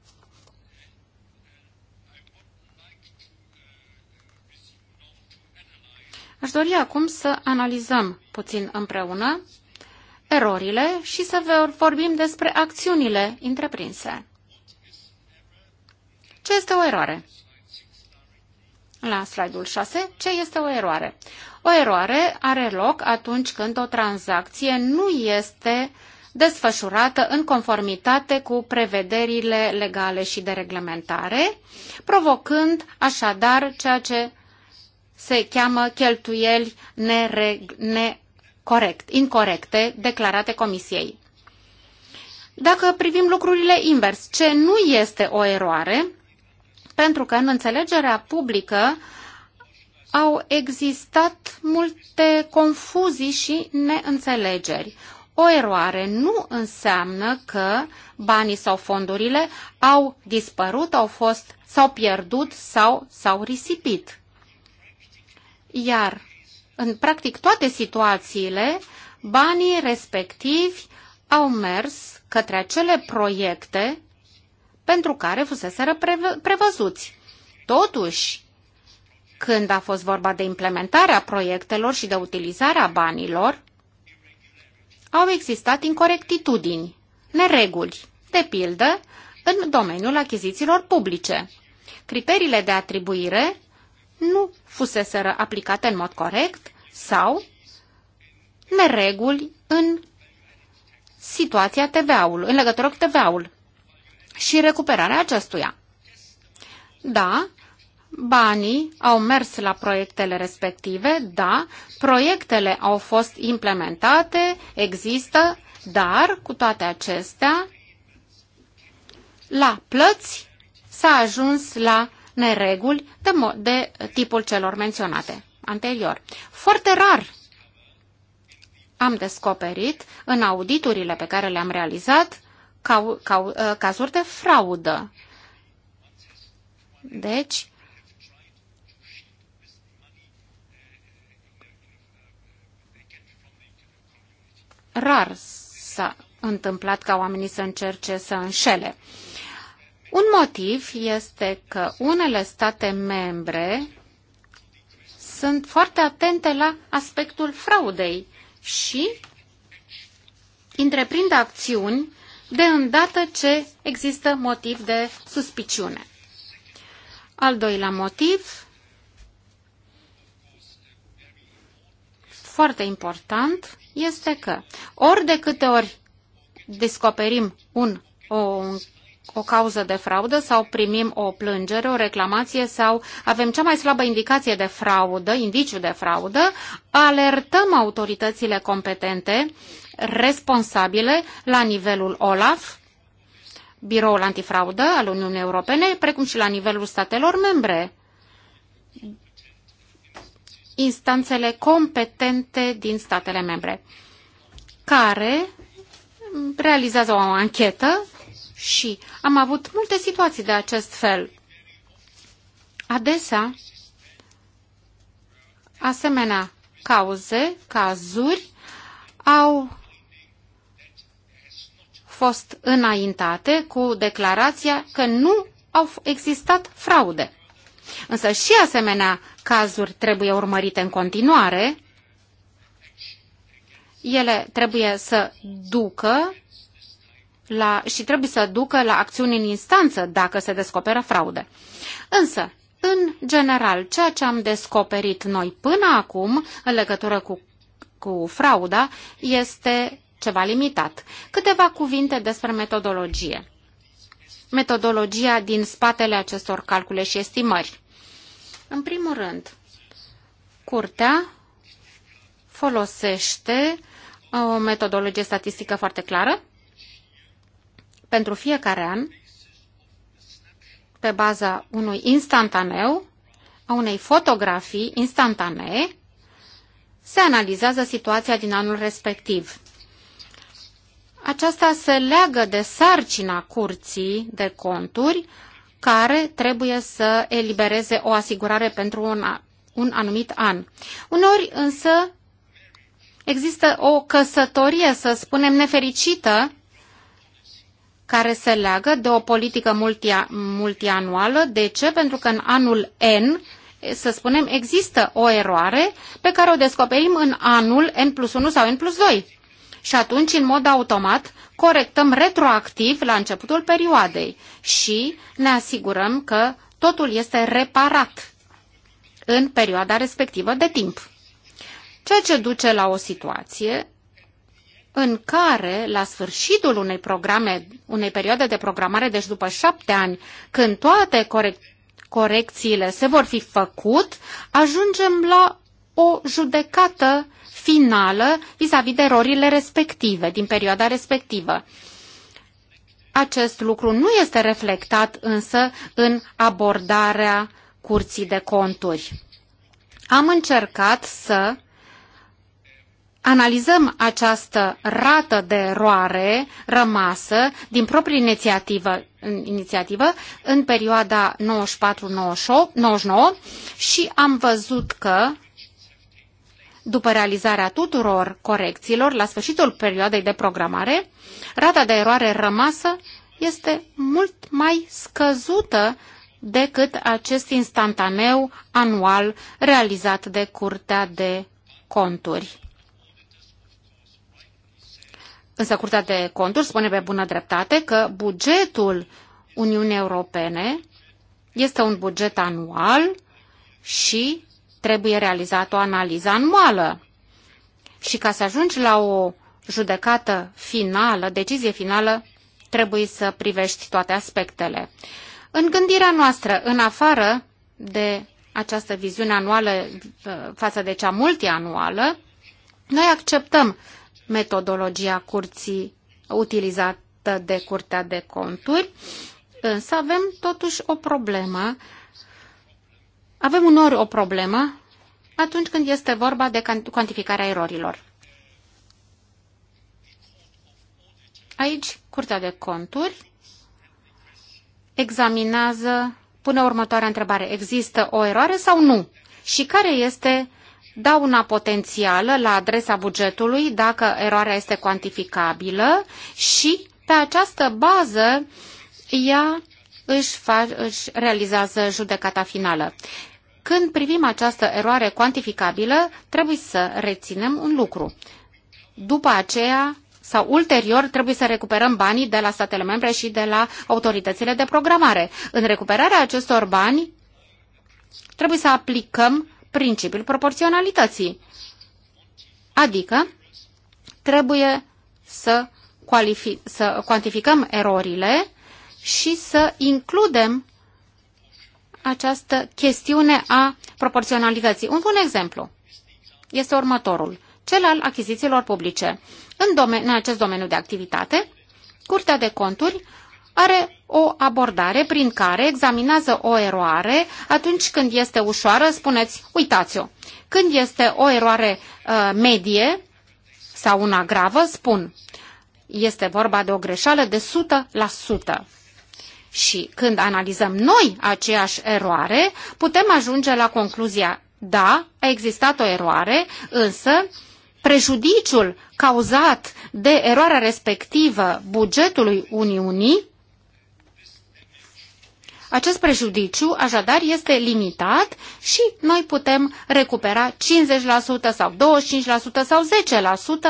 Aș dori acum să analizăm puțin împreună erorile și să vorbim despre acțiunile întreprinse. Ce este o eroare? La slide-ul 6, ce este o eroare? O eroare are loc atunci când o tranzacție nu este desfășurată în conformitate cu prevederile legale și de reglementare, provocând așadar ceea ce se cheamă cheltuieli necorect, incorrecte declarate Comisiei. Dacă privim lucrurile invers, ce nu este o eroare, pentru că în înțelegerea publică au existat multe confuzii și neînțelegeri. O eroare nu înseamnă că banii sau fondurile au dispărut, au fost, s-au pierdut sau s-au risipit. Iar în practic toate situațiile, banii respectivi au mers către acele proiecte pentru care fuseseră prevăzuți. Totuși, când a fost vorba de implementarea proiectelor și de utilizarea banilor, au existat incorectitudini, nereguli, de pildă, în domeniul achizițiilor publice. Criteriile de atribuire nu fuseseră aplicate în mod corect sau nereguli în situația TVA-ului, în legătură cu TVA-ul și recuperarea acestuia. Da, Banii au mers la proiectele respective, da, proiectele au fost implementate, există, dar cu toate acestea, la plăți s-a ajuns la nereguli de, de tipul celor menționate anterior. Foarte rar am descoperit în auditurile pe care le-am realizat ca, ca, cazuri de fraudă. Deci, rar s-a întâmplat ca oamenii să încerce să înșele. Un motiv este că unele state membre sunt foarte atente la aspectul fraudei și întreprind acțiuni de îndată ce există motiv de suspiciune. Al doilea motiv, foarte important, este că ori de câte ori descoperim un, o, o cauză de fraudă sau primim o plângere, o reclamație sau avem cea mai slabă indicație de fraudă, indiciu de fraudă, alertăm autoritățile competente, responsabile la nivelul OLAF, biroul antifraudă al Uniunii Europene, precum și la nivelul statelor membre instanțele competente din statele membre, care realizează o anchetă și am avut multe situații de acest fel. Adesea, asemenea cauze, cazuri, au fost înaintate cu declarația că nu au existat fraude. Însă și asemenea cazuri trebuie urmărite în continuare. Ele trebuie să ducă la, și trebuie să ducă la acțiuni în instanță dacă se descoperă fraude. Însă, în general, ceea ce am descoperit noi până acum în legătură cu, cu frauda este ceva limitat. Câteva cuvinte despre metodologie metodologia din spatele acestor calcule și estimări. În primul rând, curtea folosește uh, o metodologie statistică foarte clară pentru fiecare an pe baza unui instantaneu, a unei fotografii instantanee, se analizează situația din anul respectiv aceasta se leagă de sarcina curții de conturi care trebuie să elibereze o asigurare pentru un, un anumit an. Uneori însă există o căsătorie, să spunem, nefericită care se leagă de o politică multia, multianuală. De ce? Pentru că în anul N, să spunem, există o eroare pe care o descoperim în anul N plus 1 sau N plus 2 și atunci, în mod automat, corectăm retroactiv la începutul perioadei și ne asigurăm că totul este reparat în perioada respectivă de timp. Ceea ce duce la o situație în care, la sfârșitul unei, programe, unei perioade de programare, deci după șapte ani, când toate corect, corecțiile se vor fi făcut, ajungem la o judecată finală vis-a-vis -vis de erorile respective, din perioada respectivă. Acest lucru nu este reflectat însă în abordarea curții de conturi. Am încercat să analizăm această rată de eroare rămasă din proprie inițiativă, inițiativă în perioada 94-99 și am văzut că după realizarea tuturor corecțiilor, la sfârșitul perioadei de programare, rata de eroare rămasă este mult mai scăzută decât acest instantaneu anual realizat de Curtea de Conturi. Însă Curtea de Conturi spune pe bună dreptate că bugetul Uniunii Europene este un buget anual și trebuie realizată o analiză anuală. Și ca să ajungi la o judecată finală, decizie finală, trebuie să privești toate aspectele. În gândirea noastră, în afară de această viziune anuală uh, față de cea multianuală, noi acceptăm metodologia curții utilizată de Curtea de Conturi, însă avem totuși o problemă avem unor o problemă atunci când este vorba de cuantificarea erorilor. Aici, Curtea de Conturi examinează până următoarea întrebare. Există o eroare sau nu? Și care este dauna potențială la adresa bugetului dacă eroarea este cuantificabilă și pe această bază ea își, fa- își realizează judecata finală. Când privim această eroare cuantificabilă, trebuie să reținem un lucru. După aceea, sau ulterior trebuie să recuperăm banii de la statele membre și de la autoritățile de programare. În recuperarea acestor bani trebuie să aplicăm principiul proporționalității. Adică trebuie să, să cuantificăm erorile și să includem această chestiune a proporționalității. Un bun exemplu este următorul, cel al achizițiilor publice. În, domen- în acest domeniu de activitate, Curtea de Conturi are o abordare prin care examinează o eroare atunci când este ușoară, spuneți, uitați-o. Când este o eroare uh, medie sau una gravă, spun, este vorba de o greșeală de și când analizăm noi aceeași eroare, putem ajunge la concluzia, da, a existat o eroare, însă prejudiciul cauzat de eroarea respectivă bugetului Uniunii, acest prejudiciu, așadar, este limitat și noi putem recupera 50% sau 25% sau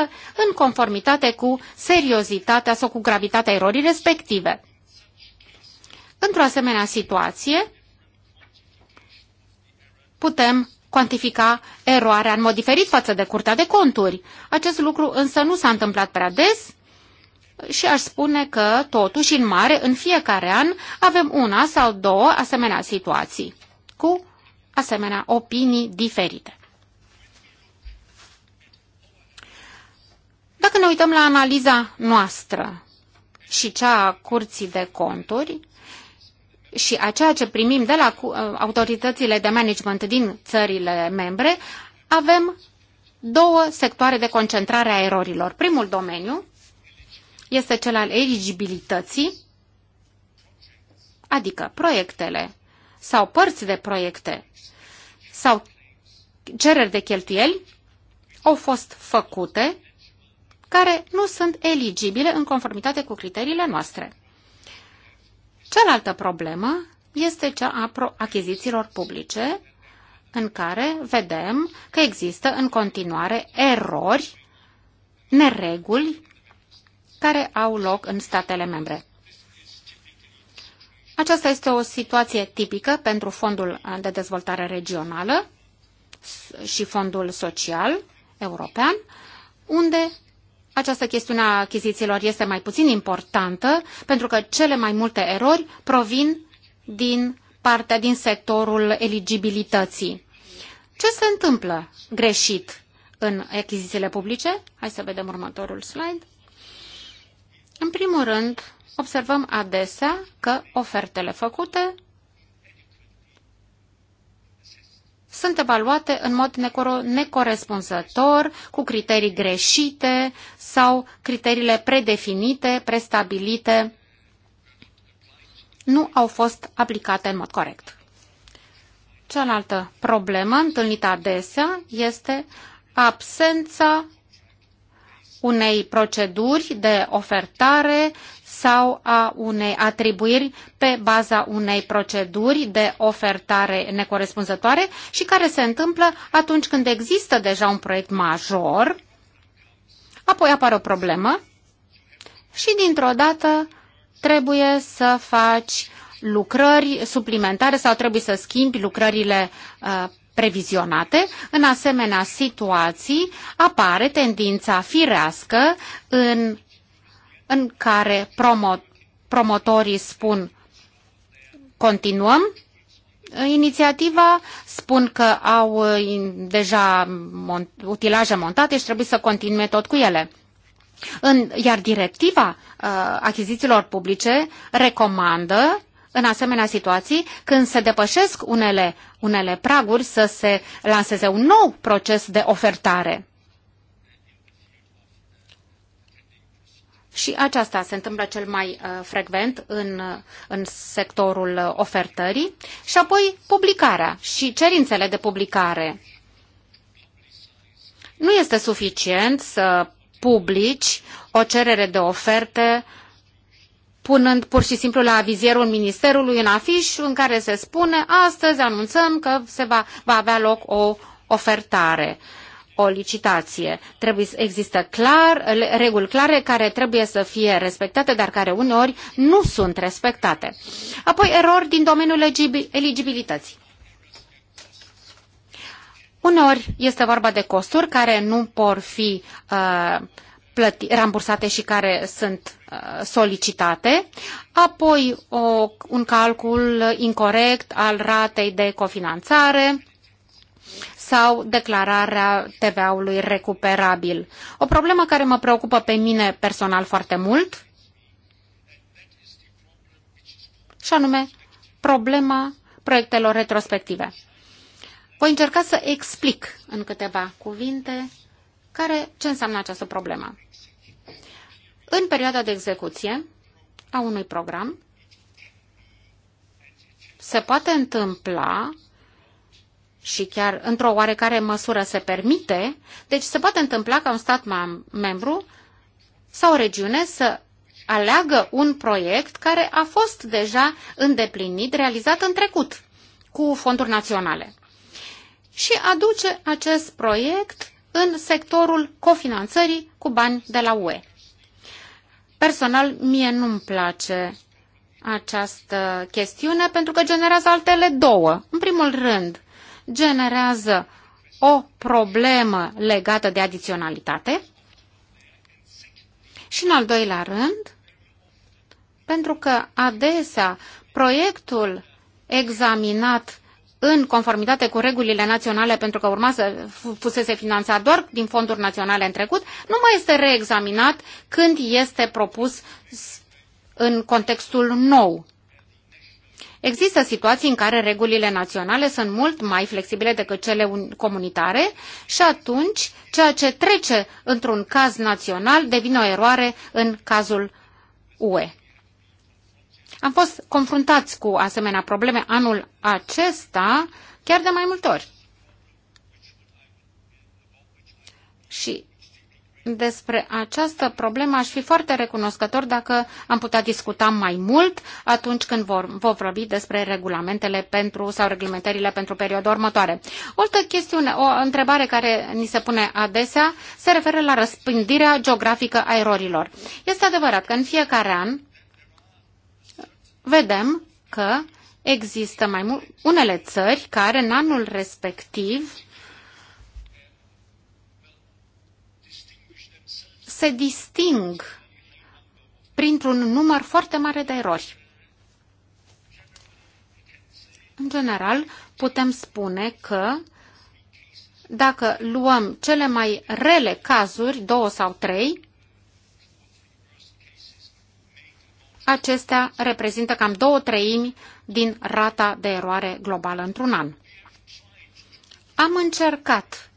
10% în conformitate cu seriozitatea sau cu gravitatea erorii respective. Într-o asemenea situație, putem cuantifica eroarea în mod diferit față de curtea de conturi. Acest lucru însă nu s-a întâmplat prea des și aș spune că, totuși, în mare, în fiecare an avem una sau două asemenea situații cu asemenea opinii diferite. Dacă ne uităm la analiza noastră și cea a curții de conturi, și a ceea ce primim de la uh, autoritățile de management din țările membre, avem două sectoare de concentrare a erorilor. Primul domeniu este cel al eligibilității, adică proiectele sau părți de proiecte sau cereri de cheltuieli au fost făcute care nu sunt eligibile în conformitate cu criteriile noastre. Cealaltă problemă este cea a achizițiilor publice, în care vedem că există în continuare erori, nereguli care au loc în statele membre. Aceasta este o situație tipică pentru Fondul de Dezvoltare Regională și Fondul Social European, unde această chestiune a achizițiilor este mai puțin importantă, pentru că cele mai multe erori provin din partea din sectorul eligibilității. Ce se întâmplă greșit în achizițiile publice? Hai să vedem următorul slide. În primul rând, observăm adesea că ofertele făcute sunt evaluate în mod necorespunzător, cu criterii greșite sau criteriile predefinite, prestabilite, nu au fost aplicate în mod corect. Cealaltă problemă întâlnită adesea este absența unei proceduri de ofertare sau a unei atribuiri pe baza unei proceduri de ofertare necorespunzătoare și care se întâmplă atunci când există deja un proiect major, apoi apare o problemă și dintr-o dată trebuie să faci lucrări suplimentare sau trebuie să schimbi lucrările uh, previzionate, în asemenea situații apare tendința firească în în care promo, promotorii spun continuăm inițiativa, spun că au uh, deja mon, utilaje montate și trebuie să continue tot cu ele. În, iar directiva uh, achizițiilor publice recomandă în asemenea situații, când se depășesc unele, unele praguri, să se lanseze un nou proces de ofertare. Și aceasta se întâmplă cel mai uh, frecvent în, uh, în sectorul uh, ofertării și apoi publicarea și cerințele de publicare. Nu este suficient să publici o cerere de oferte punând pur și simplu la vizierul ministerului un afiș în care se spune astăzi anunțăm că se va, va avea loc o ofertare. Uh, o licitație. Trebuie să există clar, reguli clare care trebuie să fie respectate, dar care uneori nu sunt respectate. Apoi erori din domeniul eligibilității. Uneori este vorba de costuri care nu pot fi uh, plăti, rambursate și care sunt uh, solicitate, apoi o, un calcul incorrect al ratei de cofinanțare, sau declararea TVA-ului recuperabil. O problemă care mă preocupă pe mine personal foarte mult și anume problema proiectelor retrospective. Voi încerca să explic în câteva cuvinte care, ce înseamnă această problemă. În perioada de execuție a unui program, se poate întâmpla și chiar într-o oarecare măsură se permite, deci se poate întâmpla ca un stat membru sau o regiune să aleagă un proiect care a fost deja îndeplinit, realizat în trecut cu fonduri naționale și aduce acest proiect în sectorul cofinanțării cu bani de la UE. Personal, mie nu-mi place această chestiune pentru că generează altele două. În primul rând, generează o problemă legată de adiționalitate și, în al doilea rând, pentru că adesea proiectul examinat în conformitate cu regulile naționale, pentru că urma să fusese finanțat doar din fonduri naționale în trecut, nu mai este reexaminat când este propus în contextul nou. Există situații în care regulile naționale sunt mult mai flexibile decât cele comunitare și atunci ceea ce trece într-un caz național devine o eroare în cazul UE. Am fost confruntați cu asemenea probleme anul acesta chiar de mai multe ori. Și despre această problemă aș fi foarte recunoscător dacă am putea discuta mai mult atunci când vor, vor vorbi despre regulamentele pentru sau reglementările pentru perioada următoare. O altă chestiune, o întrebare care ni se pune adesea se referă la răspândirea geografică a erorilor. Este adevărat că în fiecare an vedem că există mai mult unele țări care în anul respectiv se disting printr-un număr foarte mare de erori. În general, putem spune că dacă luăm cele mai rele cazuri, două sau trei, acestea reprezintă cam două treimi din rata de eroare globală într-un an. Am încercat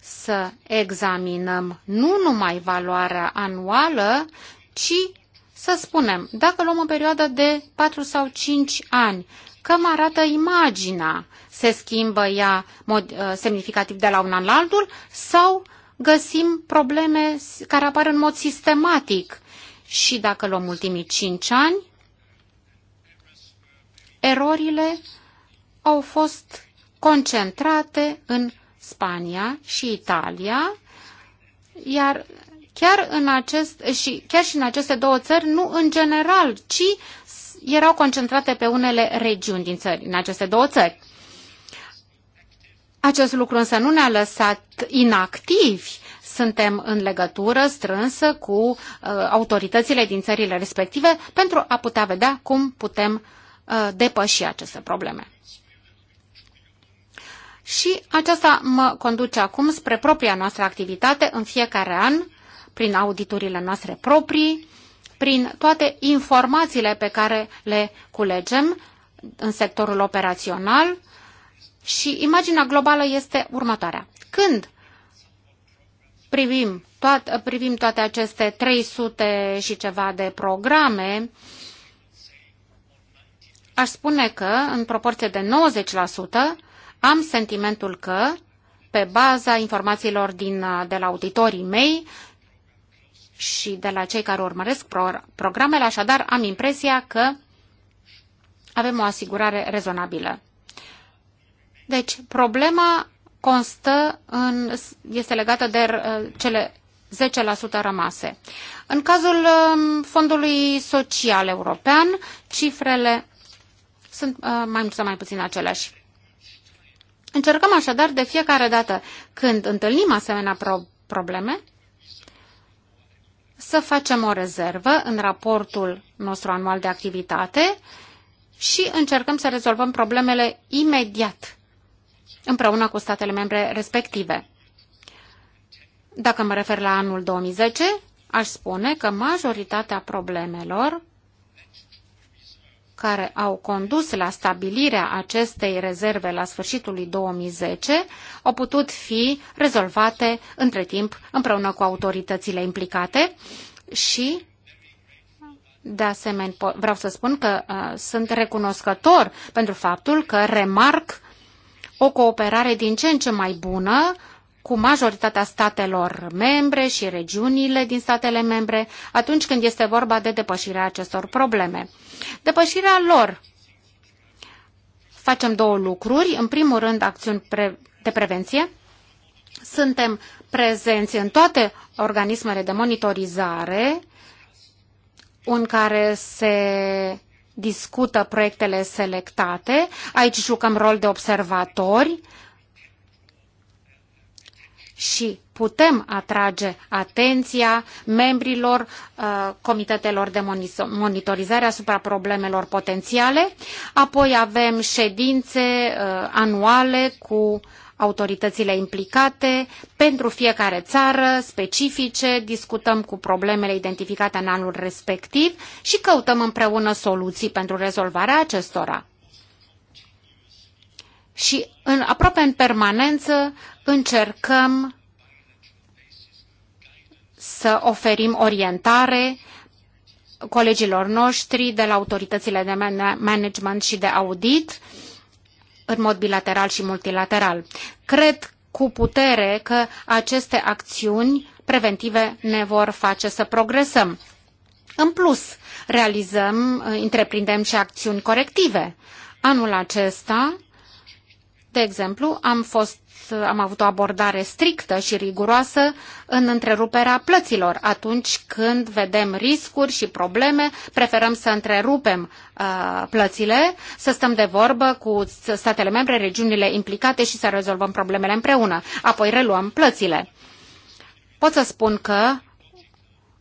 să examinăm nu numai valoarea anuală, ci să spunem, dacă luăm o perioadă de 4 sau 5 ani, cum arată imaginea? Se schimbă ea mod, ă, semnificativ de la un an la altul sau găsim probleme care apar în mod sistematic? Și dacă luăm ultimii 5 ani, erorile au fost concentrate în Spania și Italia, iar chiar, în acest, și, chiar și în aceste două țări, nu în general, ci erau concentrate pe unele regiuni din țări, în aceste două țări. Acest lucru însă nu ne-a lăsat inactivi. Suntem în legătură strânsă cu uh, autoritățile din țările respective pentru a putea vedea cum putem uh, depăși aceste probleme. Și aceasta mă conduce acum spre propria noastră activitate în fiecare an, prin auditurile noastre proprii, prin toate informațiile pe care le culegem în sectorul operațional și imaginea globală este următoarea. Când privim, toate privim toate aceste 300 și ceva de programe, aș spune că, în proporție de 90%, am sentimentul că, pe baza informațiilor din, uh, de la auditorii mei și de la cei care urmăresc pro, programele, așadar am impresia că avem o asigurare rezonabilă. Deci, problema constă în, este legată de uh, cele 10% rămase. În cazul um, Fondului Social European, cifrele sunt uh, mai mult sau mai puțin aceleași. Încercăm așadar de fiecare dată când întâlnim asemenea pro- probleme să facem o rezervă în raportul nostru anual de activitate și încercăm să rezolvăm problemele imediat împreună cu statele membre respective. Dacă mă refer la anul 2010, aș spune că majoritatea problemelor care au condus la stabilirea acestei rezerve la sfârșitul lui 2010 au putut fi rezolvate între timp împreună cu autoritățile implicate și de asemenea, vreau să spun că uh, sunt recunoscător pentru faptul că remarc o cooperare din ce în ce mai bună cu majoritatea statelor membre și regiunile din statele membre atunci când este vorba de depășirea acestor probleme. Depășirea lor. Facem două lucruri. În primul rând, acțiuni pre de prevenție. Suntem prezenți în toate organismele de monitorizare în care se discută proiectele selectate. Aici jucăm rol de observatori și putem atrage atenția membrilor uh, comitetelor de monitorizare asupra problemelor potențiale. Apoi avem ședințe uh, anuale cu autoritățile implicate pentru fiecare țară specifice, discutăm cu problemele identificate în anul respectiv și căutăm împreună soluții pentru rezolvarea acestora. Și în, aproape în permanență încercăm să oferim orientare colegilor noștri de la autoritățile de management și de audit în mod bilateral și multilateral. Cred cu putere că aceste acțiuni preventive ne vor face să progresăm. În plus, realizăm, întreprindem și acțiuni corective. Anul acesta, de exemplu, am fost am avut o abordare strictă și riguroasă în întreruperea plăților. Atunci când vedem riscuri și probleme, preferăm să întrerupem uh, plățile, să stăm de vorbă cu statele membre, regiunile implicate și să rezolvăm problemele împreună. Apoi reluăm plățile. Pot să spun că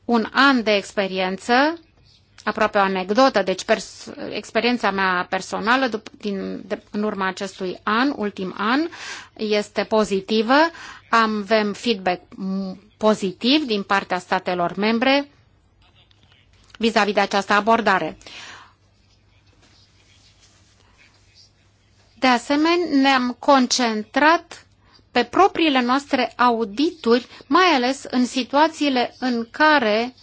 un an de experiență aproape o anecdotă, deci pers- experiența mea personală din, de, în urma acestui an, ultim an, este pozitivă. Am, avem feedback pozitiv din partea statelor membre vis-a-vis -vis de această abordare. De asemenea, ne-am concentrat pe propriile noastre audituri, mai ales în situațiile în care uh,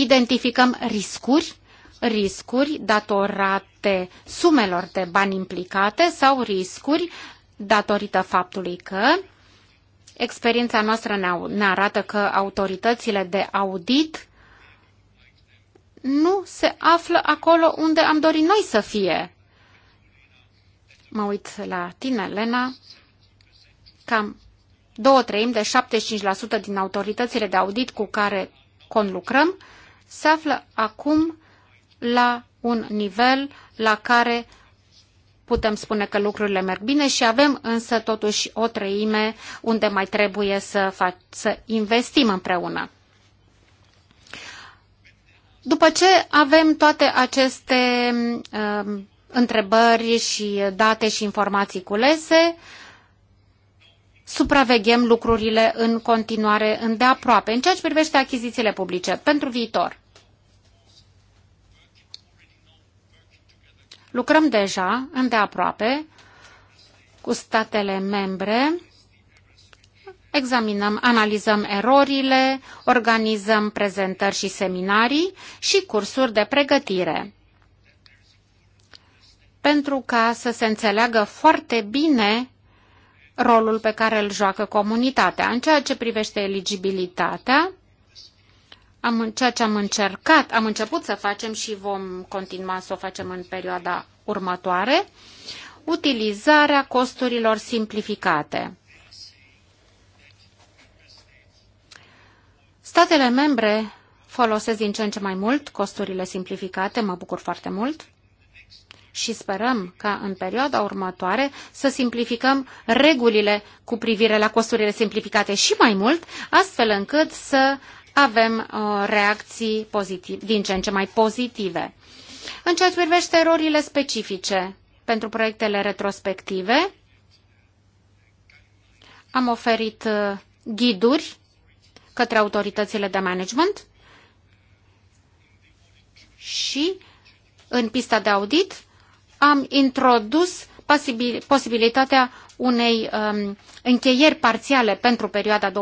identificăm riscuri, riscuri datorate sumelor de bani implicate sau riscuri datorită faptului că experiența noastră ne arată că autoritățile de audit nu se află acolo unde am dorit noi să fie. Mă uit la tine, Lena. Cam două treimi de 75% din autoritățile de audit cu care conlucrăm se află acum la un nivel la care putem spune că lucrurile merg bine și avem însă totuși o treime unde mai trebuie să, fac, să investim împreună. După ce avem toate aceste uh, întrebări și date și informații culese, uh, supraveghem lucrurile în continuare îndeaproape, în ceea ce privește achizițiile publice pentru viitor. Lucrăm deja îndeaproape cu statele membre, examinăm, analizăm erorile, organizăm prezentări și seminarii și cursuri de pregătire pentru ca să se înțeleagă foarte bine rolul pe care îl joacă comunitatea. În ceea ce privește eligibilitatea, am, ceea ce am încercat, am început să facem și vom continua să o facem în perioada următoare, utilizarea costurilor simplificate. Statele membre folosesc din ce în ce mai mult costurile simplificate, mă bucur foarte mult și sperăm ca în perioada următoare să simplificăm regulile cu privire la costurile simplificate și mai mult, astfel încât să avem uh, reacții pozitive, din ce în ce mai pozitive. În ceea ce privește erorile specifice pentru proiectele retrospective, am oferit uh, ghiduri către autoritățile de management și în pista de audit am introdus posibilitatea unei um, încheieri parțiale pentru perioada 2007-2013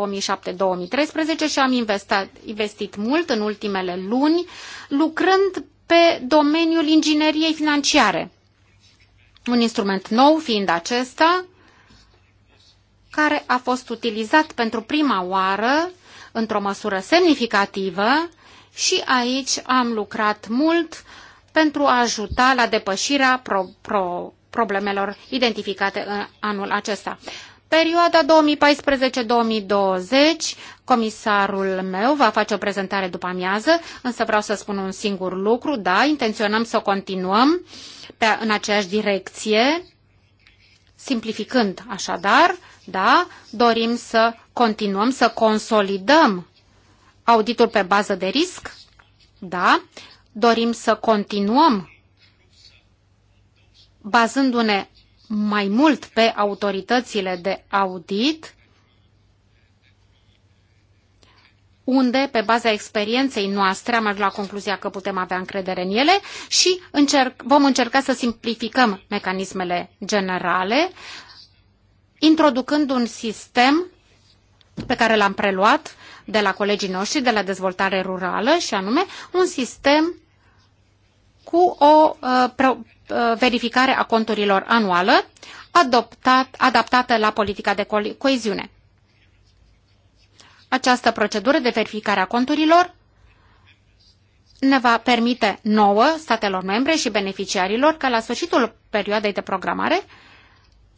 și am investat, investit mult în ultimele luni lucrând pe domeniul ingineriei financiare. Un instrument nou fiind acesta, care a fost utilizat pentru prima oară într-o măsură semnificativă și aici am lucrat mult uh, pentru a ajuta la depășirea pro, pro, problemelor identificate în anul acesta. Perioada 2014-2020, comisarul meu va face o prezentare după amiază, însă vreau să spun un singur lucru, da, intenționăm să continuăm pe, în aceeași direcție, simplificând așadar, da, dorim să continuăm să consolidăm auditul pe bază de risc, da, dorim să continuăm bazându-ne mai mult pe autoritățile de audit, unde, pe baza experienței noastre, am ajuns la concluzia că putem avea încredere în ele și încerc, vom încerca să simplificăm mecanismele generale, introducând un sistem pe care l-am preluat de la colegii noștri de la dezvoltare rurală și anume un sistem cu o uh, uh, verificare a conturilor anuală adoptat, adaptată la politica de coeziune. Această procedură de verificare a conturilor ne va permite nouă statelor membre și beneficiarilor ca la sfârșitul perioadei de programare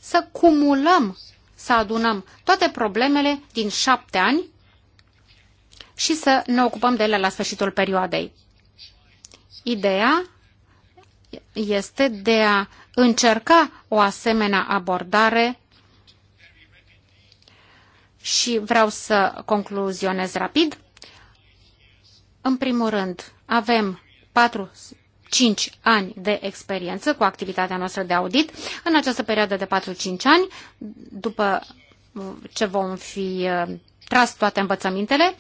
să cumulăm, să adunăm toate problemele din șapte ani și să ne ocupăm de ele la sfârșitul perioadei. Ideea este de a încerca o asemenea abordare și vreau să concluzionez rapid. În primul rând, avem 4 5 ani de experiență cu activitatea noastră de audit. În această perioadă de 4-5 ani, după ce vom fi uh, tras toate învățămintele,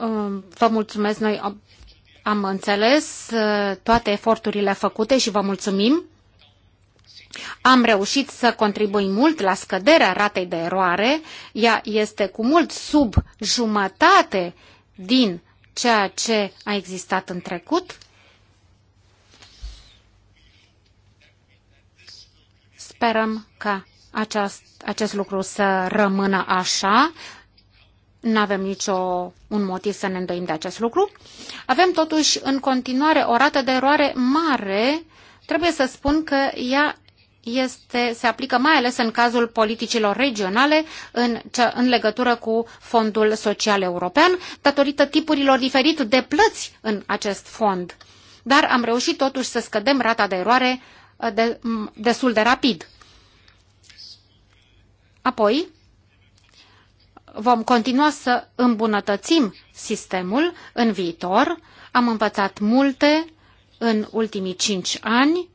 um, vă mulțumesc, noi am înțeles uh, toate eforturile făcute și vă mulțumim. Am reușit să contribuim mult la scăderea ratei de eroare. Ea este cu mult sub jumătate din ceea ce a existat în trecut. Sperăm ca acest acest lucru să rămână așa. Nu avem nicio un motiv să ne îndoim de acest lucru. Avem totuși în continuare o rată de eroare mare. Trebuie să spun că ea este, se aplică mai ales în cazul politicilor regionale în, ce, în legătură cu Fondul Social European, datorită tipurilor diferite de plăți în acest fond. Dar am reușit totuși să scădem rata de eroare de, destul de rapid. Apoi, vom continua să îmbunătățim sistemul în viitor. Am învățat multe în ultimii cinci ani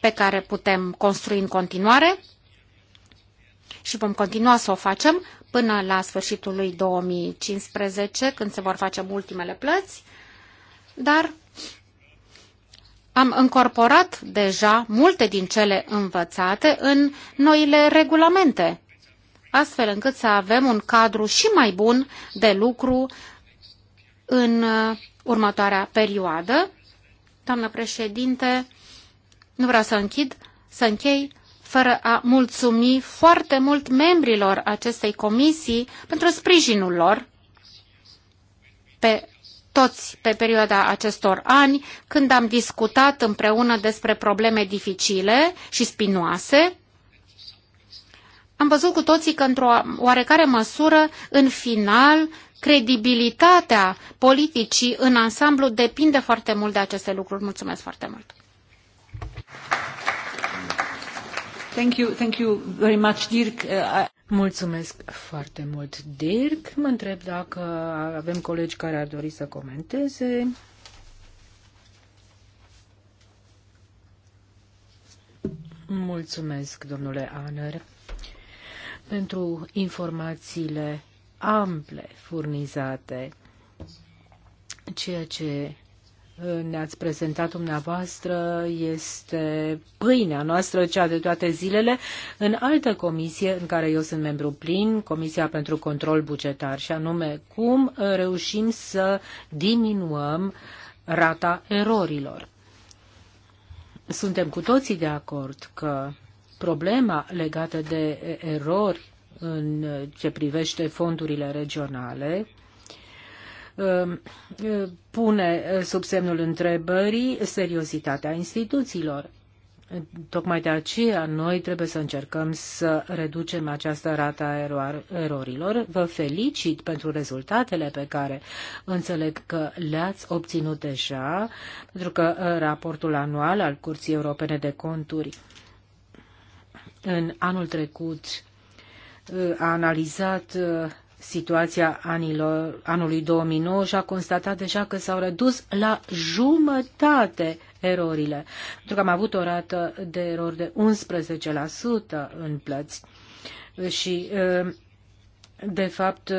pe care putem construi în continuare și vom continua să o facem până la sfârșitul lui 2015, când se vor face ultimele plăți, dar am încorporat deja multe din cele învățate în noile regulamente astfel încât să avem un cadru și mai bun de lucru în uh, următoarea perioadă. Doamnă președinte, nu vreau să închid, să închei fără a mulțumi foarte mult membrilor acestei comisii pentru sprijinul lor pe toți pe perioada acestor ani, când am discutat împreună despre probleme dificile și spinoase, am văzut cu toții că, într-o oarecare măsură, în final, credibilitatea politicii în ansamblu depinde foarte mult de aceste lucruri. Mulțumesc foarte mult! Thank you, thank you very much, Dirk. Uh, Mulțumesc foarte mult, Dirk. Mă întreb dacă avem colegi care ar dori să comenteze. Mulțumesc, domnule Aner pentru informațiile ample furnizate, ceea ce uh, ne-ați prezentat dumneavoastră este pâinea noastră, cea de toate zilele, în altă comisie în care eu sunt membru plin, Comisia pentru Control Bugetar, și anume cum uh, reușim să diminuăm rata erorilor. Suntem cu toții de acord că problema legată de erori în ce privește fondurile regionale um, pune sub semnul întrebării seriozitatea instituțiilor. Tocmai de aceea noi trebuie să încercăm să reducem această rată a erorilor. Vă felicit pentru rezultatele pe care înțeleg că le-ați obținut deja, pentru că uh, raportul anual al Curții Europene de Conturi în anul trecut uh, a analizat uh, situația anilor, anului 2009 și a constatat deja că s-au redus la jumătate erorile, pentru că am avut o rată de erori de 11% în plăți și, uh, de fapt,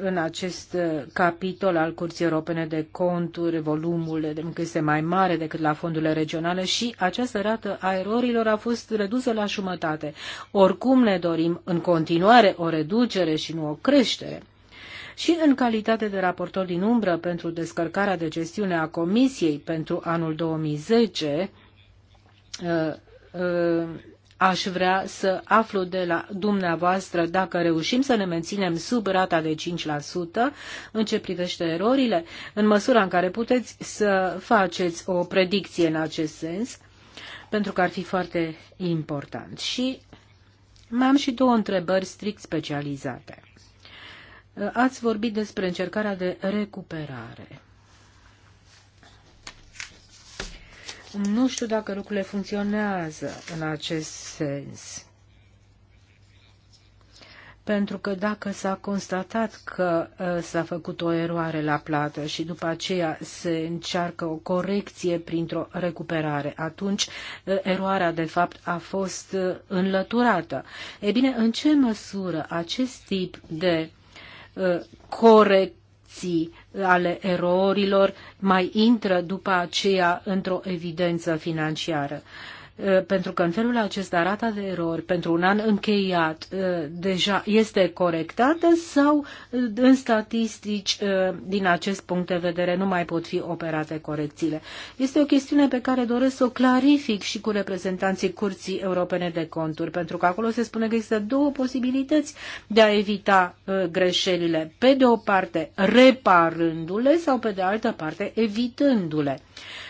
în acest uh, capitol al Curții Europene de Conturi, volumul este mai mare decât la fondurile regionale și această rată a erorilor a fost redusă la jumătate. Oricum ne dorim în continuare o reducere și nu o creștere. Și în calitate de raportor din umbră pentru descărcarea de gestiune a Comisiei pentru anul 2010, aș vrea să aflu de la dumneavoastră dacă reușim să ne menținem sub rata de 5% în ce privește erorile, în măsura în care puteți să faceți o predicție în acest sens, pentru că ar fi foarte important. Și mai am și două întrebări strict specializate. Ați vorbit despre încercarea de recuperare. Nu știu dacă lucrurile funcționează în acest sens. Pentru că dacă s-a constatat că ă, s-a făcut o eroare la plată și după aceea se încearcă o corecție printr-o recuperare, atunci ă, eroarea de fapt a fost ă, înlăturată. E bine, în ce măsură acest tip de corecții ale erorilor mai intră după aceea într-o evidență financiară. Eh, pentru că în felul acesta rata de erori pentru un an încheiat eh, deja este corectată sau eh, în statistici din acest punct de vedere nu mai pot fi operate corecțiile. Este o chestiune pe care doresc să o clarific și cu reprezentanții Curții Europene de Conturi, pentru că acolo se spune că există două posibilități de a evita greșelile. Pe de o parte, reparându-le sau pe de altă parte, evitându-le.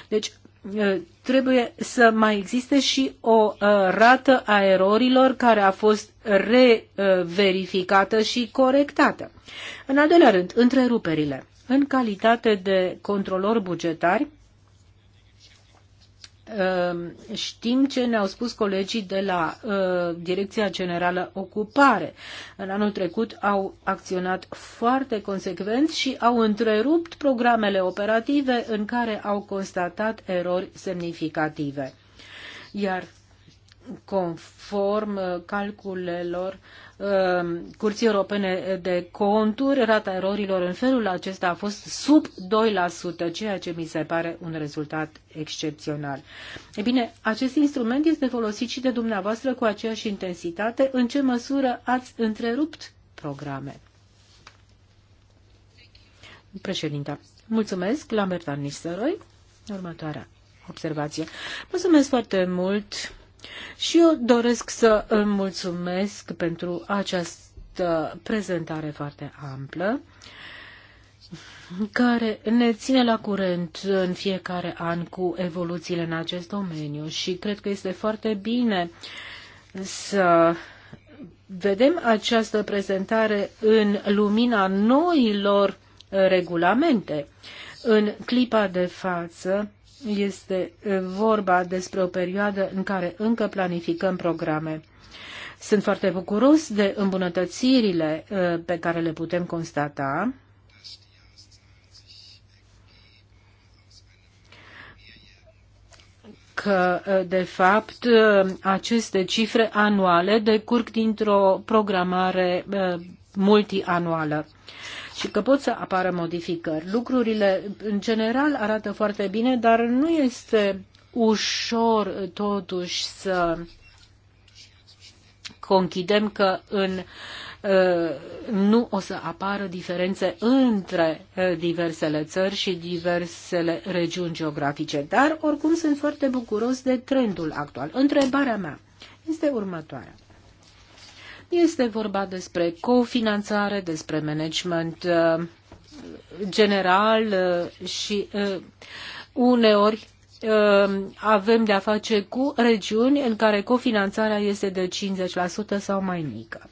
Deci, Eh, trebuie să mai existe și o eh, rată a erorilor care a fost reverificată și corectată. În al doilea rând, întreruperile. În calitate de controlor bugetar, Ehm, știm ce ne-au spus colegii de la ehm, Direcția Generală Ocupare. În anul trecut au acționat foarte consecvent și au întrerupt programele operative în care au constatat erori semnificative. Iar conform ehm, calculelor Uh, Curții Europene de Conturi, rata erorilor în felul acesta a fost sub 2%, ceea ce mi se pare un rezultat excepțional. E bine, acest instrument este folosit și de dumneavoastră cu aceeași intensitate. În ce măsură ați întrerupt programe? Președinta, mulțumesc, Lambert Arnisteroi. Următoarea observație. Mulțumesc foarte mult și eu doresc să îl mulțumesc pentru această prezentare foarte amplă care ne ține la curent în fiecare an cu evoluțiile în acest domeniu și cred că este foarte bine să vedem această prezentare în lumina noilor regulamente. În clipa de față este vorba despre o perioadă în care încă planificăm programe. Sunt foarte bucuros de îmbunătățirile pe care le putem constata. că, de fapt, aceste cifre anuale decurg dintr-o programare multianuală și că pot să apară modificări. Lucrurile, în general, arată foarte bine, dar nu este ușor, totuși, să conchidem că în uh, nu o să apară diferențe între uh, diversele țări și diversele regiuni geografice, dar oricum sunt foarte bucuros de trendul actual. Întrebarea mea este următoarea. Este vorba despre cofinanțare, despre management uh, general uh, și uh, uneori avem de-a face cu regiuni în care cofinanțarea este de 50% sau mai mică.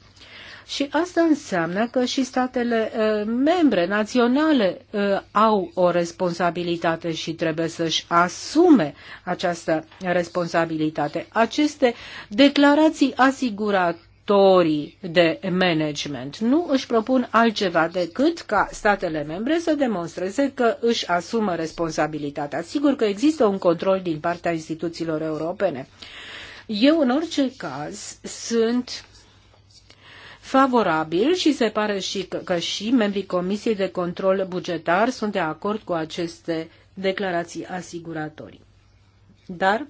Și asta înseamnă că și statele membre naționale au o responsabilitate și trebuie să-și asume această responsabilitate. Aceste declarații asigurate directorii de management nu își propun altceva decât ca statele membre să demonstreze că își asumă responsabilitatea. Sigur că există un control din partea instituțiilor europene. Eu, în orice caz, sunt favorabil și se pare și că, că și membrii Comisiei de Control Bugetar sunt de acord cu aceste declarații asiguratorii. Dar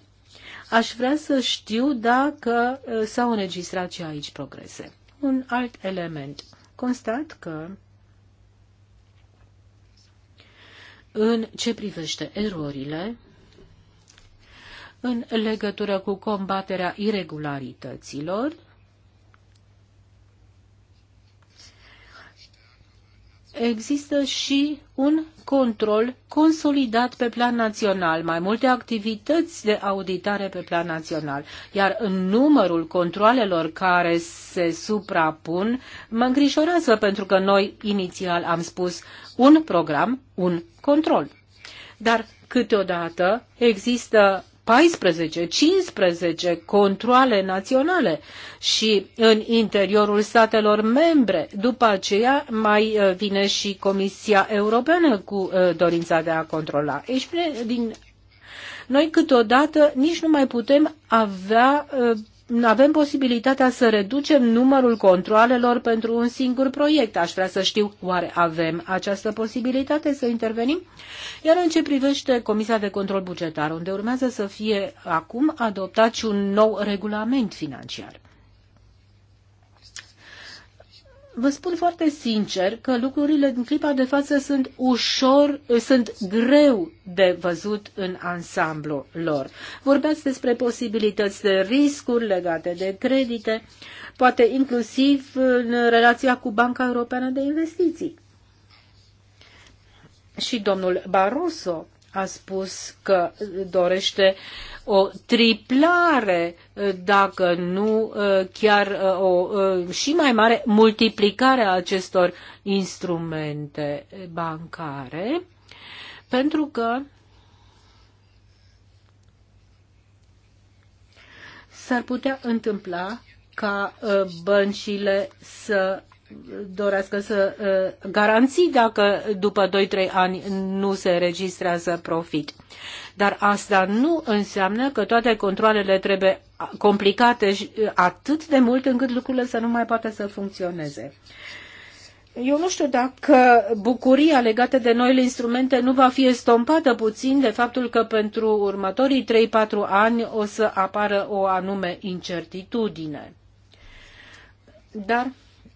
Aș vrea să știu dacă uh, s-au înregistrat și aici progrese. Un alt element. Constat că în ce privește erorile, în legătură cu combaterea irregularităților, există și un control consolidat pe plan național, mai multe activități de auditare pe plan național, iar în numărul controlelor care se suprapun mă îngrijorează pentru că noi inițial am spus un program, un control. Dar câteodată există 14-15 controle naționale și în interiorul statelor membre. După aceea mai uh, vine și Comisia Europeană cu uh, dorința de a controla. Ești din noi câteodată nici nu mai putem avea uh, avem posibilitatea să reducem numărul controalelor pentru un singur proiect. Aș vrea să știu, oare avem această posibilitate să intervenim? Iar în ce privește Comisia de Control Bugetar, unde urmează să fie acum adoptat și un nou regulament financiar. Vă spun foarte sincer că lucrurile din clipa de față sunt ușor, sunt greu de văzut în ansamblu lor. Vorbeați despre posibilități de riscuri legate de credite, poate inclusiv în relația cu Banca Europeană de Investiții. Și domnul Barroso a spus că dorește o triplare, dacă nu ă, chiar ă, o ă, și mai mare multiplicare a acestor instrumente bancare, pentru că s-ar putea întâmpla ca băncile să dorească să uh, garanții dacă după 2-3 ani nu se registrează profit. Dar asta nu înseamnă că toate controlele trebuie complicate uh, atât de mult încât lucrurile să nu mai poată să funcționeze. Eu nu știu dacă bucuria legată de noile instrumente nu va fi estompată puțin de faptul că pentru următorii 3-4 ani o să apară o anume incertitudine. Dar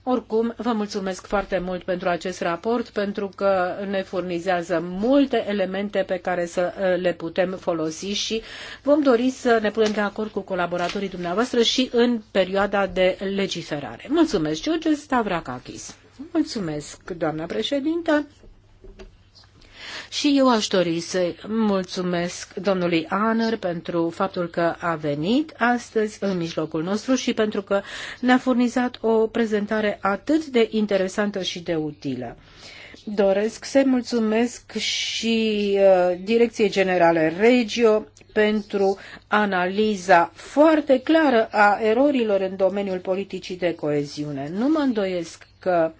oricum, vă mulțumesc foarte mult pentru acest raport, pentru că ne furnizează multe elemente pe care să uh, le putem folosi și vom dori să ne punem de acord cu colaboratorii dumneavoastră și în perioada de legiferare. Mulțumesc, George Stavrakakis. Mulțumesc, doamna președintă. Și eu aș dori să mulțumesc domnului Aner pentru faptul că a venit astăzi în mijlocul nostru și pentru că ne-a furnizat o prezentare atât de interesantă și de utilă. Doresc să mulțumesc și uh, Direcției Generale Regio pentru analiza foarte clară a erorilor în domeniul politicii de coeziune. Nu mă îndoiesc că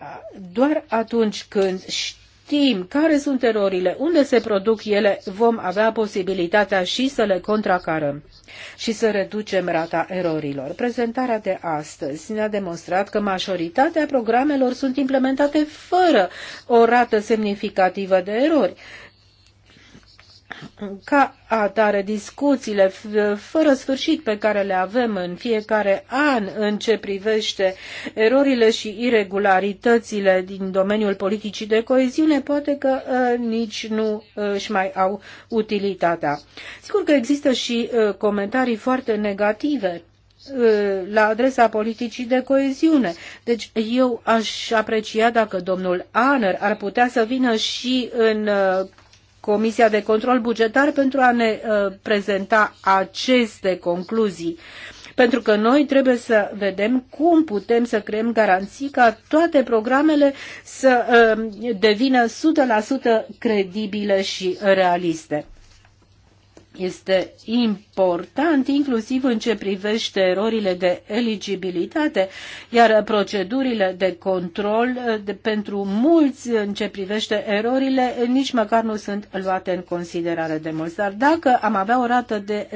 uh, doar atunci când știu știm care sunt erorile, unde se produc ele, vom avea posibilitatea și să le contracarăm și să reducem rata erorilor. Prezentarea de astăzi ne-a demonstrat că majoritatea programelor sunt implementate fără o rată semnificativă de erori, ca atare discuțiile fără sfârșit pe care le avem în fiecare an în ce privește erorile și irregularitățile din domeniul politicii de coeziune, poate că uh, nici nu uh, își mai au utilitatea. Sigur că există și uh, comentarii foarte negative la adresa politicii de coeziune. Deci eu aș aprecia dacă domnul Aner ar putea să vină și în Comisia de Control Bugetar pentru a ne uh, prezenta aceste concluzii. Pentru că noi trebuie să vedem cum putem să creăm garanții ca toate programele să uh, devină 100% credibile și realiste este important, inclusiv în ce privește erorile de eligibilitate, iar procedurile de control de, pentru mulți în ce privește erorile nici măcar nu sunt luate în considerare de mulți. Dar dacă am avea o rată de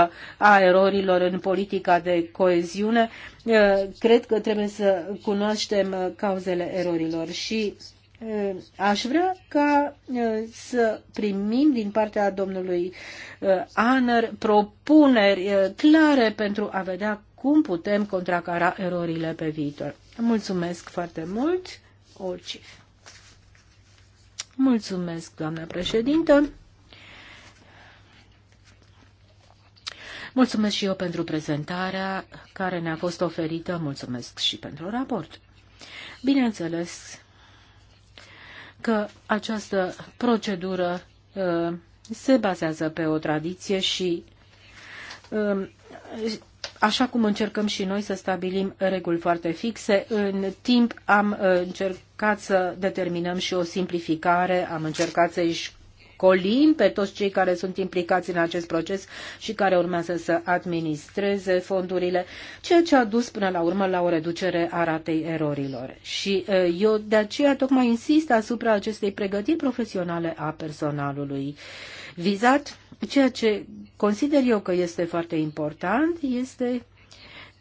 0% a erorilor în politica de coeziune, eh, cred că trebuie să cunoaștem eh, cauzele erorilor și Eh, aș vrea ca eh, să primim din partea domnului eh, Aner propuneri clare pentru a vedea cum putem contracara erorile pe viitor. Mulțumesc foarte mult, Orcif. Mulțumesc, doamna președintă. Mulțumesc și eu pentru prezentarea care ne-a fost oferită. Mulțumesc și pentru raport. Bineînțeles, că această procedură uh, se bazează pe o tradiție și uh, așa cum încercăm și noi să stabilim reguli foarte fixe, în timp am uh, încercat să determinăm și o simplificare, am încercat să-i Colim pe toți cei care sunt implicați în acest proces și care urmează să administreze fondurile, ceea ce a dus până la urmă la o reducere a ratei erorilor. Și eu de aceea tocmai insist asupra acestei pregătiri profesionale a personalului vizat. Ceea ce consider eu că este foarte important este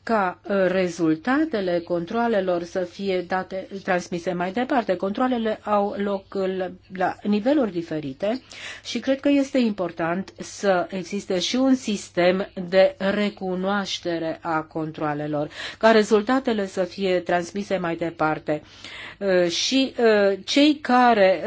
ca ă, rezultatele controalelor să fie date, transmise mai departe. Controlele au loc ă, la niveluri diferite și cred că este important să existe și un sistem de recunoaștere a controlelor, ca rezultatele să fie transmise mai departe. Ă, și cei care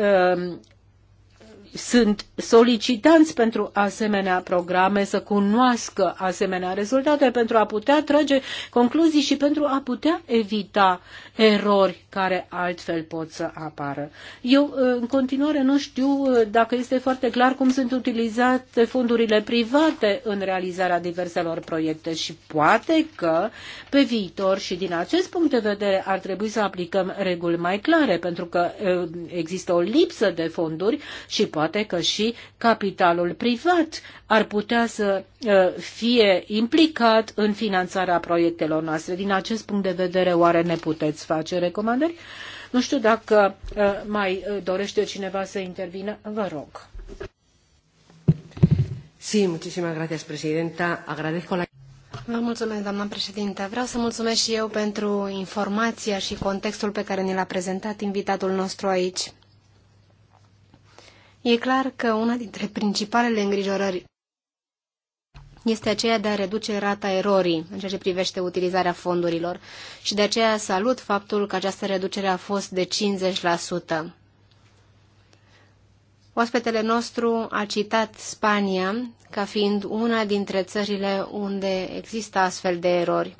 sunt solicitanți pentru asemenea programe să cunoască asemenea rezultate pentru a putea trage concluzii și pentru a putea evita erori care altfel pot să apară. Eu uh, în continuare nu știu uh, dacă este foarte clar cum sunt utilizate fondurile private în realizarea diverselor proiecte și poate că pe viitor și din acest punct de vedere ar trebui să aplicăm reguli mai clare pentru că uh, există o lipsă de fonduri și poate poate că și capitalul privat ar putea să uh, fie implicat în finanțarea proiectelor noastre. Din acest punct de vedere, oare ne puteți face recomandări? Nu știu dacă uh, mai uh, dorește cineva să intervină. Vă rog. Sí, muchísimas gracias, presidenta. Agradezco la... Vă mulțumesc, doamna președinte. Vreau să mulțumesc și eu pentru informația și contextul pe care ni l-a prezentat invitatul nostru aici. E clar că una dintre principalele îngrijorări este aceea de a reduce rata erorii în ceea ce privește utilizarea fondurilor și de aceea salut faptul că această reducere a fost de 50%. Oaspetele nostru a citat Spania ca fiind una dintre țările unde există astfel de erori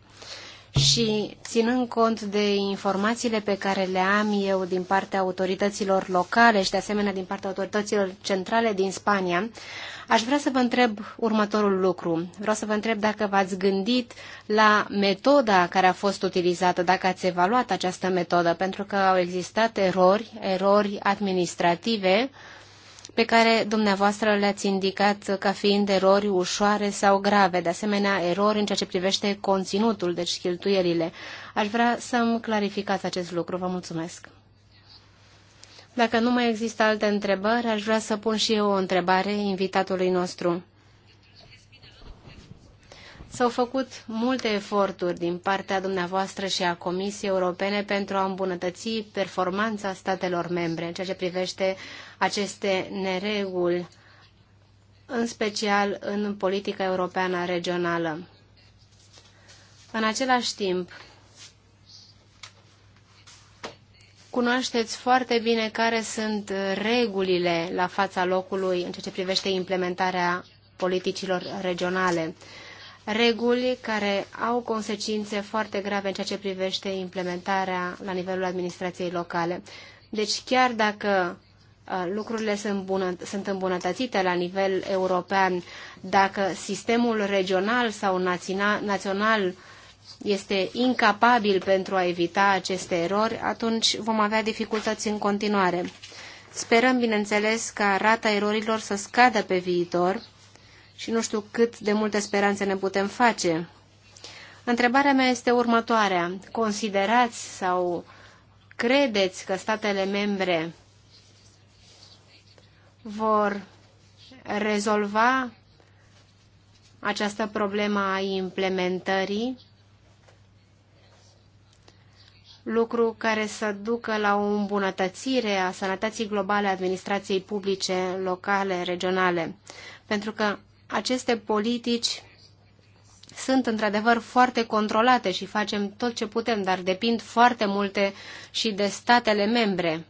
și ținând cont de informațiile pe care le am eu din partea autorităților locale și de asemenea din partea autorităților centrale din Spania, aș vrea să vă întreb următorul lucru. Vreau să vă întreb dacă v-ați gândit la metoda care a fost utilizată, dacă ați evaluat această metodă, pentru că au existat erori, erori administrative, uh, pe care dumneavoastră le-ați indicat ca fiind erori ușoare sau grave, de asemenea erori în ceea ce privește conținutul, deci cheltuielile. Aș vrea să-mi clarificați acest lucru. Vă mulțumesc. Dacă nu mai există alte întrebări, aș vrea să pun și eu o întrebare invitatului nostru. S-au făcut multe eforturi din partea dumneavoastră și a Comisiei Europene pentru a îmbunătăți performanța statelor membre în ceea ce privește aceste nereguli, în special în politica europeană regională. În același timp, cunoașteți foarte bine care sunt regulile la fața locului în ceea ce privește implementarea politicilor regionale. Reguli care au consecințe foarte grave în ceea ce privește implementarea la nivelul administrației locale. Deci chiar dacă Uh, lucrurile sunt, bună, sunt îmbunătățite la nivel european, dacă sistemul regional sau național este incapabil pentru a evita aceste erori, atunci vom avea dificultăți în continuare. Sperăm, bineînțeles, ca rata erorilor să scadă pe viitor și nu știu cât de multe speranțe ne putem face. Întrebarea mea este următoarea. Considerați sau credeți că statele membre vor rezolva această problemă a implementării, lucru care să ducă la o îmbunătățire a sănătății globale a administrației publice, locale, regionale. Pentru că aceste politici sunt într-adevăr foarte controlate și facem tot ce putem, dar depind foarte multe și de statele membre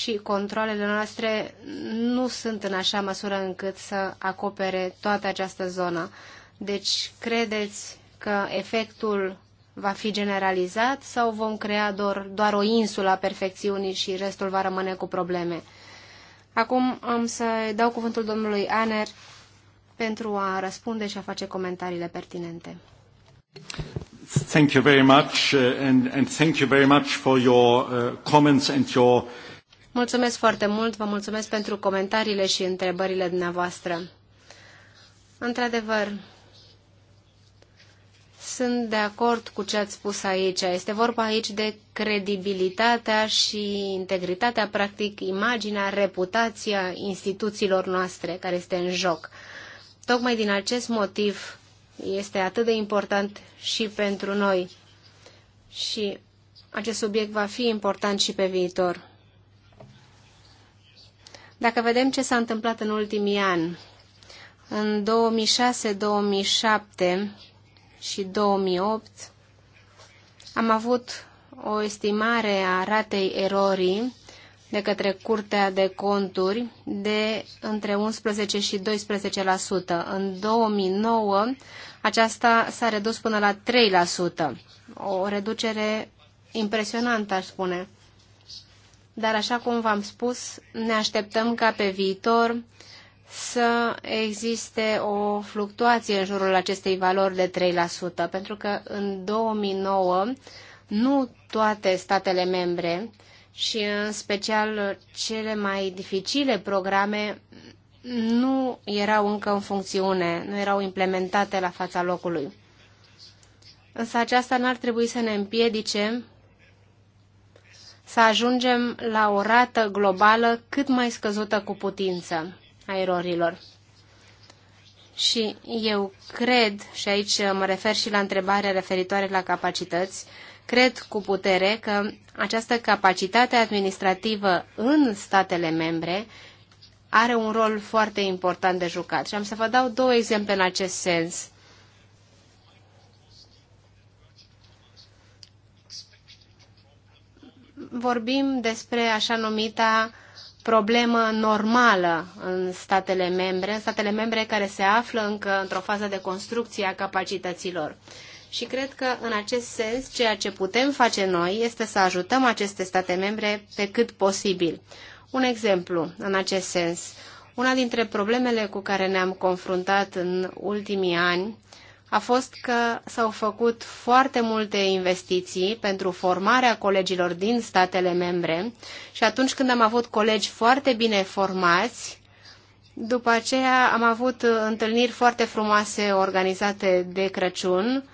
și controlele noastre nu sunt în așa măsură încât să acopere toată această zonă. Deci, credeți că efectul va fi generalizat sau vom crea doar, doar o insulă a perfecțiunii și restul va rămâne cu probleme? Acum am să dau cuvântul domnului Aner pentru a răspunde și a face comentariile pertinente. Thank you very much uh, and, and thank you very much for your uh, comments and your Mulțumesc foarte mult, vă mulțumesc pentru comentariile și întrebările dumneavoastră. Într-adevăr, sunt de acord cu ce ați spus aici. Este vorba aici de credibilitatea și integritatea, practic imaginea, reputația instituțiilor noastre care este în joc. Tocmai din acest motiv este atât de important și pentru noi. Și acest subiect va fi important și pe viitor. Dacă vedem ce s-a întâmplat în ultimii ani, în 2006, 2007 și 2008 am avut o estimare a ratei erorii de către Curtea de Conturi de între 11 și 12%. În 2009 aceasta s-a redus până la 3%, o reducere impresionantă, aș spune dar așa cum v-am spus, ne așteptăm ca pe viitor să existe o fluctuație în jurul acestei valori de 3%, pentru că în 2009 nu toate statele membre și în special cele mai dificile programe nu erau încă în funcțiune, nu erau implementate la fața locului. Însă aceasta n-ar trebui să ne împiedice să ajungem la o rată globală cât mai scăzută cu putință a erorilor. Și eu cred, și aici mă refer și la întrebarea referitoare la capacități, cred cu putere că această capacitate administrativă în statele membre are un rol foarte important de jucat. Și am să vă dau două exemple în acest sens. vorbim despre așa numita problemă normală în statele membre, în statele membre care se află încă într-o fază de construcție a capacităților. Și cred că în acest sens ceea ce putem face noi este să ajutăm aceste state membre pe cât posibil. Un exemplu în acest sens. Una dintre problemele cu care ne-am confruntat în ultimii ani a fost că s-au făcut foarte multe investiții pentru formarea colegilor din statele membre și atunci când am avut colegi foarte bine formați, după aceea am avut întâlniri foarte frumoase organizate de Crăciun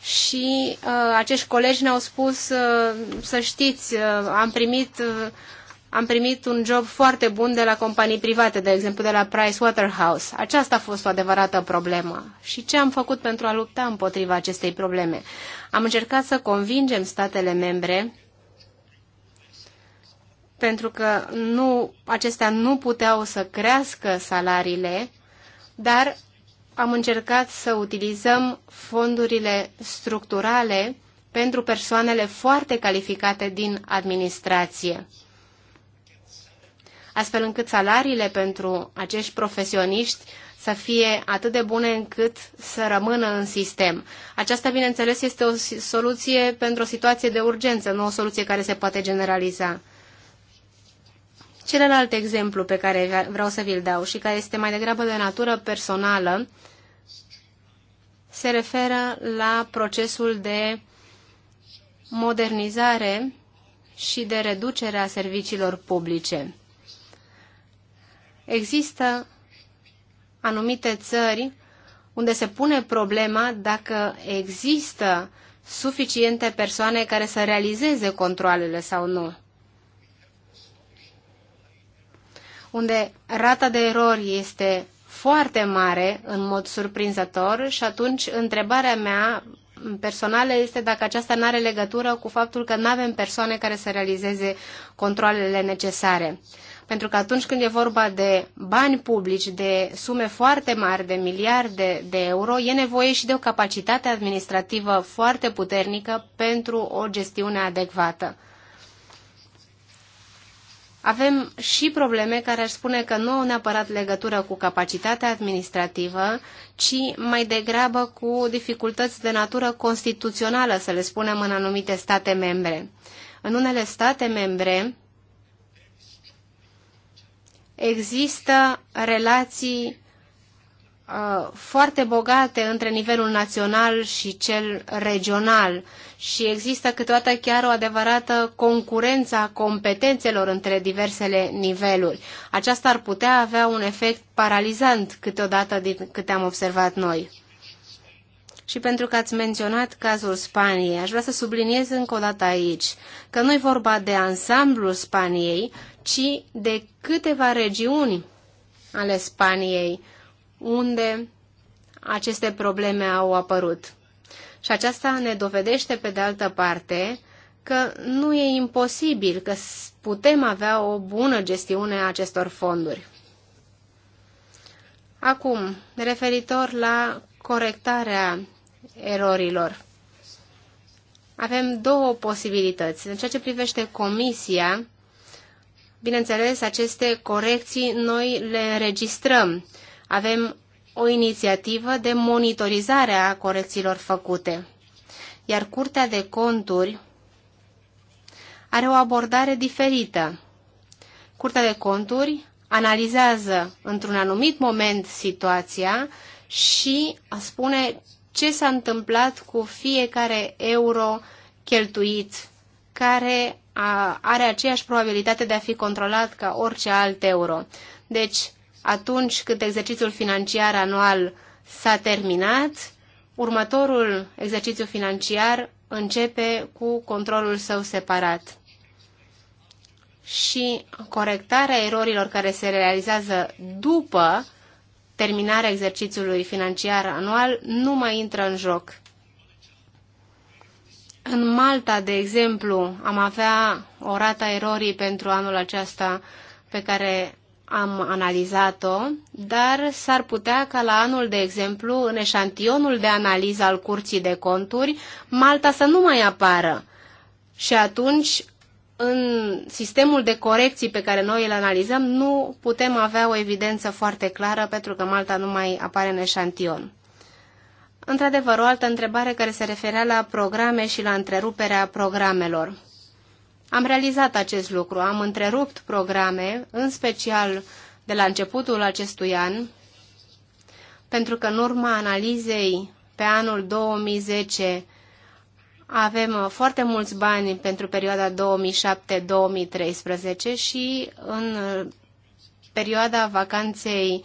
și uh, acești colegi ne-au spus uh, să știți, uh, am primit uh, am primit un job foarte bun de la companii private, de exemplu de la Price Waterhouse. Aceasta a fost o adevărată problemă. Și ce am făcut pentru a lupta împotriva acestei probleme? Am încercat să convingem statele membre pentru că nu, acestea nu puteau să crească salariile, dar am încercat să utilizăm fondurile structurale pentru persoanele foarte calificate din administrație astfel încât salariile pentru acești profesioniști să fie atât de bune încât să rămână în sistem. Aceasta, bineînțeles, este o soluție pentru o situație de urgență, nu o soluție care se poate generaliza. Celălalt exemplu pe care vreau să vi-l dau și care este mai degrabă de natură personală se referă la procesul de modernizare și de reducere a serviciilor publice. Există anumite țări unde se pune problema dacă există suficiente persoane care să realizeze controlele sau nu. Unde rata de erori este foarte mare, în mod surprinzător, și atunci întrebarea mea personală este dacă aceasta nu are legătură cu faptul că nu avem persoane care să realizeze controlele necesare. Pentru că atunci când e vorba de bani publici, de sume foarte mari, de miliarde de euro, e nevoie și de o capacitate administrativă foarte puternică pentru o gestiune adecvată. Avem și probleme care aș spune că nu au neapărat legătură cu capacitatea administrativă, ci mai degrabă cu dificultăți de natură constituțională, să le spunem, în anumite state membre. În unele state membre, există relații uh, foarte bogate între nivelul național și cel regional și există câteodată chiar o adevărată concurență a competențelor între diversele niveluri. Aceasta ar putea avea un efect paralizant câteodată din câte am observat noi și pentru că ați menționat cazul Spaniei. Aș vrea să subliniez încă o dată aici că nu e vorba de ansamblul Spaniei, ci de câteva regiuni ale Spaniei unde aceste probleme au apărut. Și aceasta ne dovedește, pe de altă parte, că nu e imposibil, că putem avea o bună gestiune a acestor fonduri. Acum, referitor la corectarea erorilor. Avem două posibilități. În ceea ce privește comisia, bineînțeles, aceste corecții noi le înregistrăm. Avem o inițiativă de monitorizare a corecțiilor făcute. Iar Curtea de Conturi are o abordare diferită. Curtea de Conturi analizează într-un anumit moment situația și spune ce s-a întâmplat cu fiecare euro cheltuit, care a, are aceeași probabilitate de a fi controlat ca orice alt euro. Deci, atunci când exercițiul financiar anual s-a terminat, următorul exercițiu financiar începe cu controlul său separat. Și corectarea erorilor care se realizează după terminarea exercițiului financiar anual nu mai intră în joc. În Malta, de exemplu, am avea o rata erorii pentru anul acesta pe care am analizat-o, dar s-ar putea ca la anul, de exemplu, în eșantionul de analiză al curții de conturi, Malta să nu mai apară. Și atunci în sistemul de corecții pe care noi îl analizăm nu putem avea o evidență foarte clară pentru că Malta nu mai apare în eșantion. Într-adevăr, o altă întrebare care se referea la programe și la întreruperea programelor. Am realizat acest lucru, am întrerupt programe, în special de la începutul acestui an, pentru că în urma analizei pe anul 2010 avem uh, foarte mulți bani pentru perioada 2007-2013 și în uh, perioada vacanței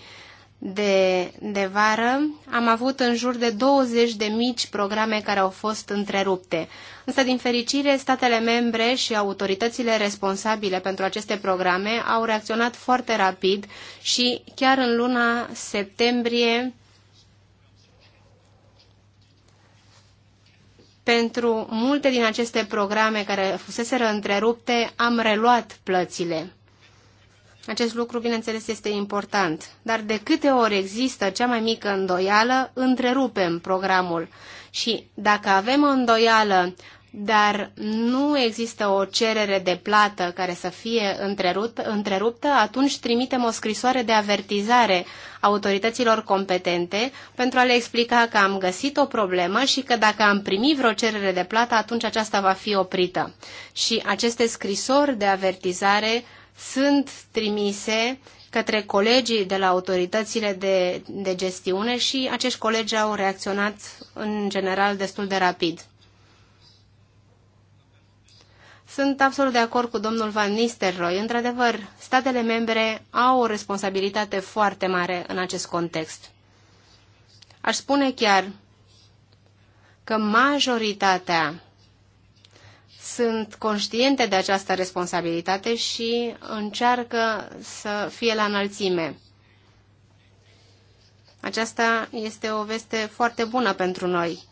de, de vară am avut în jur de 20 de mici programe care au fost întrerupte. Însă, din fericire, statele membre și autoritățile responsabile pentru aceste programe au reacționat foarte rapid și chiar în luna septembrie pentru multe din aceste programe care fuseseră întrerupte, am reluat plățile. Acest lucru, bineînțeles, este important, dar de câte ori există cea mai mică îndoială, întrerupem programul. Și dacă avem o îndoială dar nu există o cerere de plată care să fie întreruptă, atunci trimitem o scrisoare de avertizare autorităților competente pentru a le explica că am găsit o problemă și că dacă am primit vreo cerere de plată, atunci aceasta va fi oprită. Și aceste scrisori de avertizare sunt trimise către colegii de la autoritățile de, de gestiune și acești colegi au reacționat în general destul de rapid. Sunt absolut de acord cu domnul Van Nistelrooy. Într-adevăr, statele membre au o responsabilitate foarte mare în acest context. Aș spune chiar că majoritatea sunt conștiente de această responsabilitate și încearcă să fie la înălțime. Aceasta este o veste foarte bună pentru noi.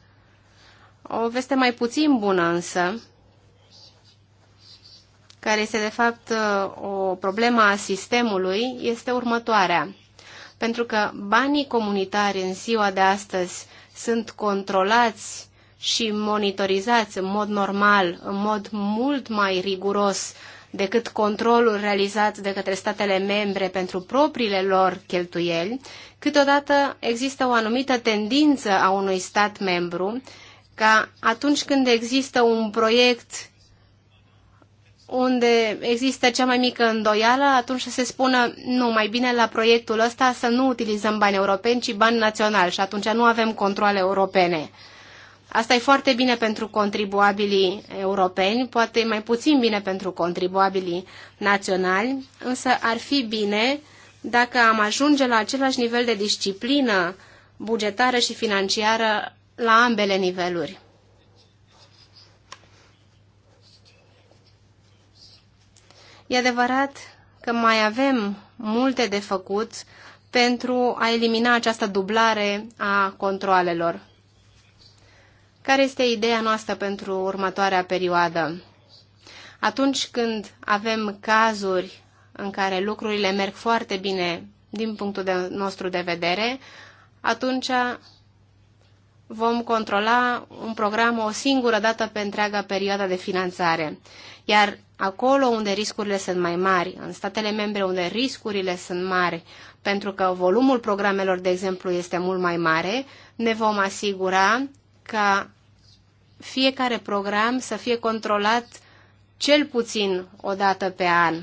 O veste mai puțin bună însă care este de fapt o problemă a sistemului, este următoarea. Pentru că banii comunitari în ziua de astăzi sunt controlați și monitorizați în mod normal, în mod mult mai riguros decât controlul realizat de către statele membre pentru propriile lor cheltuieli, câteodată există o anumită tendință a unui stat membru ca atunci când există un proiect unde există cea mai mică îndoială, atunci se spună, nu, mai bine la proiectul ăsta să nu utilizăm bani europeni, ci bani naționali și atunci nu avem controle europene. Asta e foarte bine pentru contribuabilii europeni, poate mai puțin bine pentru contribuabilii naționali, însă ar fi bine dacă am ajunge la același nivel de disciplină bugetară și financiară la ambele niveluri. E adevărat că mai avem multe de făcut pentru a elimina această dublare a controalelor. Care este ideea noastră pentru următoarea perioadă? Atunci când avem cazuri în care lucrurile merg foarte bine din punctul de nostru de vedere, atunci vom controla un program o singură dată pe întreaga perioadă de finanțare. Iar acolo unde riscurile sunt mai mari, în statele membre unde riscurile sunt mari, pentru că volumul programelor, de exemplu, este mult mai mare, ne vom asigura ca fiecare program să fie controlat cel puțin o dată pe an.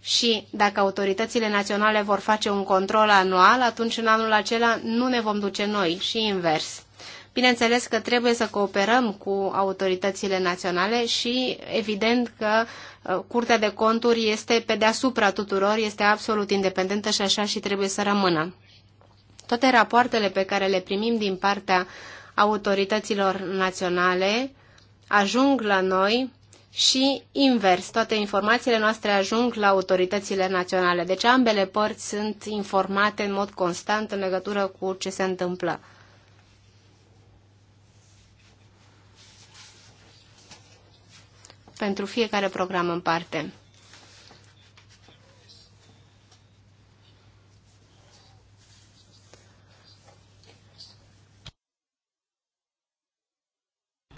Și dacă autoritățile naționale vor face un control anual, atunci în anul acela nu ne vom duce noi și invers. Bineînțeles că trebuie să cooperăm cu autoritățile naționale și evident că uh, Curtea de Conturi este pe deasupra tuturor, este absolut independentă și așa și trebuie să rămână. Toate rapoartele pe care le primim din partea autorităților naționale ajung la noi și invers, toate informațiile noastre ajung la autoritățile naționale. Deci ambele părți sunt informate în mod constant în legătură cu ce se întâmplă. pentru fiecare program în parte.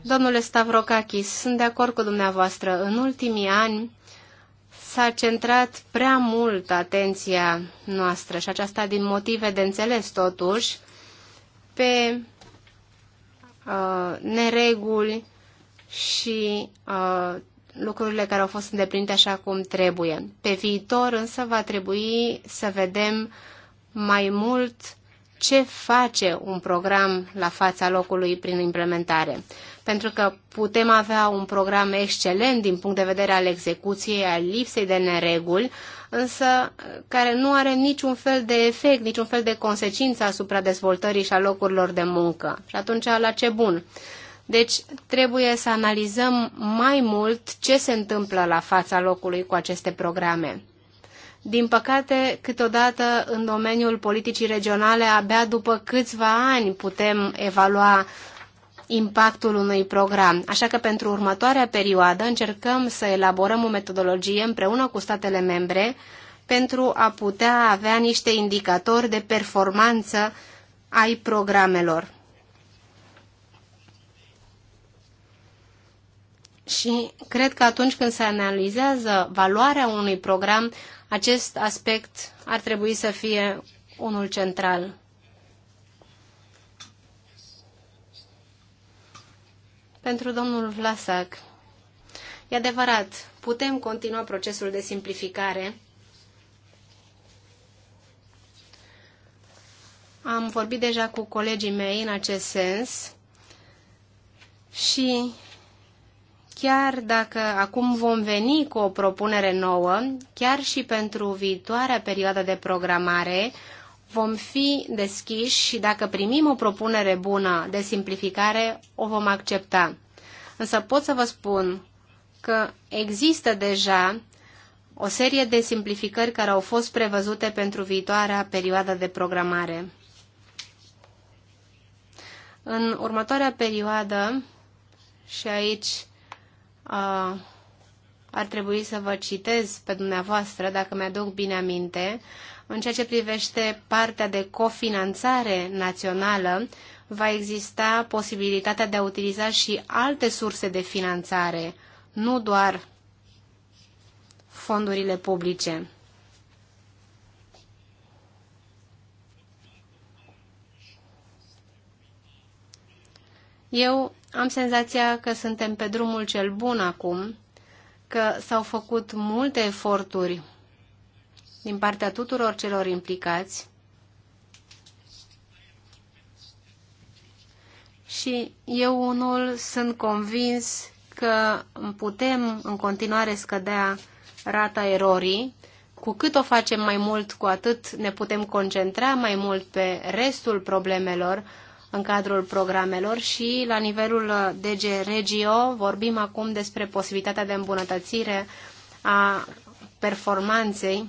Domnule Stavrokakis, sunt de acord cu dumneavoastră. În ultimii ani s-a centrat prea mult atenția noastră și aceasta din motive de înțeles totuși pe uh, nereguli și uh, lucrurile care au fost îndeplinite așa cum trebuie. Pe viitor însă va trebui să vedem mai mult ce face un program la fața locului prin implementare. Pentru că putem avea un program excelent din punct de vedere al execuției, al lipsei de nereguli, însă care nu are niciun fel de efect, niciun fel de consecință asupra dezvoltării și a locurilor de muncă. Și atunci la ce bun? Deci trebuie să analizăm mai mult ce se întâmplă la fața locului cu aceste programe. Din păcate, câteodată în domeniul politicii regionale, abia după câțiva ani putem evalua impactul unui program. Așa că pentru următoarea perioadă încercăm să elaborăm o metodologie împreună cu statele membre pentru a putea avea niște indicatori de performanță ai programelor. Și cred că atunci când se analizează valoarea unui program, acest aspect ar trebui să fie unul central. Pentru domnul Vlasac, e adevărat, putem continua procesul de simplificare. Am vorbit deja cu colegii mei în acest sens și chiar dacă acum vom veni cu o propunere nouă, chiar și pentru viitoarea perioadă de programare, vom fi deschiși și dacă primim o propunere bună de simplificare, o vom accepta. Însă pot să vă spun că există deja o serie de simplificări care au fost prevăzute pentru viitoarea perioadă de programare. În următoarea perioadă, și aici ar trebui să vă citez pe dumneavoastră, dacă mi-aduc bine aminte, în ceea ce privește partea de cofinanțare națională, va exista posibilitatea de a utiliza și alte surse de finanțare, nu doar fondurile publice. Eu am senzația că suntem pe drumul cel bun acum, că s-au făcut multe eforturi din partea tuturor celor implicați și eu unul sunt convins că putem în continuare scădea rata erorii. Cu cât o facem mai mult, cu atât ne putem concentra mai mult pe restul problemelor, în cadrul programelor și la nivelul uh, DG Regio vorbim acum despre posibilitatea de îmbunătățire a performanței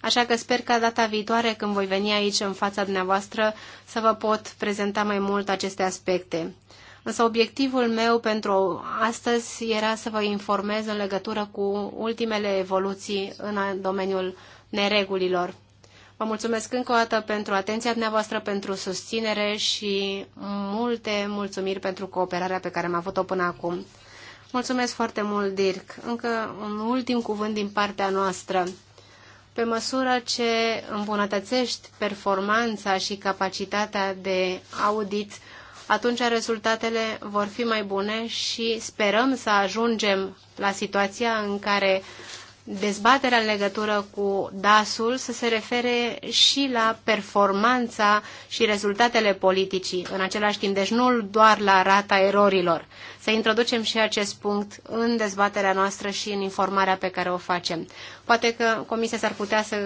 Așa că sper că data viitoare, când voi veni aici în fața dumneavoastră, să vă pot prezenta mai mult aceste aspecte. Însă obiectivul meu pentru astăzi era să vă informez în legătură cu ultimele evoluții în domeniul neregulilor. Vă mulțumesc încă o dată pentru atenția dumneavoastră, pentru susținere și multe mulțumiri pentru cooperarea pe care am avut-o până acum. Mulțumesc foarte mult, Dirk. Încă un ultim cuvânt din partea noastră. Pe măsură ce îmbunătățești performanța și capacitatea de audit, atunci rezultatele vor fi mai bune și sperăm să ajungem la situația în care dezbaterea în legătură cu DAS-ul să se refere și la performanța și rezultatele politicii în același timp, deci nu doar la rata erorilor. Să introducem și acest punct în dezbaterea noastră și în informarea pe care o facem. Poate că Comisia s-ar putea să,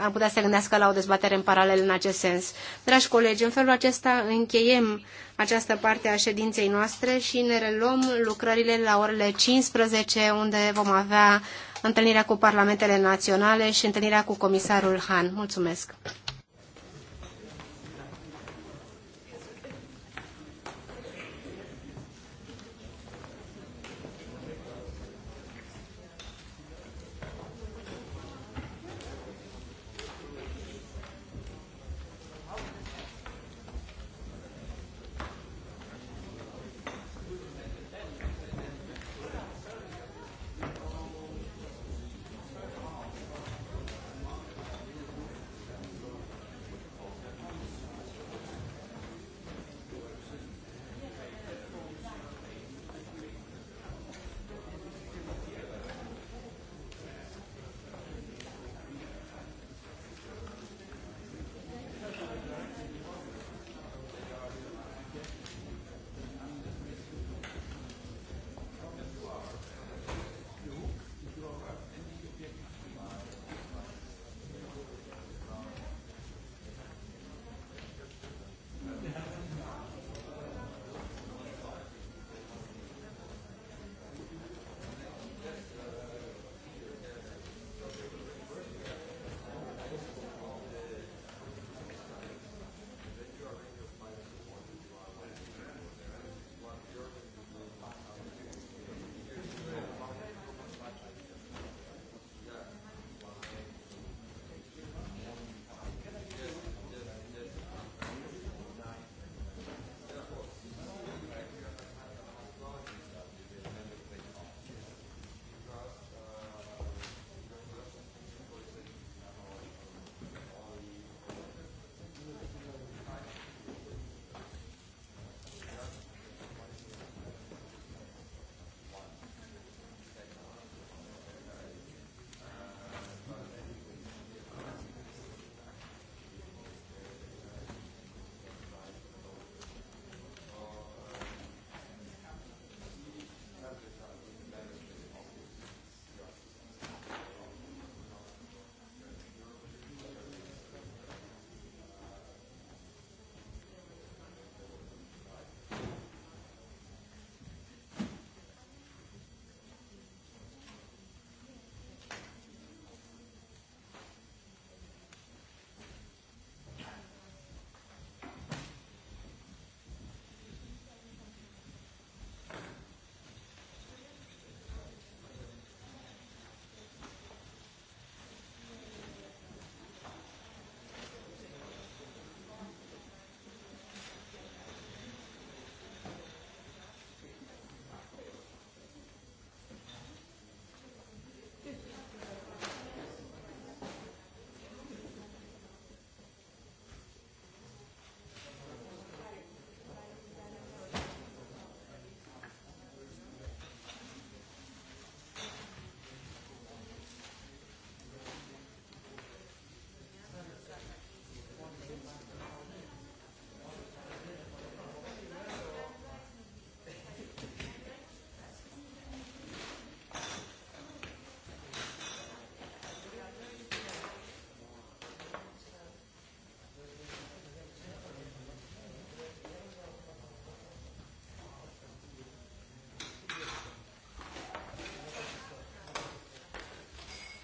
ar putea să gândească la o dezbatere în paralel în acest sens. Dragi colegi, în felul acesta încheiem această parte a ședinței noastre și ne reluăm lucrările la orele 15, unde vom avea întâlnirea cu parlamentele naționale și întâlnirea cu comisarul Han. Mulțumesc!